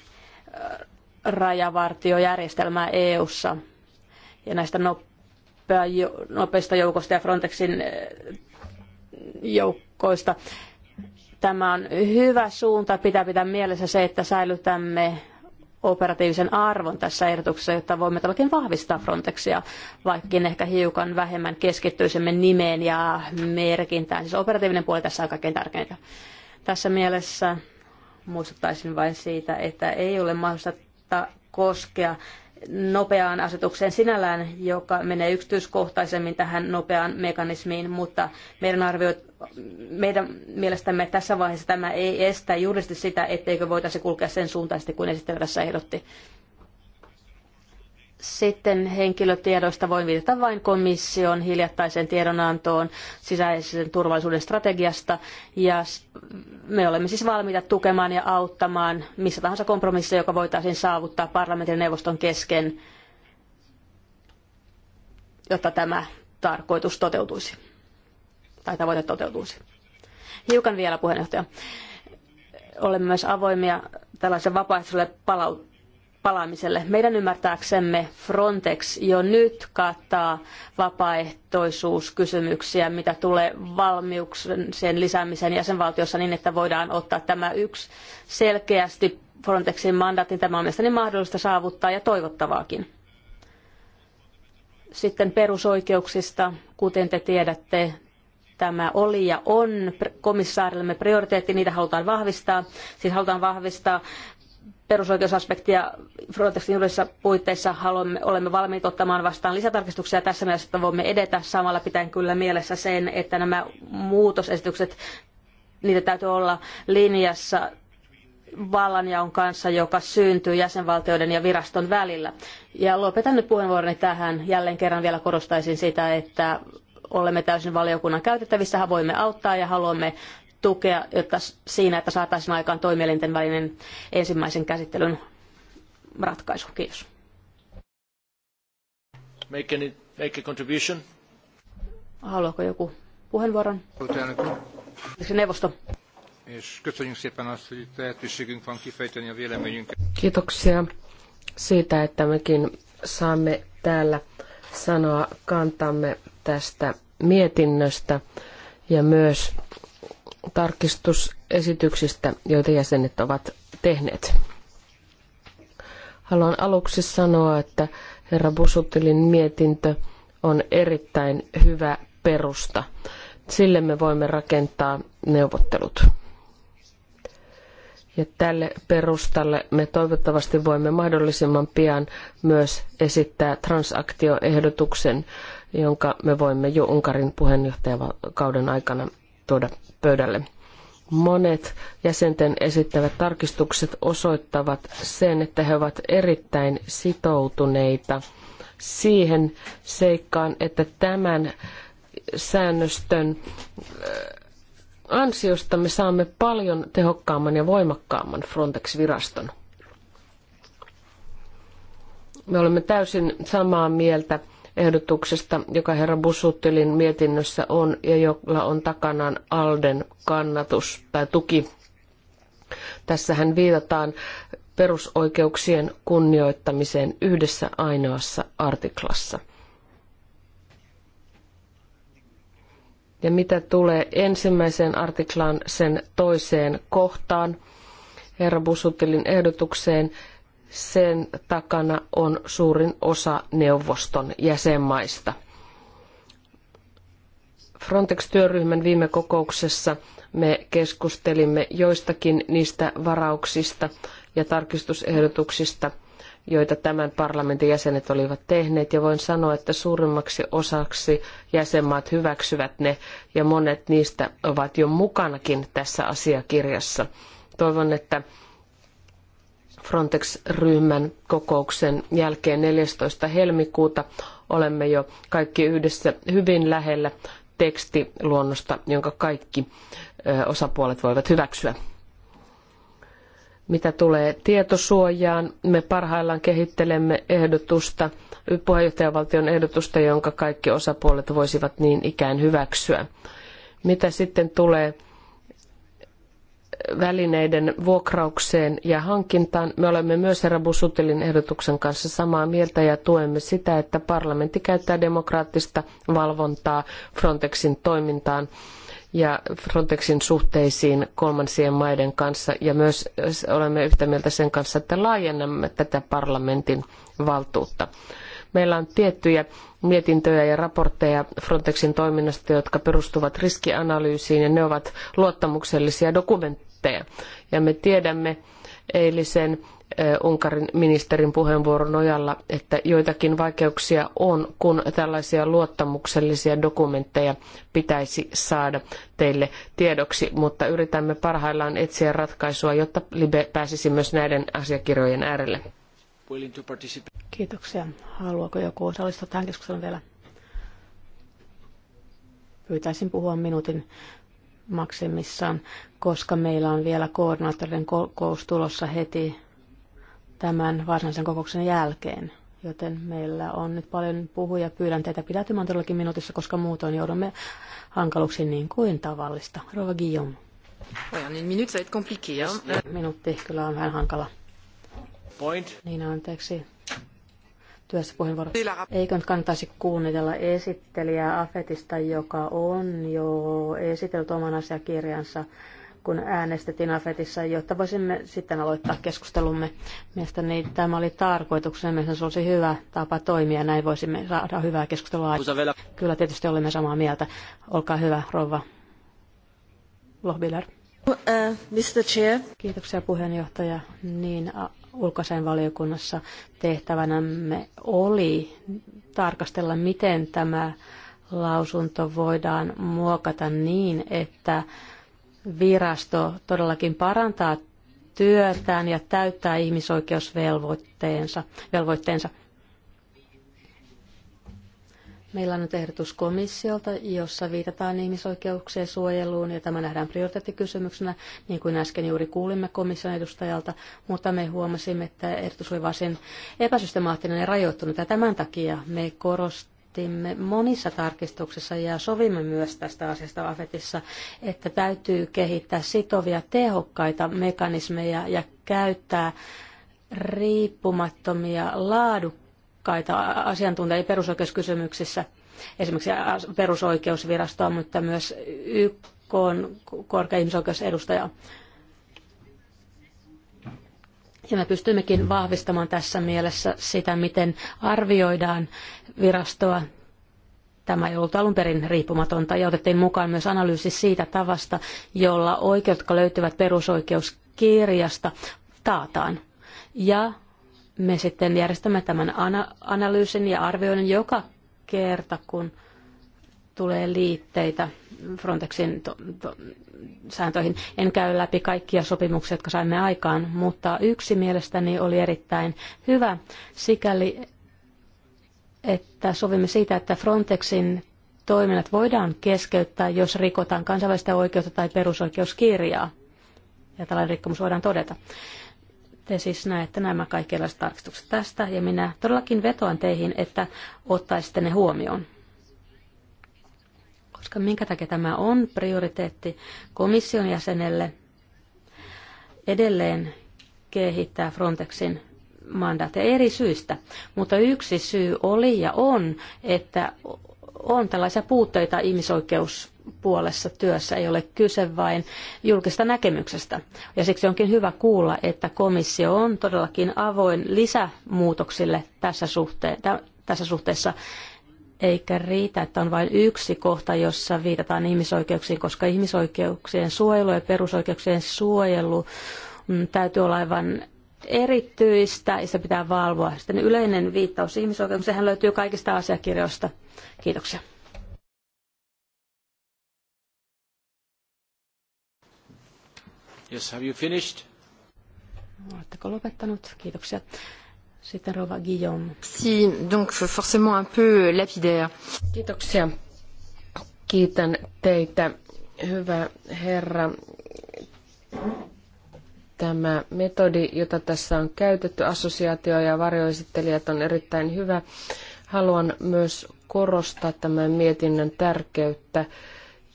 rajavartiojärjestelmää EU:ssa ja näistä nopeista joukosta ja Frontexin joukkoista. Tämä on hyvä suunta. Pitää pitää mielessä se, että säilytämme operatiivisen arvon tässä ehdotuksessa, jotta voimme todellakin vahvistaa Frontexia, vaikkakin ehkä hiukan vähemmän keskittyisimme nimeen ja merkintään. Siis operatiivinen puoli tässä on kaikkein tärkeintä. Tässä mielessä muistuttaisin vain siitä, että ei ole mahdollista koskea nopeaan asetukseen sinällään, joka menee yksityiskohtaisemmin tähän nopeaan mekanismiin, mutta meidän, arvioit, meidän mielestämme tässä vaiheessa tämä ei estä juuri sitä, etteikö voitaisi kulkea sen suuntaisesti kuin esittelijä tässä ehdotti. Sitten henkilötiedoista voin viitata vain komission hiljattaiseen tiedonantoon sisäisen turvallisuuden strategiasta. Ja me olemme siis valmiita tukemaan ja auttamaan missä tahansa kompromissa, joka voitaisiin saavuttaa parlamentin ja neuvoston kesken, jotta tämä tarkoitus toteutuisi tai tavoite toteutuisi. Hiukan vielä puheenjohtaja. Olemme myös avoimia tällaisen vapaaehtoiselle palautteelle palaamiselle. Meidän ymmärtääksemme Frontex jo nyt kattaa vapaaehtoisuuskysymyksiä, mitä tulee valmiuksien lisäämiseen jäsenvaltiossa niin, että voidaan ottaa tämä yksi selkeästi Frontexin mandaatin. Tämä on mielestäni mahdollista saavuttaa ja toivottavaakin. Sitten perusoikeuksista, kuten te tiedätte, tämä oli ja on komissaarillemme prioriteetti, niitä halutaan vahvistaa. Siis halutaan vahvistaa perusoikeusaspektia Frontexin juridisissa puitteissa haluamme, olemme valmiit ottamaan vastaan lisätarkistuksia tässä mielessä, että voimme edetä samalla pitäen kyllä mielessä sen, että nämä muutosesitykset, niitä täytyy olla linjassa vallanjaon kanssa, joka syntyy jäsenvaltioiden ja viraston välillä. Ja lopetan nyt puheenvuoroni tähän. Jälleen kerran vielä korostaisin sitä, että olemme täysin valiokunnan käytettävissä, voimme auttaa ja haluamme tukea jotta siinä, että saataisiin aikaan toimielinten välinen ensimmäisen käsittelyn ratkaisu. Kiitos. Make, any, make a contribution. Haluaako joku puheenvuoron? Neuvosto. Kiitoksia siitä, että mekin saamme täällä sanoa kantamme tästä mietinnöstä ja myös tarkistusesityksistä, joita jäsenet ovat tehneet. Haluan aluksi sanoa, että herra Busutilin mietintö on erittäin hyvä perusta. Sille me voimme rakentaa neuvottelut. Ja tälle perustalle me toivottavasti voimme mahdollisimman pian myös esittää transaktioehdotuksen, jonka me voimme jo Unkarin puheenjohtajakauden aikana tuoda pöydälle. Monet jäsenten esittävät tarkistukset osoittavat sen, että he ovat erittäin sitoutuneita siihen seikkaan, että tämän säännöstön ansiosta me saamme paljon tehokkaamman ja voimakkaamman Frontex-viraston. Me olemme täysin samaa mieltä ehdotuksesta, joka herra Busuttilin mietinnössä on ja jolla on takanaan Alden kannatus tai tuki. Tässähän viitataan perusoikeuksien kunnioittamiseen yhdessä ainoassa artiklassa. Ja mitä tulee ensimmäiseen artiklaan sen toiseen kohtaan, herra Busuttilin ehdotukseen, sen takana on suurin osa neuvoston jäsenmaista. Frontex-työryhmän viime kokouksessa me keskustelimme joistakin niistä varauksista ja tarkistusehdotuksista, joita tämän parlamentin jäsenet olivat tehneet, ja voin sanoa, että suurimmaksi osaksi jäsenmaat hyväksyvät ne, ja monet niistä ovat jo mukanakin tässä asiakirjassa. Toivon, että Frontex-ryhmän kokouksen jälkeen 14. helmikuuta olemme jo kaikki yhdessä hyvin lähellä tekstiluonnosta, jonka kaikki osapuolet voivat hyväksyä. Mitä tulee tietosuojaan, me parhaillaan kehittelemme ehdotusta, puheenjohtajavaltion ehdotusta, jonka kaikki osapuolet voisivat niin ikään hyväksyä. Mitä sitten tulee välineiden vuokraukseen ja hankintaan. Me olemme myös herra Busutilin ehdotuksen kanssa samaa mieltä ja tuemme sitä, että parlamentti käyttää demokraattista valvontaa Frontexin toimintaan ja Frontexin suhteisiin kolmansien maiden kanssa. Ja myös olemme yhtä mieltä sen kanssa, että laajennamme tätä parlamentin valtuutta. Meillä on tiettyjä mietintöjä ja raportteja Frontexin toiminnasta, jotka perustuvat riskianalyysiin ja ne ovat luottamuksellisia dokumentteja konflikteja. Ja me tiedämme eilisen Unkarin ministerin puheenvuoron nojalla, että joitakin vaikeuksia on, kun tällaisia luottamuksellisia dokumentteja pitäisi saada teille tiedoksi, mutta yritämme parhaillaan etsiä ratkaisua, jotta Libe pääsisi myös näiden asiakirjojen äärelle. Kiitoksia. Haluaako joku osallistua tähän keskusteluun vielä? Pyytäisin puhua minuutin maksimissaan, koska meillä on vielä koordinaattorien kokous tulossa heti tämän varsinaisen kokouksen jälkeen. Joten meillä on nyt paljon puhuja. Pyydän teitä pidätymään todellakin minuutissa, koska muutoin joudumme hankaluksiin niin kuin tavallista. Rova Guillaume. Niin Minuutti kyllä on vähän hankala. Point. Niin anteeksi työssä puheenvuoro. Eikö nyt kannattaisi kuunnella esittelijää Afetista, joka on jo esitellyt oman asiakirjansa, kun äänestettiin Afetissa, jotta voisimme sitten aloittaa keskustelumme. Mielestäni tämä oli tarkoituksena, mielestäni se olisi hyvä tapa toimia, näin voisimme saada hyvää keskustelua. Kyllä tietysti olemme samaa mieltä. Olkaa hyvä, rouva Lohbiller. Uh, Mr. Chair. Kiitoksia puheenjohtaja. Niin, ulkoasainvaliokunnassa tehtävänämme oli tarkastella, miten tämä lausunto voidaan muokata niin, että virasto todellakin parantaa työtään ja täyttää ihmisoikeusvelvoitteensa. Velvoitteensa. Meillä on nyt ehdotus komissiolta, jossa viitataan ihmisoikeuksien suojeluun, ja tämä nähdään prioriteettikysymyksenä, niin kuin äsken juuri kuulimme komission edustajalta, mutta me huomasimme, että ehdotus oli varsin epäsystemaattinen ja rajoittunut, ja tämän takia me korostimme monissa tarkistuksissa ja sovimme myös tästä asiasta AFETissa, että täytyy kehittää sitovia tehokkaita mekanismeja ja käyttää riippumattomia laadukkaita arvokkaita asiantuntijoita perusoikeuskysymyksissä, esimerkiksi perusoikeusvirastoa, mutta myös YK on korkea ihmisoikeusedustaja. Ja me pystymmekin vahvistamaan tässä mielessä sitä, miten arvioidaan virastoa. Tämä ei ollut alun perin riippumatonta ja otettiin mukaan myös analyysi siitä tavasta, jolla oikeudet, jotka löytyvät perusoikeuskirjasta, taataan. Ja me sitten järjestämme tämän analyysin ja arvioinnin joka kerta, kun tulee liitteitä Frontexin to- to- sääntöihin. En käy läpi kaikkia sopimuksia, jotka saimme aikaan, mutta yksi mielestäni oli erittäin hyvä sikäli, että sovimme siitä, että Frontexin toiminnat voidaan keskeyttää, jos rikotaan kansainvälistä oikeutta tai perusoikeuskirjaa. Ja tällainen rikkomus voidaan todeta. Te siis näette nämä kaikki erilaiset tarkistukset tästä, ja minä todellakin vetoan teihin, että ottaisitte ne huomioon. Koska minkä takia tämä on prioriteetti komission jäsenelle edelleen kehittää Frontexin mandaatteja eri syistä. Mutta yksi syy oli ja on, että on tällaisia puutteita ihmisoikeus puolessa työssä ei ole kyse vain julkista näkemyksestä. Ja siksi onkin hyvä kuulla, että komissio on todellakin avoin lisämuutoksille tässä, suhteen, tässä suhteessa eikä riitä, että on vain yksi kohta, jossa viitataan ihmisoikeuksiin, koska ihmisoikeuksien suojelu ja perusoikeuksien suojelu mm, täytyy olla aivan erityistä ja sitä pitää valvoa. Sitten yleinen viittaus ihmisoikeuksiin, sehän löytyy kaikista asiakirjoista. Kiitoksia. Yes, have you finished? Oletteko lopettanut? Kiitoksia. Sitten Rova Guillaume. Si, donc forcément un peu lapidaire. Kiitoksia. Kiitän teitä, hyvä herra. Tämä metodi, jota tässä on käytetty, assosiaatio ja varjoesittelijät, on erittäin hyvä. Haluan myös korostaa tämän mietinnön tärkeyttä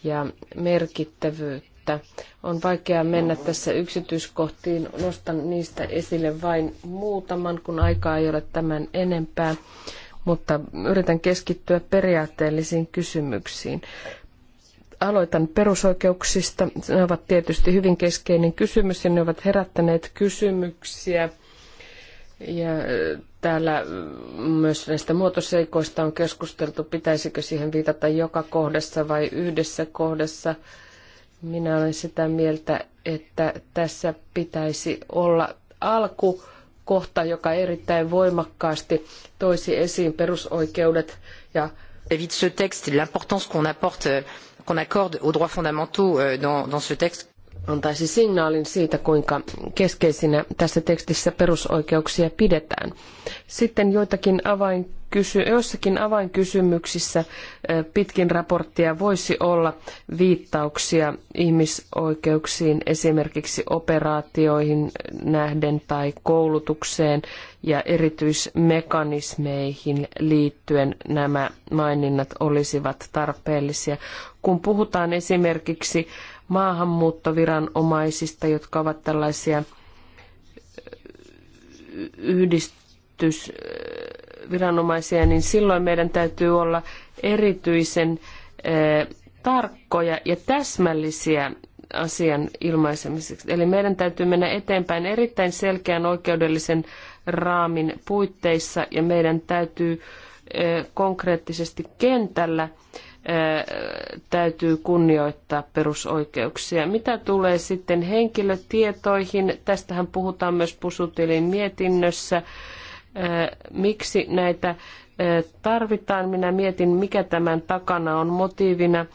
ja merkittävyyttä että on vaikea mennä tässä yksityiskohtiin. Nostan niistä esille vain muutaman, kun aikaa ei ole tämän enempää, mutta yritän keskittyä periaatteellisiin kysymyksiin. Aloitan perusoikeuksista. Ne ovat tietysti hyvin keskeinen kysymys ja ne ovat herättäneet kysymyksiä. Ja täällä myös näistä muotoseikoista on keskusteltu, pitäisikö siihen viitata joka kohdassa vai yhdessä kohdassa. Minä olen sitä mieltä, että tässä pitäisi olla alku kohta, joka erittäin voimakkaasti toisi esiin perusoikeudet ja Évite ce texte l'importance qu'on apporte qu'on accorde aux droits fondamentaux euh, dans, dans ce texte antaisi signaalin siitä, kuinka keskeisinä tässä tekstissä perusoikeuksia pidetään. Sitten joitakin avainkysy- joissakin avainkysymyksissä pitkin raporttia voisi olla viittauksia ihmisoikeuksiin, esimerkiksi operaatioihin nähden tai koulutukseen ja erityismekanismeihin liittyen nämä maininnat olisivat tarpeellisia. Kun puhutaan esimerkiksi maahanmuuttoviranomaisista, jotka ovat tällaisia yhdistysviranomaisia, niin silloin meidän täytyy olla erityisen tarkkoja ja täsmällisiä asian ilmaisemiseksi. Eli meidän täytyy mennä eteenpäin erittäin selkeän oikeudellisen raamin puitteissa ja meidän täytyy konkreettisesti kentällä täytyy kunnioittaa perusoikeuksia. Mitä tulee sitten henkilötietoihin, tästähän puhutaan myös Pusutilin mietinnössä. Miksi näitä tarvitaan? Minä mietin, mikä tämän takana on motiivina.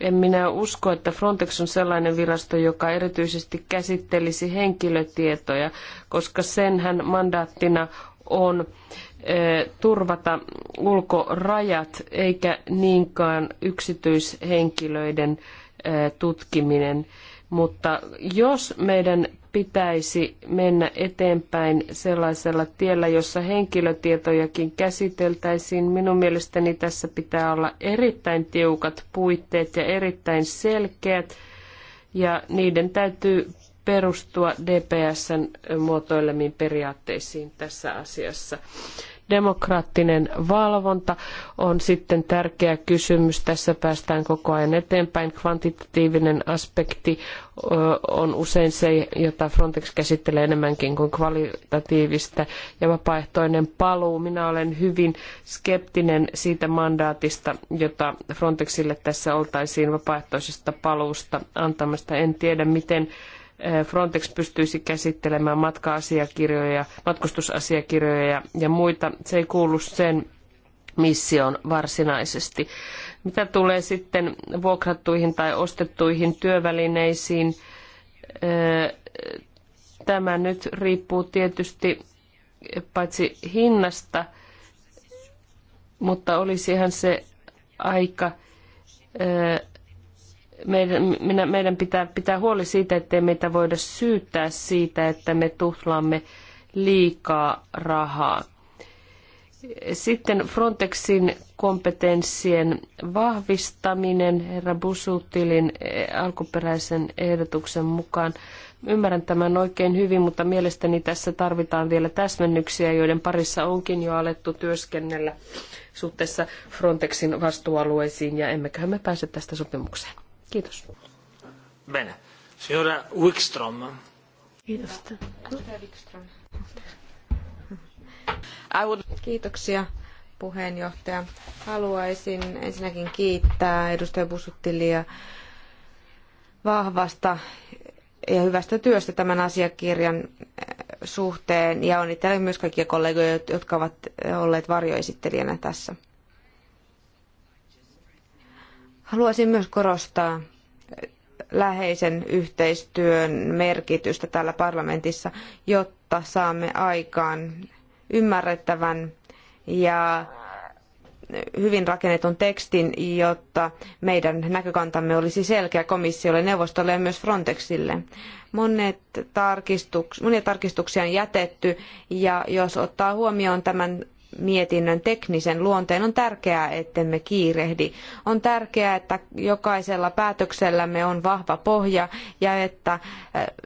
En minä usko, että Frontex on sellainen virasto, joka erityisesti käsittelisi henkilötietoja, koska senhän mandaattina on turvata ulkorajat eikä niinkään yksityishenkilöiden tutkiminen. Mutta jos meidän pitäisi mennä eteenpäin sellaisella tiellä, jossa henkilötietojakin käsiteltäisiin, minun mielestäni tässä pitää olla erittäin tiukat puitteet ja erittäin selkeät, ja niiden täytyy perustua DPSn muotoilemiin periaatteisiin tässä asiassa. Demokraattinen valvonta on sitten tärkeä kysymys. Tässä päästään koko ajan eteenpäin. Kvantitatiivinen aspekti on usein se, jota Frontex käsittelee enemmänkin kuin kvalitatiivista ja vapaaehtoinen paluu. Minä olen hyvin skeptinen siitä mandaatista, jota Frontexille tässä oltaisiin vapaaehtoisesta paluusta antamasta. En tiedä, miten Frontex pystyisi käsittelemään matka-asiakirjoja, matkustusasiakirjoja ja muita. Se ei kuulu sen missioon varsinaisesti. Mitä tulee sitten vuokrattuihin tai ostettuihin työvälineisiin, eh, tämä nyt riippuu tietysti paitsi hinnasta, mutta olisihan se aika eh, meidän, meidän pitää pitää huoli siitä, ettei meitä voida syyttää siitä, että me tuhlaamme liikaa rahaa. Sitten Frontexin kompetenssien vahvistaminen herra Busutilin eh, alkuperäisen ehdotuksen mukaan. Ymmärrän tämän oikein hyvin, mutta mielestäni tässä tarvitaan vielä täsmennyksiä, joiden parissa onkin jo alettu työskennellä suhteessa Frontexin vastuualueisiin, ja emmeköhän me pääse tästä sopimukseen. Kiitos. Bene. Signora Wikström. Kiitos. Kiitoksia puheenjohtaja. Haluaisin ensinnäkin kiittää edustaja Busuttilia vahvasta ja hyvästä työstä tämän asiakirjan eh, suhteen ja onnittelen myös kaikkia kollegoja, jotka ovat eh, olleet varjoesittelijänä tässä. Haluaisin myös korostaa läheisen yhteistyön merkitystä täällä parlamentissa, jotta saamme aikaan ymmärrettävän ja hyvin rakennetun tekstin, jotta meidän näkökantamme olisi selkeä komissiolle, neuvostolle ja myös Frontexille. Monet tarkistuks, monia tarkistuksia on jätetty ja jos ottaa huomioon tämän mietinnön teknisen luonteen, on tärkeää, ettemme kiirehdi. On tärkeää, että jokaisella päätöksellämme on vahva pohja ja että äh,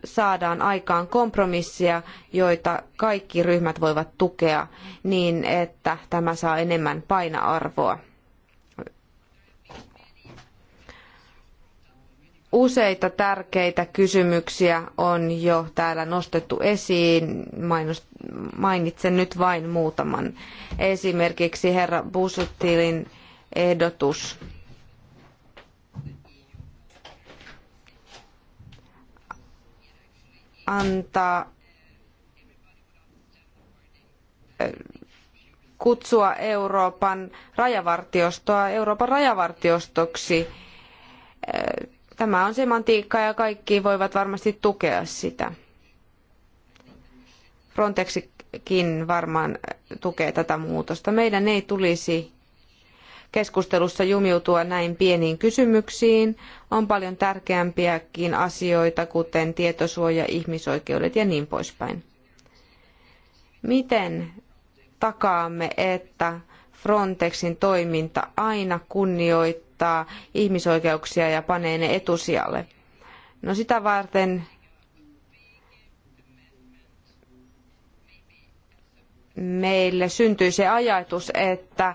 saadaan aikaan kompromissia, joita kaikki ryhmät voivat tukea niin, että tämä saa enemmän painoarvoa. Useita tärkeitä kysymyksiä on jo täällä nostettu esiin. mainitsen nyt vain muutaman. Esimerkiksi herra Busuttilin ehdotus antaa kutsua Euroopan rajavartiostoa Euroopan rajavartiostoksi. Tämä on semantiikkaa ja kaikki voivat varmasti tukea sitä. Frontexikin varmaan tukee tätä muutosta. Meidän ei tulisi keskustelussa jumiutua näin pieniin kysymyksiin. On paljon tärkeämpiäkin asioita, kuten tietosuoja, ihmisoikeudet ja niin poispäin. Miten takaamme, että Frontexin toiminta aina kunnioittaa ihmisoikeuksia ja panee ne etusijalle. No sitä varten meille syntyi se ajatus, että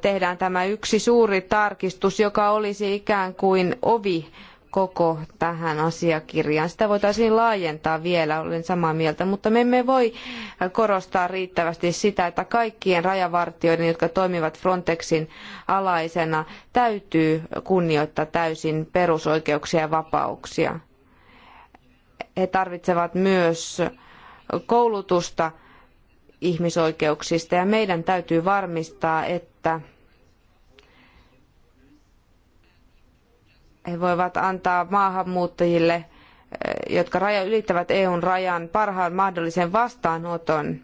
tehdään tämä yksi suuri tarkistus, joka olisi ikään kuin ovi koko tähän asiakirjaan. Sitä voitaisiin laajentaa vielä, olen samaa mieltä, mutta me emme voi korostaa riittävästi sitä, että kaikkien rajavartijoiden, jotka toimivat Frontexin alaisena, täytyy kunnioittaa täysin perusoikeuksia ja vapauksia. He tarvitsevat myös koulutusta ihmisoikeuksista ja meidän täytyy varmistaa, että he voivat antaa maahanmuuttajille, eh, jotka raja, ylittävät EUn rajan, parhaan mahdollisen vastaanoton.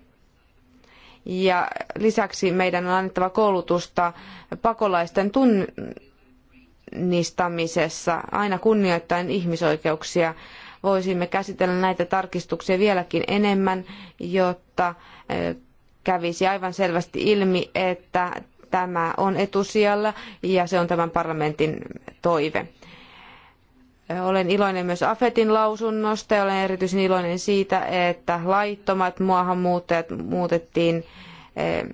Ja lisäksi meidän on annettava koulutusta pakolaisten tunnistamisessa, aina kunnioittaen ihmisoikeuksia. Voisimme käsitellä näitä tarkistuksia vieläkin enemmän, jotta eh, kävisi aivan selvästi ilmi, että tämä on etusijalla ja se on tämän parlamentin toive. Olen iloinen myös AFETin lausunnosta ja olen erityisen iloinen siitä, että laittomat maahanmuuttajat muutettiin eh,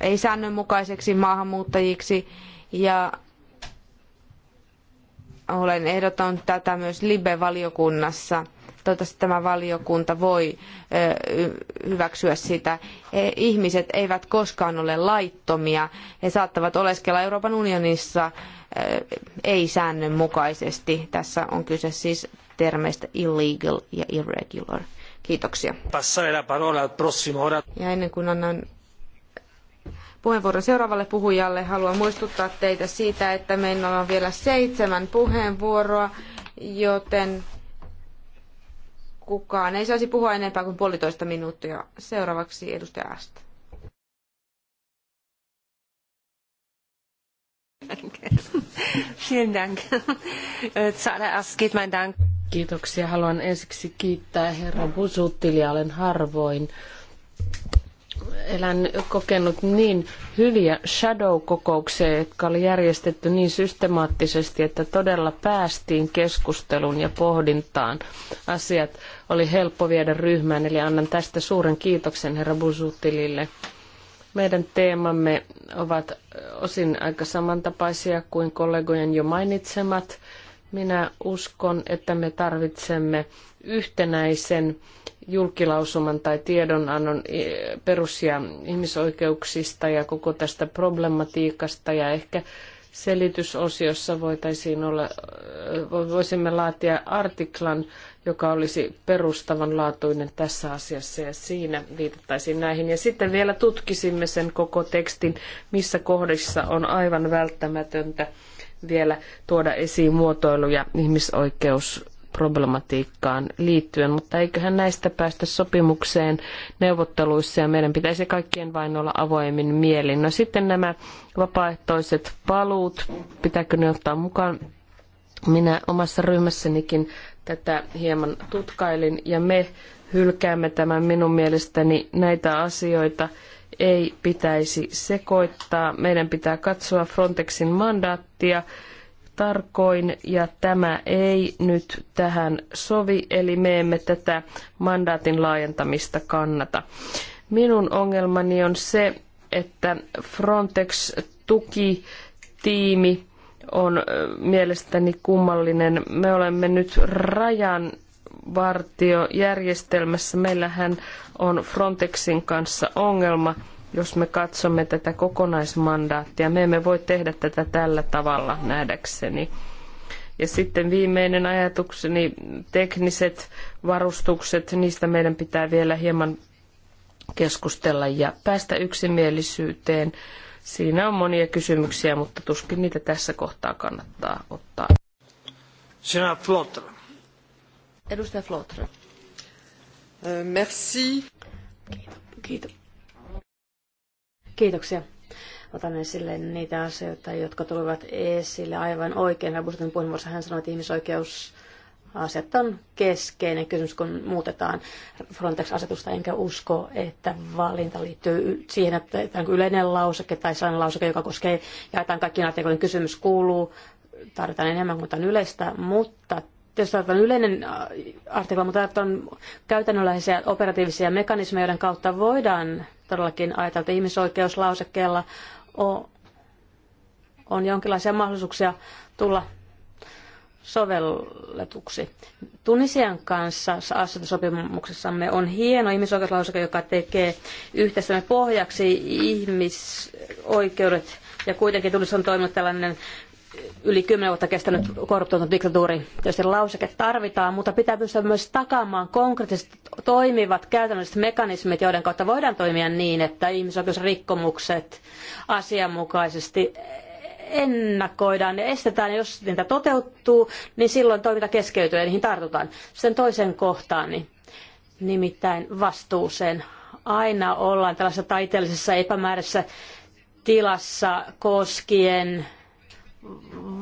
ei-säännönmukaiseksi maahanmuuttajiksi ja olen ehdottanut tätä myös Libe-valiokunnassa – Toivottavasti tämä valiokunta voi hyväksyä sitä. E, ihmiset eivät koskaan ole laittomia. He saattavat oleskella Euroopan unionissa ei-säännönmukaisesti. Tässä on kyse siis termeistä illegal ja irregular. Kiitoksia. Ja ennen kuin annan puheenvuoron seuraavalle puhujalle, haluan muistuttaa teitä siitä, että meillä on vielä seitsemän puheenvuoroa, joten kukaan ei saisi puhua enempää kuin puolitoista minuuttia. Seuraavaksi edustaja Asta. Kiitoksia. Haluan ensiksi kiittää herra Busuttilia. Olen harvoin elän kokenut niin hyviä shadow-kokouksia, jotka oli järjestetty niin systemaattisesti, että todella päästiin keskusteluun ja pohdintaan. Asiat oli helppo viedä ryhmään, eli annan tästä suuren kiitoksen herra Busutilille. Meidän teemamme ovat osin aika samantapaisia kuin kollegojen jo mainitsemat. Minä uskon, että me tarvitsemme yhtenäisen julkilausuman tai tiedonannon e, perus- ja ihmisoikeuksista ja koko tästä problematiikasta ja ehkä selitysosiossa voitaisiin olla, äh, voisimme laatia artiklan, joka olisi perustavanlaatuinen tässä asiassa ja siinä viitattaisiin näihin. Ja sitten vielä tutkisimme sen koko tekstin, missä kohdissa on aivan välttämätöntä vielä tuoda esiin muotoiluja ihmisoikeus problematiikkaan liittyen, mutta eiköhän näistä päästä sopimukseen neuvotteluissa ja meidän pitäisi kaikkien vain olla avoimin mielin. No sitten nämä vapaaehtoiset paluut, pitääkö ne ottaa mukaan? Minä omassa ryhmässänikin tätä hieman tutkailin ja me hylkäämme tämän minun mielestäni näitä asioita ei pitäisi sekoittaa. Meidän pitää katsoa Frontexin mandaattia tarkoin ja tämä ei nyt tähän sovi, eli me emme tätä mandaatin laajentamista kannata. Minun ongelmani on se, että Frontex-tukitiimi on mielestäni kummallinen. Me olemme nyt rajan vartiojärjestelmässä. Meillähän on Frontexin kanssa ongelma jos me katsomme tätä kokonaismandaattia. Me emme voi tehdä tätä tällä tavalla nähdäkseni. Ja sitten viimeinen ajatukseni, tekniset varustukset, niistä meidän pitää vielä hieman keskustella ja päästä yksimielisyyteen. Siinä on monia kysymyksiä, mutta tuskin niitä tässä kohtaa kannattaa ottaa. Sinä Flotter. Edustaja Flotter. Äh, merci. Kiitos. Kiitos. Kiitoksia. Otan esille niitä asioita, jotka tulivat esille aivan oikein. Rabusetin puheenvuorossa hän sanoi, että ihmisoikeus asiat on keskeinen kysymys, kun muutetaan Frontex-asetusta, enkä usko, että valinta liittyy siihen, että on yleinen lauseke tai sellainen lauseke, joka koskee, jaetaan kaikkien artikoiden kysymys kuuluu, tarvitaan enemmän kuin yleistä, mutta tietysti on yleinen äh, artikla, mutta on käytännönläheisiä operatiivisia mekanismeja, joiden kautta voidaan todellakin ajatella, että ihmisoikeuslausekkeella on, on jonkinlaisia mahdollisuuksia tulla sovelletuksi. Tunisian kanssa assosopimuksessamme on hieno ihmisoikeuslauseke, joka tekee yhteistyön pohjaksi ihmisoikeudet ja kuitenkin tulisi on toiminut tällainen yli kymmenen vuotta kestänyt korruptoitunut diktatuuri. Tietysti lauseke tarvitaan, mutta pitää pystyä myös takaamaan konkreettisesti toimivat käytännölliset mekanismit, joiden kautta voidaan toimia niin, että ihmisoikeusrikkomukset asianmukaisesti ennakoidaan ja estetään, ja jos niitä toteutuu, niin silloin toiminta keskeytyy ja niihin tartutaan. Sen toisen kohtaan, niin nimittäin vastuuseen. Aina ollaan tällaisessa taiteellisessa epämääräisessä tilassa koskien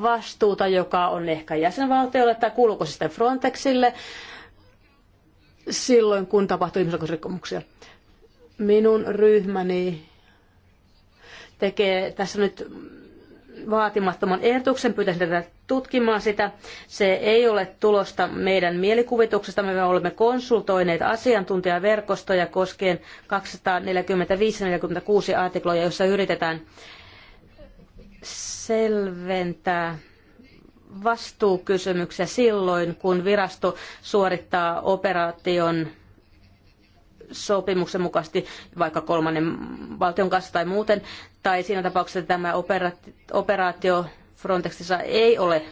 vastuuta, joka on ehkä jäsenvaltiolle tai kuuluuko sitten Frontexille silloin, kun tapahtuu ihmisoikeusrikkomuksia. Minun ryhmäni tekee tässä nyt vaatimattoman ehdotuksen, pyytäisin tätä tutkimaan sitä. Se ei ole tulosta meidän mielikuvituksesta. Me olemme konsultoineet asiantuntijaverkostoja koskien 245-46 artikloja, joissa yritetään selventää vastuukysymyksiä silloin, kun virasto suorittaa operaation sopimuksen mukaisesti vaikka kolmannen valtion kanssa tai muuten, tai siinä tapauksessa että tämä operaatio Frontexissa ei ole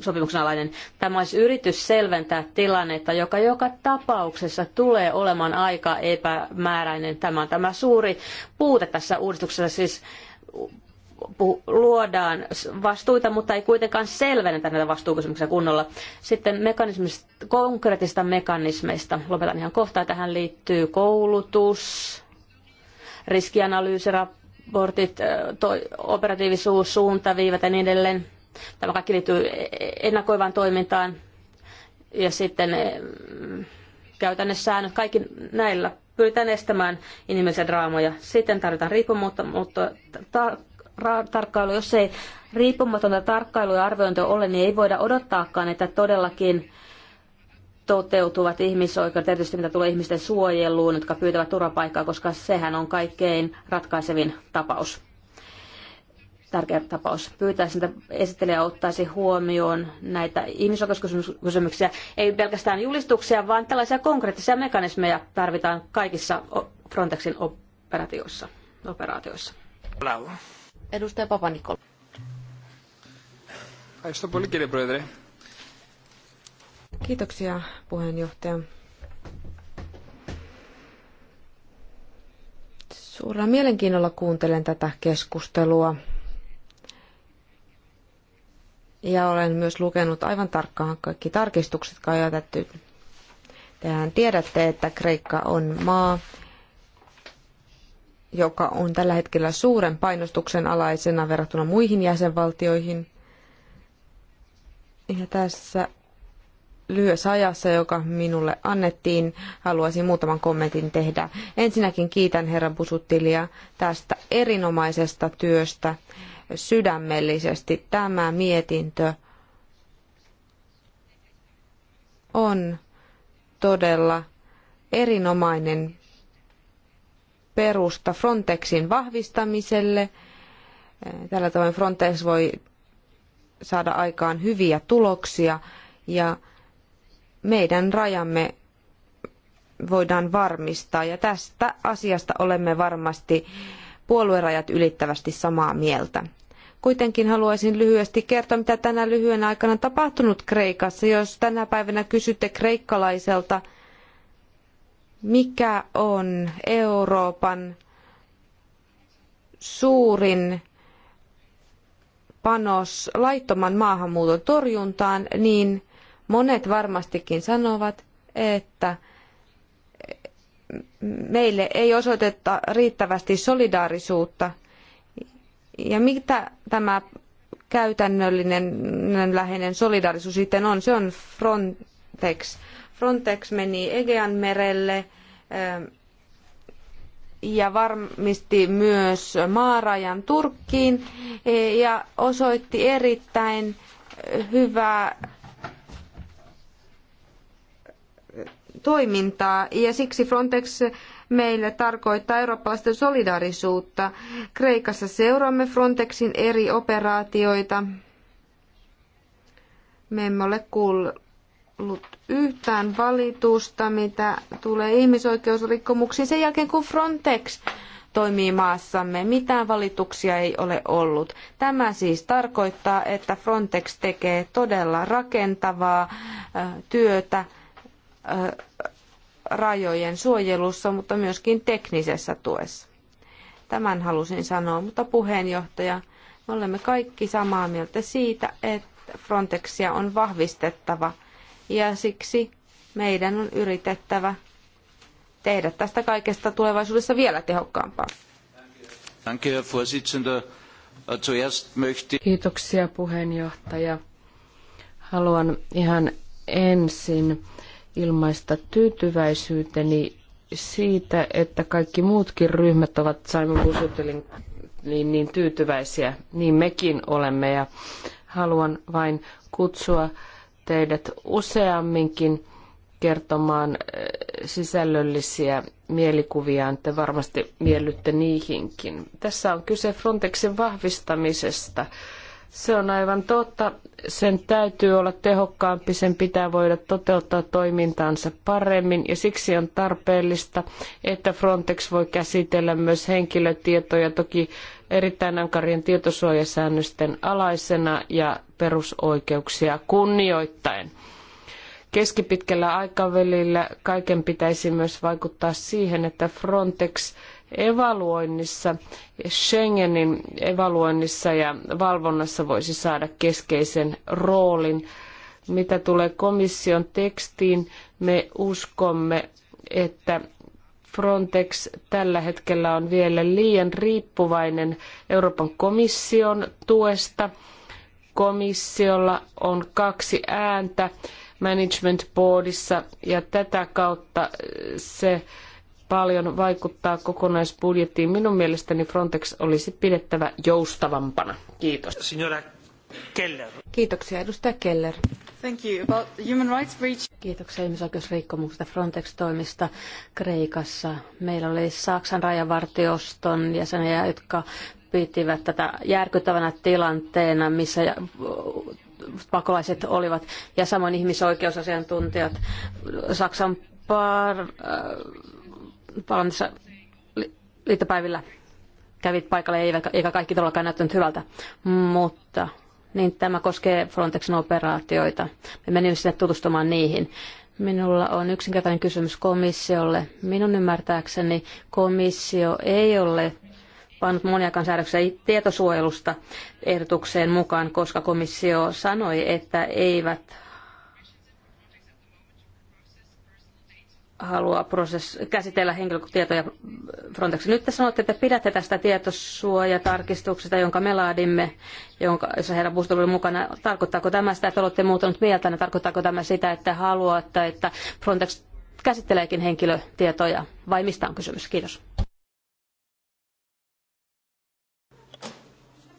sopimuksen alainen. Tämä olisi yritys selventää tilannetta, joka joka tapauksessa tulee olemaan aika epämääräinen. Tämä on tämä suuri puute tässä uudistuksessa, siis luodaan vastuita, mutta ei kuitenkaan selvennetä näitä vastuukysymyksiä kunnolla. Sitten mekanismista, konkreettista mekanismeista, lopetan ihan kohta, tähän liittyy koulutus, riskianalyysiraportit, toi, operatiivisuus, suuntaviivat ja niin edelleen. Tämä kaikki liittyy e, e, ennakoivaan toimintaan ja sitten käytännössäännöt, kaikki näillä pyritään estämään inhimillisiä draamoja. Sitten tarvitaan riippumattomuutta, tarkkailu, jos ei riippumatonta tarkkailu ja arviointi ole, niin ei voida odottaakaan, että todellakin toteutuvat ihmisoikeudet, erityisesti mitä tulee ihmisten suojeluun, jotka pyytävät turvapaikkaa, koska sehän on kaikkein ratkaisevin tapaus. Tärkeä tapaus. Pyytäisin, että esittelijä ottaisi huomioon näitä ihmisoikeuskysymyksiä. Ei pelkästään julistuksia, vaan tällaisia konkreettisia mekanismeja tarvitaan kaikissa Frontexin operaatioissa. operaatioissa. Edustaja Papanikol. Kiitoksia puheenjohtaja. Suurella mielenkiinnolla kuuntelen tätä keskustelua. Ja olen myös lukenut aivan tarkkaan kaikki tarkistukset, jotka on jätetty. Tehän tiedätte, että Kreikka on maa, joka on tällä hetkellä suuren painostuksen alaisena verrattuna muihin jäsenvaltioihin. Ja tässä lyhyessä ajassa, joka minulle annettiin, haluaisin muutaman kommentin tehdä. Ensinnäkin kiitän herra Busuttilia tästä erinomaisesta työstä sydämellisesti. Tämä mietintö on todella erinomainen perusta Frontexin vahvistamiselle. Tällä tavoin Frontex voi saada aikaan hyviä tuloksia ja meidän rajamme voidaan varmistaa. Ja tästä asiasta olemme varmasti puoluerajat ylittävästi samaa mieltä. Kuitenkin haluaisin lyhyesti kertoa, mitä tänä lyhyen aikana on tapahtunut Kreikassa. Jos tänä päivänä kysytte kreikkalaiselta, mikä on Euroopan suurin panos laittoman maahanmuuton torjuntaan, niin monet varmastikin sanovat, että meille ei osoiteta riittävästi solidaarisuutta. Ja mitä tämä käytännöllinen läheinen solidaarisuus sitten on? Se on Frontex Frontex meni Egean merelle ähm, ja varmisti myös maarajan Turkkiin e, ja osoitti erittäin äh, hyvää äh, toimintaa ja siksi Frontex meille tarkoittaa eurooppalaista solidaarisuutta. Kreikassa seuraamme Frontexin eri operaatioita. Me emme ole kuullut yhtään valitusta, mitä tulee ihmisoikeusrikkomuksiin sen jälkeen, kun Frontex toimii maassamme. Mitään valituksia ei ole ollut. Tämä siis tarkoittaa, että Frontex tekee todella rakentavaa työtä rajojen suojelussa, mutta myöskin teknisessä tuessa. Tämän halusin sanoa, mutta puheenjohtaja, me olemme kaikki samaa mieltä siitä, että Frontexia on vahvistettava ja siksi meidän on yritettävä tehdä tästä kaikesta tulevaisuudessa vielä tehokkaampaa. Äh, Kiitoksia puheenjohtaja. Haluan ihan ensin ilmaista tyytyväisyyteni siitä, että kaikki muutkin ryhmät ovat Simon Busutelin niin, niin tyytyväisiä, niin mekin olemme. Ja haluan vain kutsua teidät useamminkin kertomaan eh, sisällöllisiä mielikuvia, että varmasti miellytte niihinkin. Tässä on kyse Frontexin vahvistamisesta. Se on aivan totta. Sen täytyy olla tehokkaampi, sen pitää voida toteuttaa toimintaansa paremmin ja siksi on tarpeellista, että Frontex voi käsitellä myös henkilötietoja. Toki erittäin ankarien tietosuojasäännösten alaisena ja perusoikeuksia kunnioittaen. Keskipitkällä aikavälillä kaiken pitäisi myös vaikuttaa siihen, että Frontex evaluoinnissa, Schengenin evaluoinnissa ja valvonnassa voisi saada keskeisen roolin. Mitä tulee komission tekstiin, me uskomme, että Frontex tällä hetkellä on vielä liian riippuvainen Euroopan komission tuesta. Komissiolla on kaksi ääntä management boardissa ja tätä kautta se paljon vaikuttaa kokonaisbudjettiin. Minun mielestäni Frontex olisi pidettävä joustavampana. Kiitos. Signora Keller. Kiitoksia, edustaja Keller. Thank you. About human rights breach. Kiitoksia ihmisoikeusrikkomuksesta Frontex-toimista Kreikassa. Meillä oli Saksan rajavartioston jäseniä, jotka pitivät tätä järkyttävänä tilanteena, missä pakolaiset olivat, ja samoin ihmisoikeusasiantuntijat Saksan par, äh, liittopäivillä kävit paikalle, eikä kaikki todellakaan näyttänyt hyvältä, mutta niin tämä koskee Frontexin operaatioita. Me menimme sinne tutustumaan niihin. Minulla on yksinkertainen kysymys komissiolle. Minun ymmärtääkseni komissio ei ole pannut moniakaan säädöksiä tietosuojelusta ehdotukseen mukaan, koska komissio sanoi, että eivät haluaa prosess, käsitellä henkilötietoja Frontexin Nyt te sanotte, että pidätte tästä tietosuojatarkistuksesta, jonka me laadimme, jonka, jossa herra Busto oli mukana. Tarkoittaako tämä sitä, että olette muuttanut mieltä, niin tarkoittaako tämä sitä, että haluatte, että Frontex käsitteleekin henkilötietoja, vai mistä on kysymys? Kiitos.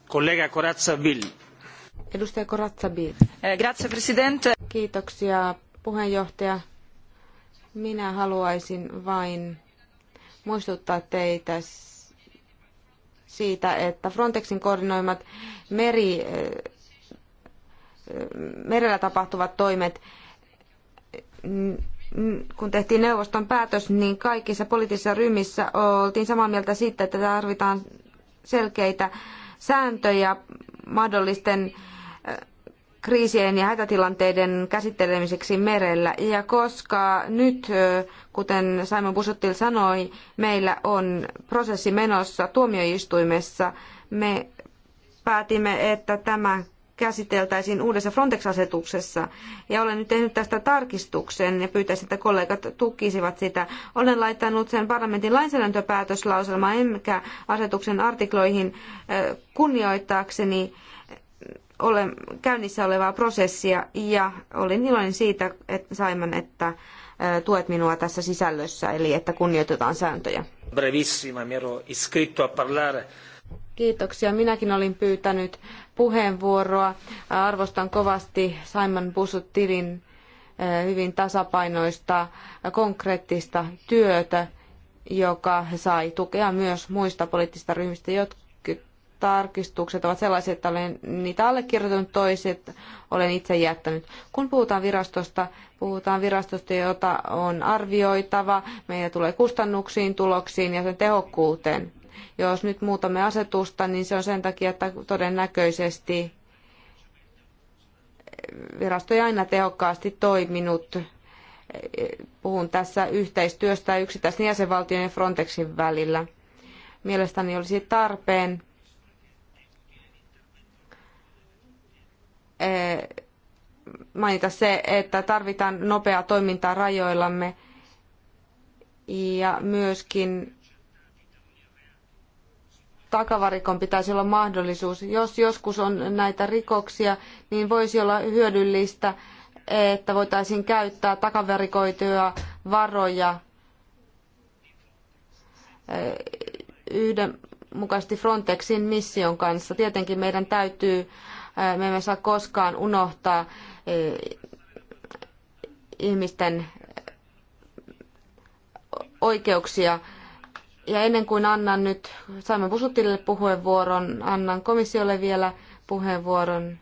Kollega Corazza Bill. Edustaja Corazza Bill. Eh, grazie, Presidente. Kiitoksia, puheenjohtaja minä haluaisin vain muistuttaa teitä siitä, että Frontexin koordinoimat meri, merellä tapahtuvat toimet, kun tehtiin neuvoston päätös, niin kaikissa poliittisissa ryhmissä oltiin samaa mieltä siitä, että tarvitaan selkeitä sääntöjä mahdollisten kriisien ja hätätilanteiden käsittelemiseksi merellä. Ja koska nyt, kuten Simon Busuttil sanoi, meillä on prosessi menossa tuomioistuimessa, me päätimme, että tämä käsiteltäisiin uudessa Frontex-asetuksessa. Ja olen nyt tehnyt tästä tarkistuksen ja pyytäisin, että kollegat tukisivat sitä. Olen laittanut sen parlamentin lainsäädäntöpäätöslauselmaan enkä asetuksen artikloihin kunnioittaakseni ole, käynnissä olevaa prosessia ja olin iloinen siitä, että Saiman, että tuet minua tässä sisällössä, eli että kunnioitetaan sääntöjä. Brevissima, mi ero iscritto a parlare. Kiitoksia. Minäkin olin pyytänyt puheenvuoroa. Arvostan kovasti Simon Busuttilin hyvin tasapainoista konkreettista työtä, joka sai tukea myös muista poliittisista ryhmistä, jotka tarkistukset ovat sellaiset, että olen niitä allekirjoittanut toiset, olen itse jättänyt. Kun puhutaan virastosta, puhutaan virastosta, jota on arvioitava, Meidän tulee kustannuksiin, tuloksiin ja sen tehokkuuteen. Jos nyt muutamme asetusta, niin se on sen takia, että todennäköisesti virasto ei aina tehokkaasti toiminut. Puhun tässä yhteistyöstä yksittäisten jäsenvaltion ja Frontexin välillä. Mielestäni olisi tarpeen Eh, mainita se, että tarvitaan nopeaa toimintaa rajoillamme ja myöskin takavarikon pitäisi olla mahdollisuus. Jos joskus on näitä rikoksia, niin voisi olla hyödyllistä, että voitaisiin käyttää takavarikoituja varoja eh, yhdenmukaisesti Frontexin mission kanssa. Tietenkin meidän täytyy me emme saa koskaan unohtaa ihmisten oikeuksia. Ja ennen kuin annan nyt Saimen Busuttille puheenvuoron, annan komissiolle vielä puheenvuoron,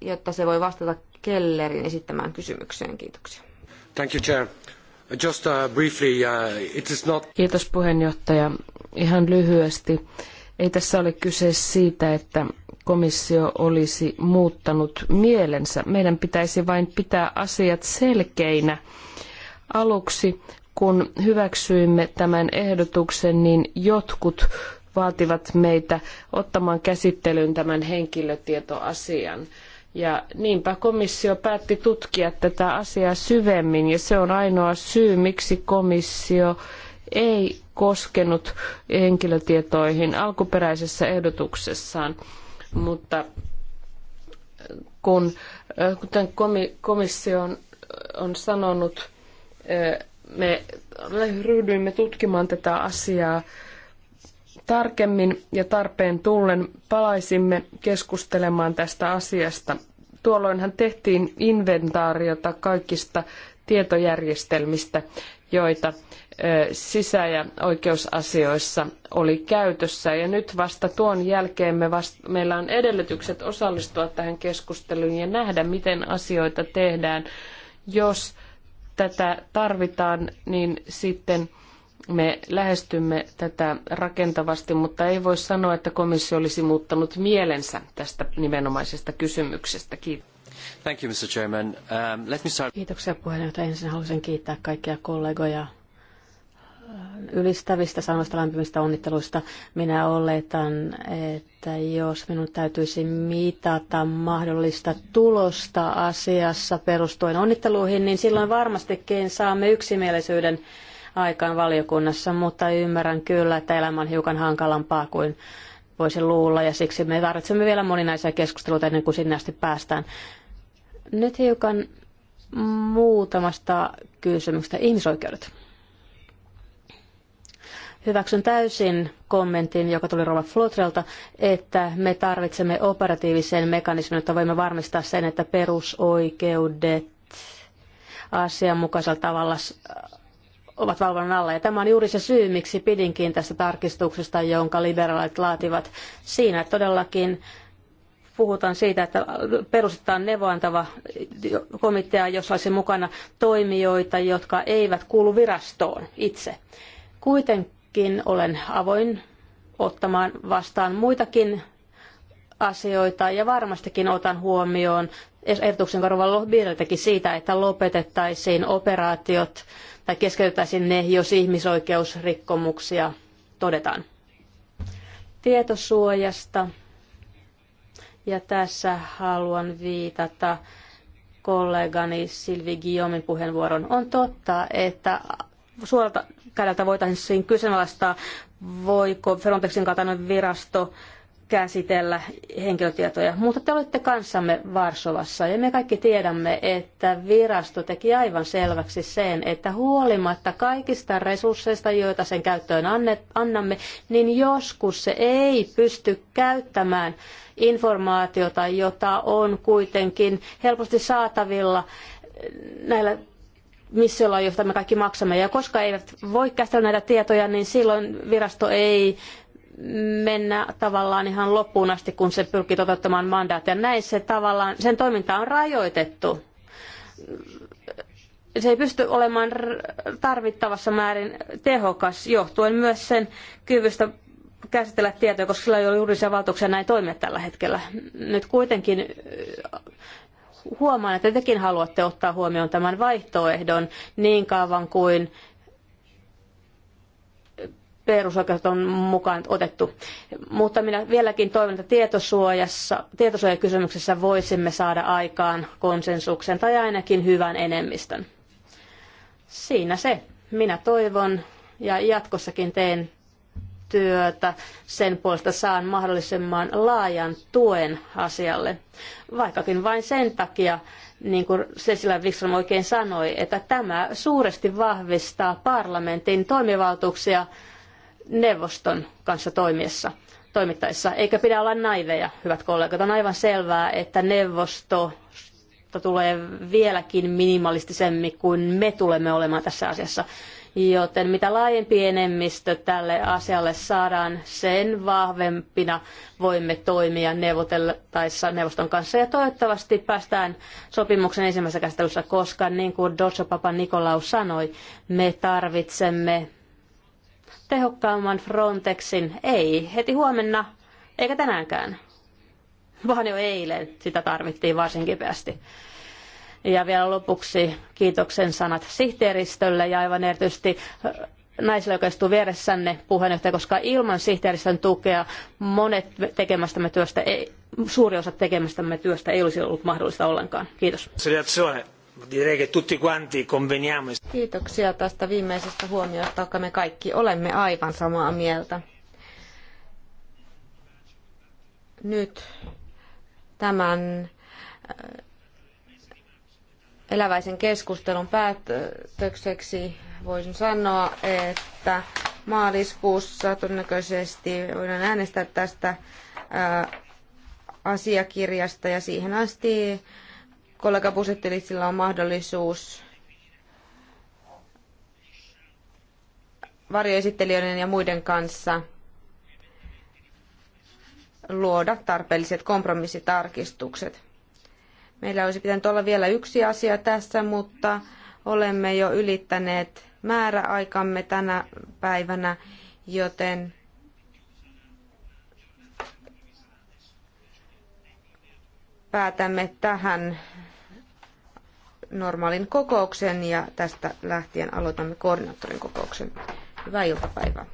jotta se voi vastata Kellerin esittämään kysymykseen. Kiitoksia. Thank you, Chair. Just, uh, briefly, uh, it is not... Kiitos puheenjohtaja. Ihan lyhyesti. Ei tässä ole kyse siitä, että komissio olisi muuttanut mielensä. Meidän pitäisi vain pitää asiat selkeinä. Aluksi, kun hyväksyimme tämän ehdotuksen, niin jotkut vaativat meitä ottamaan käsittelyyn tämän henkilötietoasian. Ja niinpä komissio päätti tutkia tätä asiaa syvemmin ja se on ainoa syy, miksi komissio ei koskenut henkilötietoihin alkuperäisessä ehdotuksessaan mutta kun, äh, kuten komissio on, on sanonut, äh, me ryhdyimme tutkimaan tätä asiaa tarkemmin ja tarpeen tullen palaisimme keskustelemaan tästä asiasta. Tuolloinhan tehtiin inventaariota kaikista tietojärjestelmistä, joita sisä- ja oikeusasioissa oli käytössä. Ja nyt vasta tuon jälkeen me vasta, meillä on edellytykset osallistua tähän keskusteluun ja nähdä, miten asioita tehdään. Jos tätä tarvitaan, niin sitten me lähestymme tätä rakentavasti, mutta ei voi sanoa, että komissio olisi muuttanut mielensä tästä nimenomaisesta kysymyksestä. Kiitos. Thank you, Mr. Chairman. Um, let me start... Kiitoksia puheenjohtaja. Ensin haluaisin kiittää kaikkia kollegoja äh, ylistävistä sanoista, lämpimistä onnitteluista. Minä oletan, että jos minun täytyisi mitata mahdollista tulosta asiassa perustuen onnitteluihin, niin silloin varmastikin saamme yksimielisyyden aikaan valiokunnassa, mutta ymmärrän kyllä, että elämä on hiukan hankalampaa kuin voisi luulla ja siksi me tarvitsemme vielä moninaisia keskusteluita ennen kuin sinne asti päästään. Nyt hiukan muutamasta kysymyksestä. Ihmisoikeudet. Hyväksyn täysin kommentin, joka tuli Rova Flotrelta, että me tarvitsemme operatiivisen mekanismin, jotta voimme varmistaa sen, että perusoikeudet asianmukaisella tavalla ovat valvonnan alla. Ja tämä on juuri se syy, miksi pidinkin tästä tarkistuksesta, jonka liberaalit laativat. Siinä todellakin puhutaan siitä, että perustetaan neuvoantava komitea, jossa olisi mukana toimijoita, jotka eivät kuulu virastoon itse. Kuitenkin olen avoin ottamaan vastaan muitakin asioita ja varmastikin otan huomioon ehdotuksen korvan lobbyiltäkin siitä, että lopetettaisiin operaatiot tai keskeytettäisiin ne, jos ihmisoikeusrikkomuksia todetaan. Tietosuojasta ja tässä haluan viitata kollegani Silvi Guillaumin puheenvuoron. On totta, että suolta kädeltä voitaisiin kyseenalaistaa, voiko Frontexin katainen virasto käsitellä henkilötietoja. Mutta te olette kanssamme Varsovassa ja me kaikki tiedämme, että virasto teki aivan selväksi sen, että huolimatta kaikista resursseista, joita sen käyttöön annamme, niin joskus se ei pysty käyttämään informaatiota, jota on kuitenkin helposti saatavilla näillä missioilla, joista me kaikki maksamme. Ja koska eivät voi käsitellä näitä tietoja, niin silloin virasto ei mennä tavallaan ihan loppuun asti, kun se pyrkii toteuttamaan mandaattia. Näin se tavallaan, sen toiminta on rajoitettu. Se ei pysty olemaan tarvittavassa määrin tehokas, johtuen myös sen kyvystä käsitellä tietoja, koska sillä ei ole juridisia valtuuksia näin toimia tällä hetkellä. Nyt kuitenkin äh, huomaan, että tekin haluatte ottaa huomioon tämän vaihtoehdon niin kauan kuin perusoikeudet on mukaan otettu. Mutta minä vieläkin toivon, että tietosuojassa, tietosuojakysymyksessä voisimme saada aikaan konsensuksen tai ainakin hyvän enemmistön. Siinä se. Minä toivon ja jatkossakin teen työtä. Sen puolesta saan mahdollisimman laajan tuen asialle. Vaikkakin vain sen takia, niin kuin Cecilia Wikström oikein sanoi, että tämä suuresti vahvistaa parlamentin toimivaltuuksia neuvoston kanssa toimiessa, toimittaessa. Eikä pidä olla naiveja, hyvät kollegat. On aivan selvää, että neuvosto tulee vieläkin minimalistisemmin kuin me tulemme olemaan tässä asiassa. Joten mitä laajempi enemmistö tälle asialle saadaan, sen vahvempina voimme toimia neuvoteltaessa neuvoston kanssa. Ja toivottavasti päästään sopimuksen ensimmäisessä käsittelyssä, koska niin kuin Dotso Papa Nikolaus sanoi, me tarvitsemme tehokkaamman Frontexin. Ei heti huomenna, eikä tänäänkään, vaan jo eilen sitä tarvittiin varsin kipeästi. Ja vielä lopuksi kiitoksen sanat sihteeristölle ja aivan erityisesti äh, naisille, joka istuu vieressänne puheenjohtaja, koska ilman sihteeristön tukea monet tekemästämme työstä ei, suuri osa tekemästämme työstä ei olisi ollut mahdollista ollenkaan. Kiitos. Direi che tutti quanti conveniamo. E Kiitoksia tästä viimeisestä huomiosta, joka me kaikki olemme aivan samaa mieltä. Nyt tämän äh, eläväisen keskustelun päätökseksi voisin sanoa, että maaliskuussa todennäköisesti voidaan äänestää tästä äh, asiakirjasta ja siihen asti kollega Busettilisillä on mahdollisuus varjoesittelijöiden ja muiden kanssa luoda tarpeelliset kompromissitarkistukset. Meillä olisi pitänyt olla vielä yksi asia tässä, mutta olemme jo ylittäneet määräaikamme tänä päivänä, joten päätämme tähän normaalin kokouksen ja tästä lähtien aloitamme koordinaattorin kokouksen. Hyvää iltapäivää.